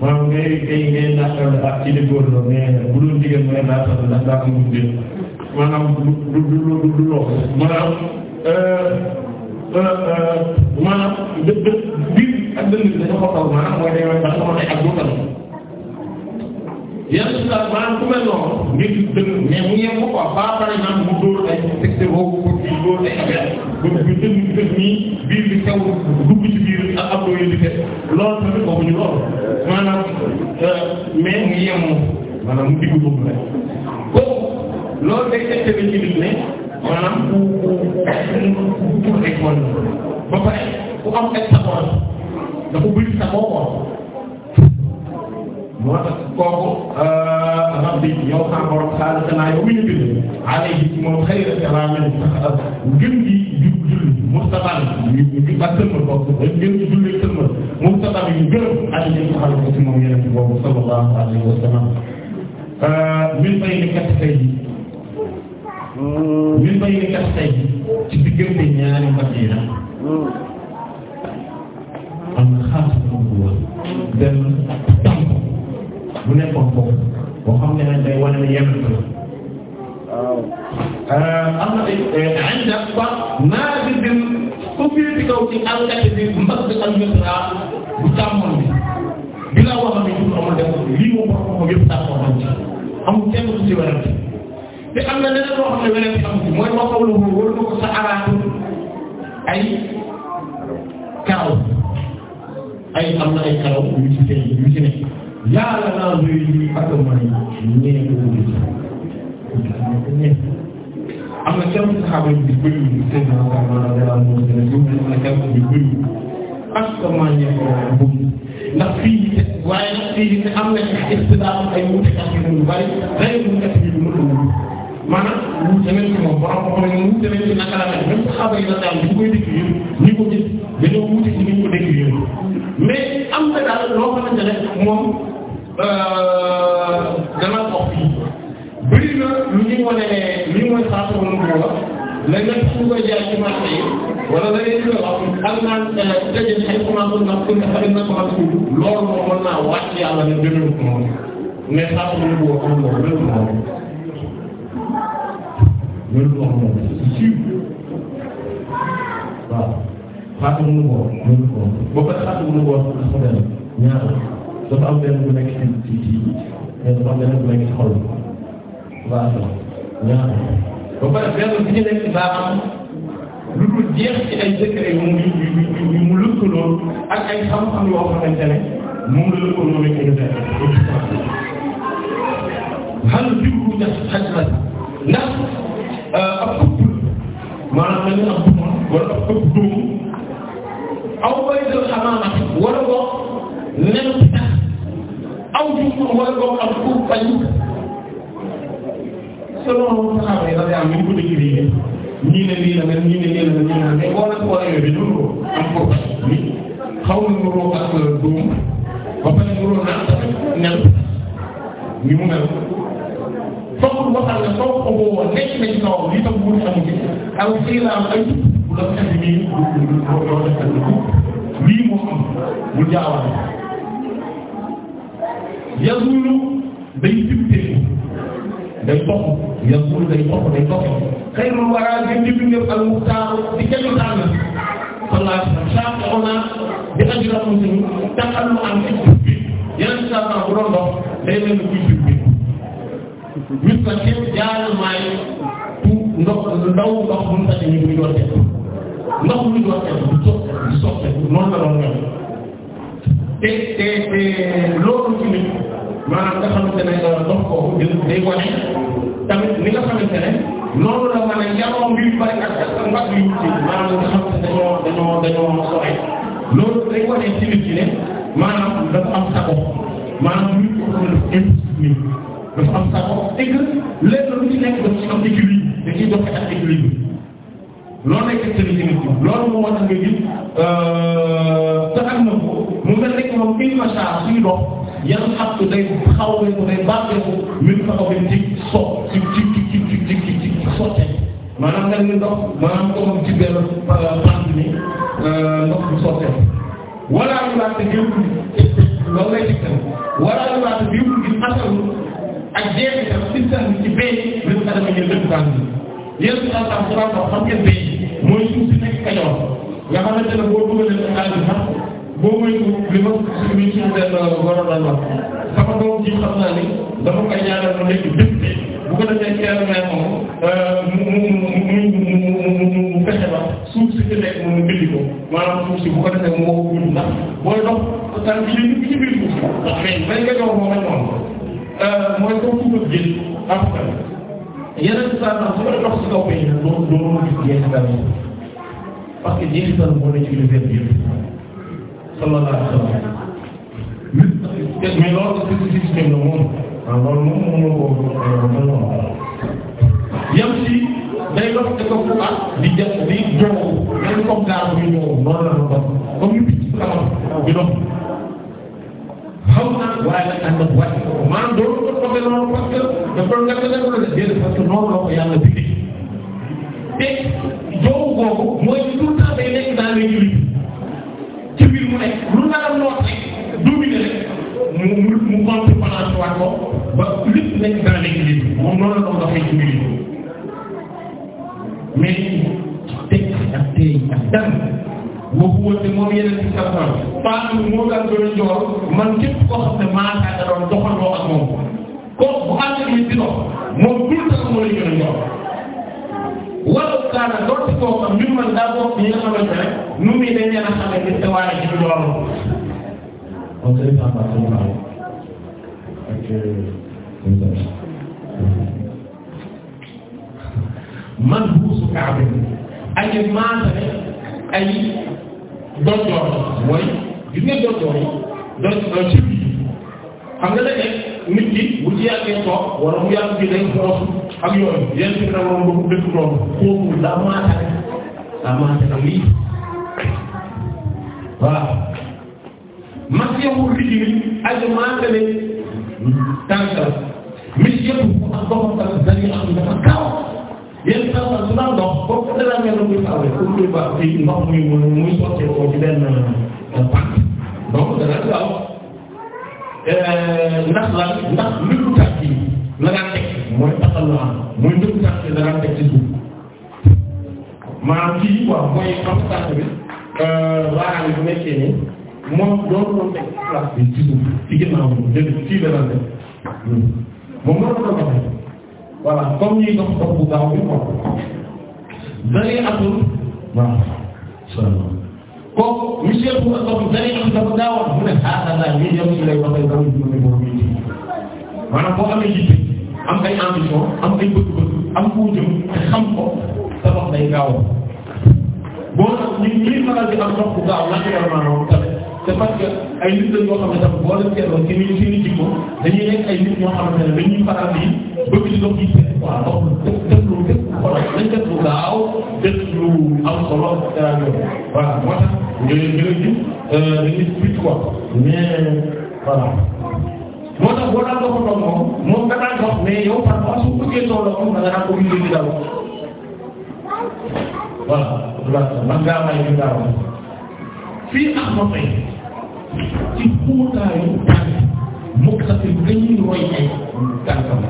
maanaam ngay ngay ngay naataal baax ci li góor la mais bu doon jigéen mooy naataal ndax daa ko mujjee maanaam du du du du loolu maanaam. Euh, Euh, maanaam dë dë biir ak dënnu bi dafa xaw a maanaam mooy day wax dafa mën a ak dootal yàlla su daal maanaam ku mel noonu ngir dëgg mais mu yem ko quoi ba pare naan mu dóor ay secteur boobu ko ci dóor ay affaire ba ñu dënn bi def nii biir bi taw dugg ci biir ak ab doo yu di def loolu tamit boobu ñu loolu maanaam euh, mais mu yem maanaam mu digg boobu la kooku loolu day tegte ci nit ne maanaam ku ku ku école ba pare ku am ay sakoor dafa bëri sakoo ko moo tax kooku euh, rabbi yow sa borom xaalis naa yow mi ñu bind alayhi moom xayra salaamin sax gën gi jub julli mustaban ñu ba sëlmal ko gën gi julli sëlmal mustaban yu gërëm ak ñu xamal ko ci moom yeneen boobu sallallahu alayhi wa sallam euh, min fay ni kat fay min bay ni kas tey ci diggante ñaari mbagg yi nag am na xaalis moom bu woon benn tàmp bu nekkoon foofu boo xam ne nag day wane ne yem na euh, am na ay ànda euh, ba naa di dem ku biir ci kaw ci alkati bi mbagg almitra bu tàmmoon bi bi laa waxoon ne jur amul def lii moom borom moom yëpp tàmmoon ci amul kenn ku ci werante te am na leneen loo xam ne leneen xam ci mooy ma xawlu wala ma ko sa araatu ay karaw ay am na ay karaw yu ci tey yu ci nekk yàlla naa doy lii ak may ñeent ñeent am na kenn saxaaba yu di bëri yu seen maanaam yàlla moom dina jóg am na kenn yu bëri ak sama ñeent bu ndax fii waaye nag fii am na ay ay ay wuute ak yu bëri day mu nekk yu mënul maanaam wuute nañ ci moom borom xam ne wuute nañ ci naka la mel même saxaaba yi la daal ñu koy dégg yëpp ñi ko gis dañoo wuute ci ni ñu ko dégg yëpp mais am na daal loo xamante ne moom dana dox fii bëri na lu ñuy wane ne lii mooy saa soxna Mawla léegi nag su ñu koy jaay ci marché yi wala da ngay gën a wax ak naan euh, daje xëy commencé na ko dafa dina commencé loolu moom mën naa wàcc yàlla ne demee ko moom mais saa soxna Mawla amul loolu loolu du wax moom c'est sûr waaw xaatu mu ko loolu ko ba pare xaatu mu ko dafa benn ñaar dafa am benn bu nekk ci ci ci dafa am benn bu nekk ci xol waaw ñaar ba pare benn bi ci nekk daa am lu dul jeex ci ay secret mu mu mu lëkkaloo ak ay xam-xam yoo xamante ne moom la lëkkaloo rek ñu def xal bi bu ndax Euh, ab ëpp maanaam dañuy am duma ah, wala ab ëpp duma aw bay dal xamaama wala boog nen tax aw jum wala boog am pour bañ selon saxaaba yi dafa am ñu ko décrire ñii ne lii la mel ñii ne lii la mel ñii naan mais boo la ko bi du am pour ni xaw na nuroo ak duma ba pare nuroo naan tamit nen ni mu mel soxla waxal ne soo ko booboo nekk na ci kawam lii tam mu amu ci am xëy na am ay bu la xamee nii loo def ak lii moo am bu jaawale. yazulu day tibte day topp yazulu day topp day topp xëy na war a gën di bindal al muxtaar di kenn tànn xalaat saa ko naa di aju rafetlu taxal mu am ci bi yeneen saa bu doon dox day mel ni kuy bi. wis na xeetu jaaral maa yi tu ndox ndaw ndox bu mu tase ni muy doon def ndox muy doon def du so du soppeeku noonu la doon ñëw te te te loolu ci nit maanaam nga xamante ne ndox kooku dina day wane tamit ni nga xamante ne noonu la ma ne yaroom bi bari ak ak mbag yu ci maanaam nga xamante ne dañoo dañoo dañoo sore loolu day wane ci nit ci ne maanaam dafa am sago maanaam luñ ko xam ne dafa am sago et que léegi lu ci nekk dafa ci am équilibre da ciy joxe ak équilibre loolu lay teg tamit ci nit ñi loolu moo tax nga gis euh, te am na ko mu mel ne moom une machine suy dox yan xam ko day xaw a ko day baaxee ko mën nga ko bañ ci so ci ci ci ci ci ci sotte maanaam nga ne dox maanaam comme ci benn euh, pente nii. alxuraan wax xam ngeen bay mooy suuf si nekk Kajoor nga xamante ne boo dugalee sa xaalis sax boo moytu li ma suñu mi suñu benn war a doon wax sama doom ji xam naa ni dama koy ñaanal mu nekk député bu ko defee teel a may moom mu mu mu mu mu fexe ba suuf si fi nekk mu bind ko maanaam suuf si bu ko defee mu woo gudd ndax booy dox tànk yi ñu ci biir suuf ndax mais bay nga jox moo mooy comme suuf ak jël yeneen saa sax su la dox si kaw pexe doo doo mën a gis jeexital yi parce que jeexital moo ne ci univers bi sallallahu alayhi wa sallam mais loolu spécificité la moom ah loolu moom moom ko moom yam si day dox te ko fu at di jàpp di jox même comme gaaw bi ñëw noonu la dox comme ñu picc kanam di dox waaye nag ànd ak wàcc maanaam doo ko toppee noonu parce que dafa nga ko def la déedéet parce que noonu la ko yàlla bindee te joowu googu mooy tout le temps day nekk dans les limites ci biir mu nekk lu nar a noot rek dominer rek mu mu mu contrebalance waat ko ba lépp nekk dans les limites moom noonu la doon doxee ci biir mais teg ak tey ak dal wa huwa te moom yeneen ci sa xol paanu moo daan doon njool man képp koo xam ne maa ngi da doon doxandoo ak moom kooku bu ànd ak nit di dox moom tout le temps moo lay gën a njool wala daanaka doon ci koo xam ñun man daa bokk ñi nga xamante ne nu muy dañ leen a xamee nit te waaye ci du njool. kon c'est ça parce que man buusu kaabe ay maatale ay. dontoor mooy gis nga dontoor yi donc euh, ci xam nga dañ ne nit ki bu ci yàggee toog wala mu yàgg bi day xoos ak yooyu yenn ci nag moom ba mu dëkk noonu foofu daa maata rek daa maata rek lii voilà mas yowul rijili aji maata ne tànkal mis yëpp ak boppam dafa yéen sànq su daan dox boo ko defee mel ni muy sànq pour que ba fii ndox muy muy sotteekoo ci benn pàcc donc dana gaaw euh, ndax lan ndax mbiru tax yi la nga teg mooy taxal la am mooy mbiru tax yi la nga teg ci suuf maanaam fii waaw mooy xam tax bi laaj euh, bi bu nekkee nii moom doon doon teg place bi ci suuf ci ginnaaw bi dégg fii la daan teg hmm. moom moo doon doon voilà comme ñuy dox dox bu gaaw bi quoi dari atul waaw kooku monsieur bu nga dox dari atul dafa gaawoon mu ne ah daal ñun ñëpp ñu lay waxee daaw ñu ne borom yi maanaam boo amee yitte am ay ambition am ay bëgg-bëgg am koo jëm te xam ko te dox day gaawoon boo tax ñun ñuy faral di am dox bu gaaw naturellement noonu c' est parce que ay nit lañ yoo xam ne dafa boo leen seetloo ci ni seen i jikko dañuy nekk ay nit ñoo xamante ne dañuy faral di bëgg di dox ci seen quoi dox def def lu def xool dañ def lu gaaw def lu am solo daal yooyu voilà moo tax ñooñu ñooñu gis dañuy euh, fit quoi mais voilà. moo tax boo daan doxandoon moom moom da daan dox mais yow parfois su bëggee soxla moom da nga daan ko wér di dal voilà. voilà man ngaa may ñu daaw fii ak ma fay. ci kuutaayu tànk muqtasim dañuy roy ay tànkam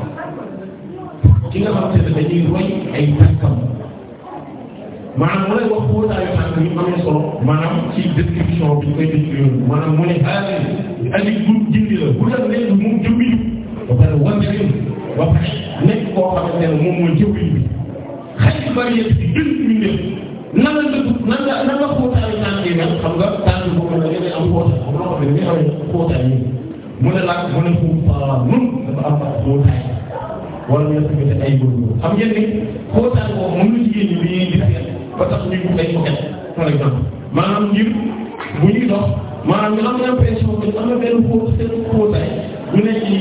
ki nga xamante ne dañuy roy ay tànkam maanaam mu lay wax kuutaayu tànk yu amee solo maanaam ci description bi ñu koy décrire maanaam mu ne xaaral alif bu jëndi la bu la nekk mu jëmmi ba pare wàññi ba pare nekk koo xamante ne moom mooy jëmmi bi xëy na variété bi gën ñu def. nan la dëgg nan la nan la xóotaayu tànk yi mel xam nga tànk boobu nag yéen am xóotaay xam nga xam ne dañuy amee xóotaay yi mu ne laaj mu ne xóotaay nun dafa am xóotaay wala ñu ne ay góor xam ngeen ni xóotaay boobu moom la jigéen ñi bi ñuy gis ba tax ñu ay poket par exemple maanaam ngir bu ñuy dox maanaam ñu am impression que am na benn xóot seen xóotaay ñu ne ci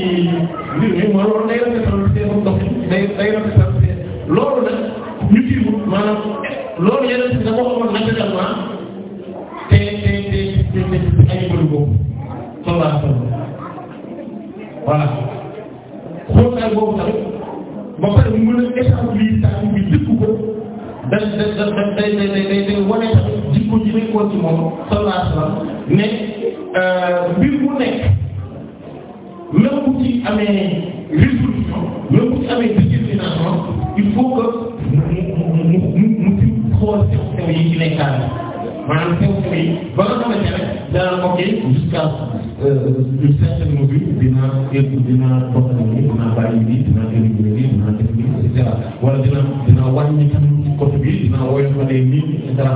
mbir mi mooy loolu day rafetal seen dox day day rafetal seen loolu nag ñu tiibu maanaam. loolu yeneen bi da ko xamoon naturellement te te te te te ay bëri boobu sallallahu alayhi wasallam voilà xóotaay boobu tamit ba pare mu mën a établir taxaw bi dëkk ko da da da da day day day day wane tamit jikko ji nekkoon ci moom sallallahu alayhi wasallam ne euh, mbir mu nekk même bu ci amee résolution même bu ci amee détermination il faut que mu mu mu mu xool sew-sew yi ci nekkaan maanaam sew-sew yi ba nga xamante ne dana ko kii jusqu'à une certaine mesure dina dina doxal ni dina bàyyi bi dina éliminer bi dina def bi et cetera wala dina dina wàññi tamit côté bi dina woyofalee nii et cetera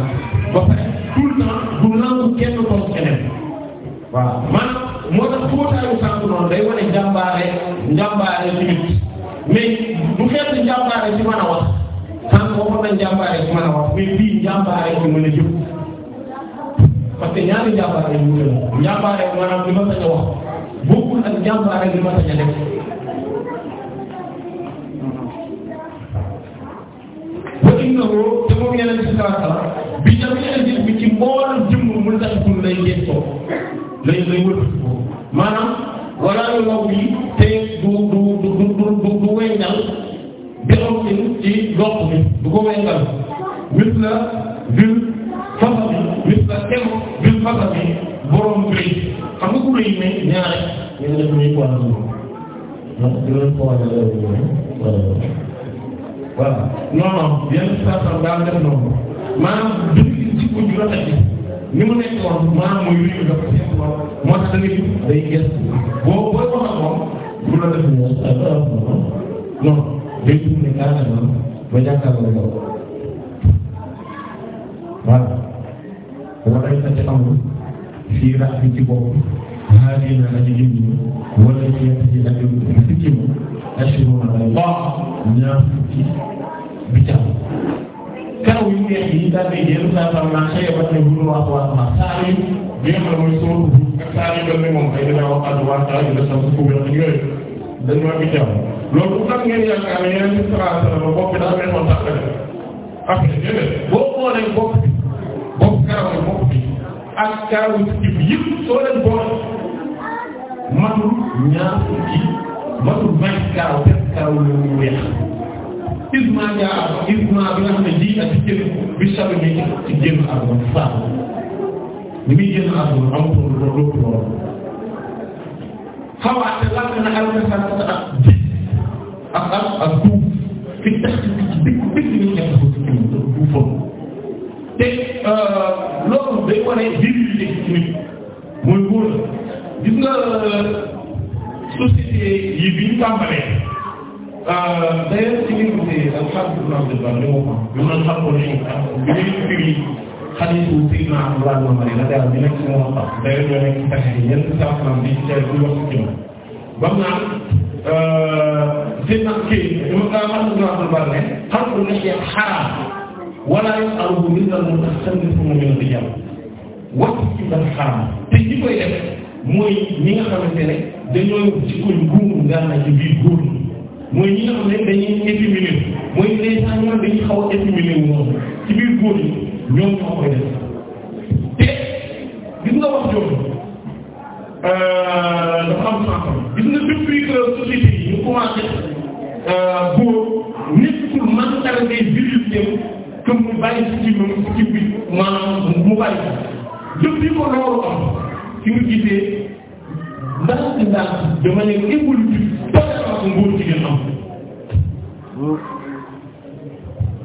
ba pare tout le temps du nangu kenn toog keneen waaw maanaam moo tax footaayu sànq noonu day wane jàmbaare jàmbaare ci nit mais du xeetu jàmbaare ci mën a wax. xam nga waxoon nañ njàmbaare ci mën a wax mais bii njàmbaare ci mën a jëf parce que ñaari njàmbaare yu wuute la njàmbaare maanaam li ma sañ a wax bokkul ak njàmbaare li ma sañ a def wa innahu te moom yeneen ci sala bi jam yeneen jëf bi ci mboolam jëmm mu tax pour lay gestoo lay lay wër maanaam wala lu law bi te du du du du du du weññal bi dox bi du ko wéngal mis bil fasa bil borom rëy xam nga ku rëy ne ñaare ñu ne ñu ko wàllu non dinañ ko wàllu wala voilà non non yenn saa saa daal def noonu maanaam biñ ci ko ju ni mu nekk woon maanaam mooy lu ñu def seen bopp moo tax da ngay day gëstu boo boo wax ak moom du la def non day ne carrément ba jàkkaarloo ko voilà wala ay sa amul fii raax bi ci bopp haadina aji jëm ñi wala ci yàq ci aji sikkim ashuruuna allah ñaar fukki bi ca karaw yu neex yi daal di jël saa tam naa xëy ba ne bu wax wax ma saa yu bi nga xam ne mooy sóor ak saa yu mel ne moom ay dina wax àddu waa saa yu la sam su ko wér ak yooyu dañoo bi jaww loolu bu tax ngeen yaakaar ne yeneen i salaat la ba bopp bi daa mel noonu tax a def affaire yi déedéet boo xoolee bopp bi bopp karaw bopp bi ak karawu ci bi yëpp soo leen boole matul ñaar fukki matul vingt karaw te karaw la ñu weex. isma jaar isma bi nga xam ne ji ak jën bi salu bi ci jën àdduna saa ni muy jën àdduna amatul loolu loolu xawaate lan na alal sa ak ji. ak ak ak duuf fi tax bi ci dëgg dëgg ñu nekk ko ci nit dafa duufoon te euh, loolu day wane virilité ci nit mooy góor gis nga euh, société yi bi ñu tàmbalee euh, d'ailleurs ci biir côté alhamdulilah bi ma leen waxoon bi ma leen waxoon nii bi ñu firi xadiisu Seydina Abdoulaye Mamari la daal di nekk si moo tax d'ailleurs ñoo nekk ci taxe yi ñeent saa bi ci jaay bi wax ci moom bam naa Seydina kii bi ma kaa wax dëgg yàlla ne xam nga lu nekk xaraam wala ay arubu min al mutasannifu min al rijal wax ci dafa xaraam te ñi koy def mooy nga xamante ne dañoo ci koñ guum gànnaaw ci biir góor mooy ñi nga xam ne dañuy efféminé mooy les gens ñoom dañuy xaw a efféminé wu noonu ci biir góor ñoom ñoo koy def te gis nga wax jooju. dafa am sens gis nga depuis que société yi ñu commencé góor nekkul manqué des virus que mu bàyyi ci ci bi maanaam mu bàyyi depuis ko loolu am ci nga gisee ndax ndax de manière évolutive totalement ngóor jigéen am.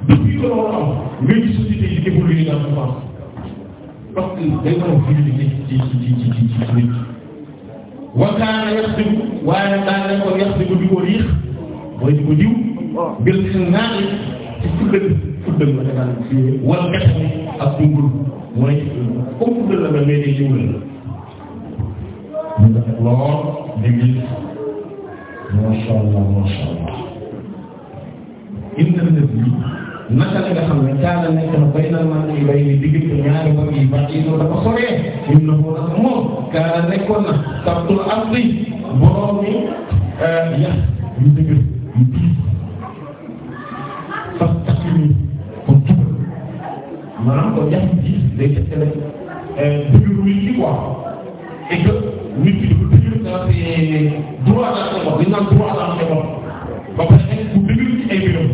depuis que loolu am nga gis société yi évolué dans ce sens parce que day mën a ci ci ci ci ci nit wa kaana yaxdibu waaye daan na ko yaxdibu di ko riix mooy di ko diw bil xinnaaq ci fuddal fuddal la nga daan wal xet ak dungul mooy comme fuddal la nga mel ni jiw la ñu def lool di gis macha allah macha allah internet bi naka la nga xam ne kaana nekk na bay na man yi bay ni diggante ñaari bor yi bàtt yi loolu dafa soree ñun na boo naka moom kaana nekkoon na tabtul ardi borom mi euh, yax yu dëgër yu diis fas tax ni pour jubal maanaam kon yax yu diis day fekk ne euh, dëgër nit ki quoi et que nit ki dafa dëgër dafa droit la sa bopp li naan droit la sa bopp ba pare nekk bu dëgër ci ay mbiram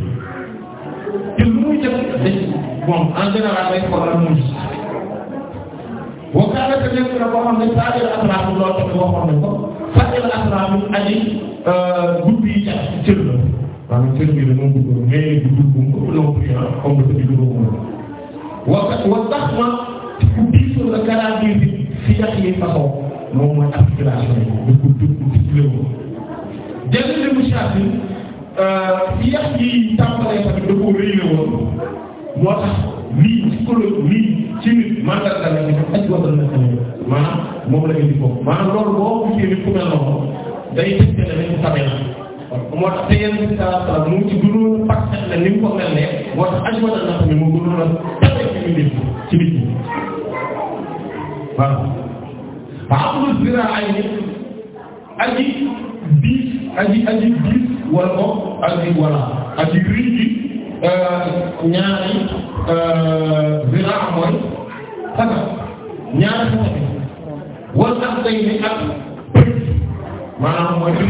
te lu muy def dañ bon en général day xoolal mujj boo ko defee nekk na boo xam ne Sadio Asraam lool tamit waxoon nañ ko Sadio Asraam mu aji euh, gudd yi ca cër la maanaam cër bi dañoo gudd mais guddul bu mu ëpp loo prix ah comme que du loo mën wa wa tax ma ku diisoo la garantie bi si yàq yi façon moom mooy articulation yi du ko du ko digle ko jënd li mu Euh, yàq yi tàmbalee tamit da koo réyee woon moo tax lii psychologue lii ci nit mandarga la ñu def ak wàllu la tamit maanaam moom la indi foofu maanaam loolu boo gisee ni ku mel noonu day tëj te ne ku xamee la moo tax te yenn si saa saa mu ngi ci gënoon pàccat la ni mu ko mel ne moo tax ak wàllu la tamit moo gënoon a tëjee ci nit ci nit ñi waaw. aji diis aji aji diis wala boog aji wala aji riz euh, euh, bi ñaari zira mooy fata ñaari fata wala ak day ne ak pëj maanaam mooy ci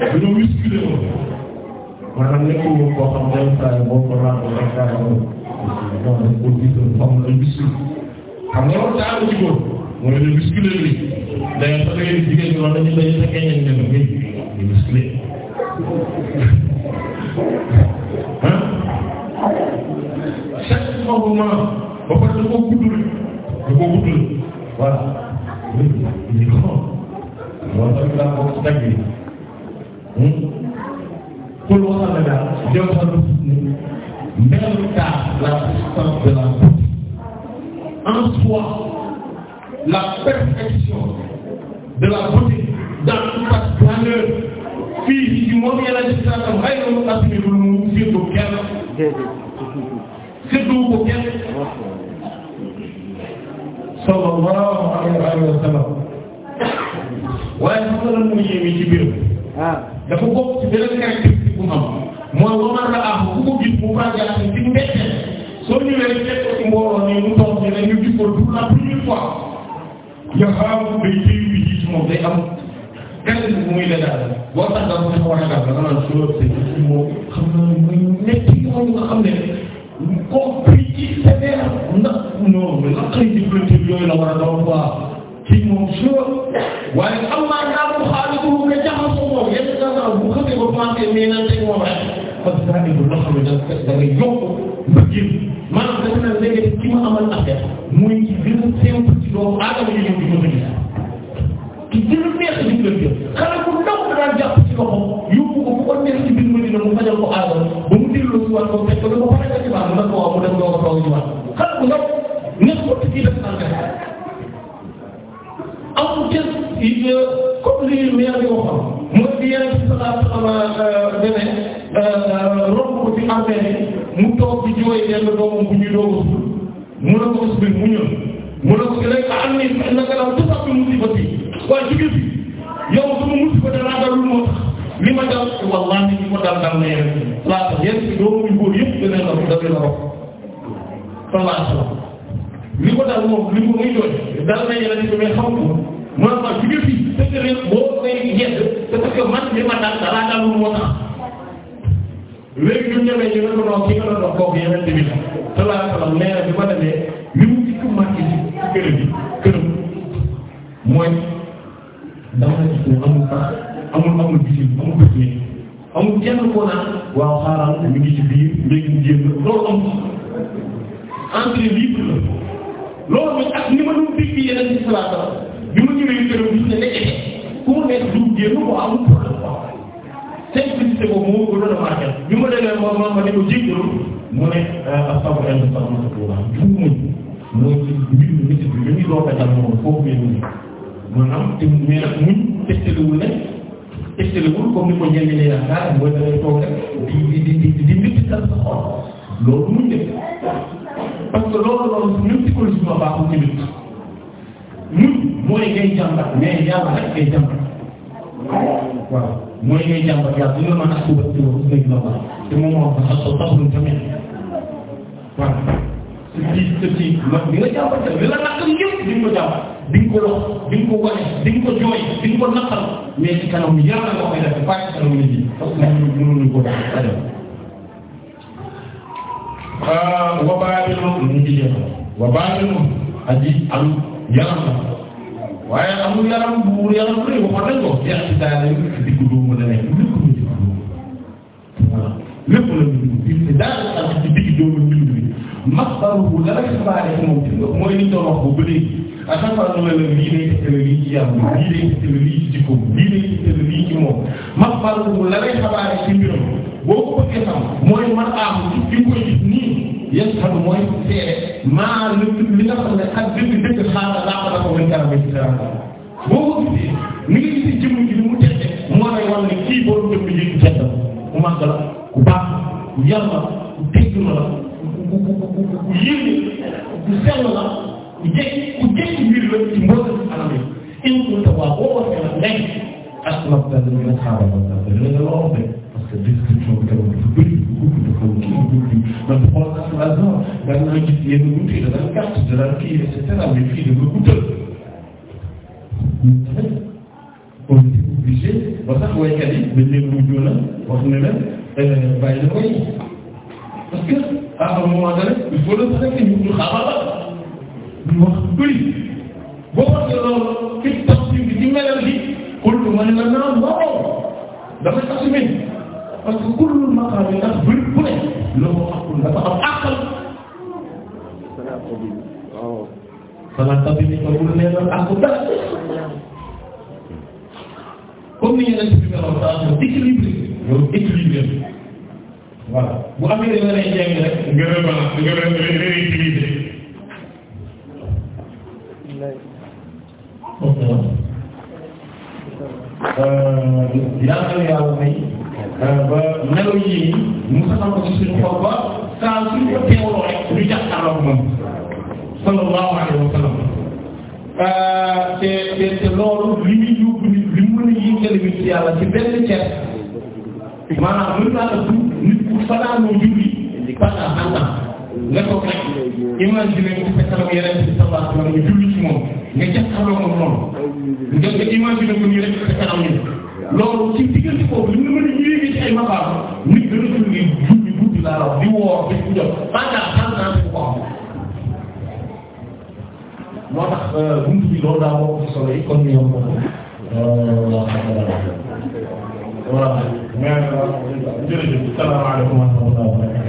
dañoo musculé woon maanaam nekkul koo xam ne saa boo ko raadu rek saa yoo xam ne moom dañ ko gis comme ay muscle xam nga loolu daa am ci mooy le musculé bi d'ailleurs sax da ngeen di jigéen ñi wax dañuy dañuy fekkee ñañ ne la oui le musculé ah chaque moment ba pare da koo gudd rek da koo gudd rek voilà ñu ko loolu tamit daa ko ci dagg yi hmm? pour waxal la daal jël sa mel daa la substance de la dafa bokk ci beneen caractéristique bu mu am mooy waman la am ku ko gis mu bàyyi ci ci mbetteel soo ñëwee ñu nekk ci mbooloo nii mu toog ñu ne ñu gis ko pour la première fois nga xam day téye bi ci moom day am kenn bu muy leeral boo tax daal dafa war a def da nga naan suba bi ci moom xam naa mooy nekk ci moom nga xam ne compliqué sévère ndax non naqari diggante yooyu la war a doon quoi ci moom suba waaye xam naa xamante ne nii nañ teg moom rek parce que daa di loo xam ne da da ngay yokk lu jëm maanaam dafa naan léegi ki ma amal affaire mooy ci gën a simple ci doomu aadama yi ñëw di ko gis ki gën a neex di ko jël xale bu ndaw da daan jàpp ci loxo yóbbu ko bu ko neex ci biir Madina mu fajal ko aadama ba mu delloo si waat ko fekk ko dafa pare nga ci baax mu ne ko waaw mu dem doo ko toog ci waat xale bu ndaw neex ko ci def engrais amul kenn comme li maire bi waxoon bi yeneen ci sallallahu alayhi wasallam euh, dene euh, romb ko ci armée bi mu toog di jooy benn doomam bu ñuy doog mu ne ko asbir mu ñëw mu ne ko rek am ni innaka lam tusabbi musibati waaye jóge fi yow sama musiba danaa dalul moo tax li ma dal wallahi li ma dal dal na yéen laa tax yéen ci doomu góor yëpp dana la dana la rop sallallahu alayhi wasallam li ko dal moom li ko muy jooy dal na yéen mais xam ko mu ne ma jugee fii fekk na boo koy jënd c'est parce que man li ma dal dara dalul moo tax léegi ñu ñëwee ñu ne ko non kii nga doon wax kooku yeneen tamit sallallahu alayhi wa sallam nee na bi ma demee li mu ci marqué ci këram bi këram mooy dama la gis ne amul sax amul amul bisim amul bët nii amul kenn koo naan waaw xaaral mi ngi ci biir léegi mu jéem loolu amul entrée libre la loolu mooy ak ni ma doon dégg yeneen ci sallallahu alayhi wa sallam bi ma ñëwee këram gis ne nekkee ku mu nekk du génn ko amul problème quoi simplicité boobu moo gën a marqué bi ma demee moom maa ma ne ko jéggalu mu ne astafurlah astafurlah juumuñ mooy ci mbir mi métti bi dañuy doog a dal moom foofu lay muñ maanaam te mais nag muñ tegtalewul ne tegtalewul comme ni ko ñenn ñi yaakaar mooy da ngay toog di di di di métti sa xol loolu muñ def parce que loolu loolu ñun psychologiquement baaxul ci nit mooy ngay jàmbat mais yàlla rek ngay jàmbat waaw mooy ngay jàmbat yàlla du la a suba suba léegi la ko moom moo ko sax soo taxul tamit waaw te fii te fii mag bi nga jàmbat li la naqal yëpp di nga ko jàmbat di nga ko wax di nga ko wane di nga ko jooy di nga ko naqal mais ci kanam yàlla nga koy def bàyyi kanam nit ñi parce que mënuñu ko def ah, wa baabilu ñu ngi jeexal wa aji am yaram la waaye amul yaram bu yaram bu rëy waxoon nañ ko jeex ci daal yi ci diggu doomu la nekk lépp la diggu doomu lépp la diggu ci daal ak ci diggu doomu jullit bi masdaruhu la rek xabaare ci moom mooy li doon wax bu bëri à chaque fois ñu ne la lii lay tëkkale lii ci yàlla lii lay tëkkale lii ci jikkoom lii lay tëkkale lii ci moom masdaruhu la rek xabaare ci mbiram boo ko bëggee xam mooy man aam ci fi koy gis nii yashhadu mooy seere maa li nga xam laa dafa mën a gàllankoor ci dara boo ko gisee ni nga gisee jëmm ji ni mu tette moo lay kii boobu jëmm ji du ku màgg ku baax ku yar la ku dégg la ku ku ku ku yéeme ku sell la ku jekk ku jekk mbir la ci mbooleem anam yi in kunta waa boo waxee description bi dama dafa bëri gudd dafa kii gudd man xool naa la non daan naa gis yenn gudd yi da daan gàtt da daan kii et cetera mais fii da nga guddal on est obligé ba sax waykat yi dañ leen mujjoon a wax ne la bàyyi na way parce que à un moment donné il faut le faire ñu ñu xaaral la ñu wax bëri boo xamante loolu ci tax bi ci melal bi pour que ma ne la naan waaw dama tax parce que kullul maqaam yi ndax mbir bu ne la moo xaqul dafa am àqal. waaw. balaa tabi bi nga wut nee na àqu dara. comme ni ñu leen di gërëm daa am équilibre yow équilibre voilà bu amee da nga lay jàng rek nga ne balaa nga ne nga ne rééquilibré. ok. yàlla na yàlla may. Euh, ba melo yii mu saxal ko ci suñu xol ba saa suñu ko teewloo rek ñu jàkkaarloo ko moom sallallahu alayhi wa sallam euh, te te te loolu li muy yóbbu nit li mu mën a yëngale nit ci yàlla ci benn ceeb maanaam mën naa la tudd nit ku fanaanoo julli pendant vingt ans nga toog rek imaginer ko sa kanam yeneen bi sallallahu alayhi wa sallam nga julli ci moom nga jàkkaarloo moom noonu nga nga imaginer ko nii rek sa kanam loolu ci diggante boobu li nga mën a yéegee ci ay maqaam nit gën a julli julli guddi laa wax di woor di jot pendant trente ans bu ko am moo tax euh, bunt bi loolu daa bokk ci solo yi kon ñu yomb ko euh, voilà mais jërëjëf salaamaaleykum wa rahmatulah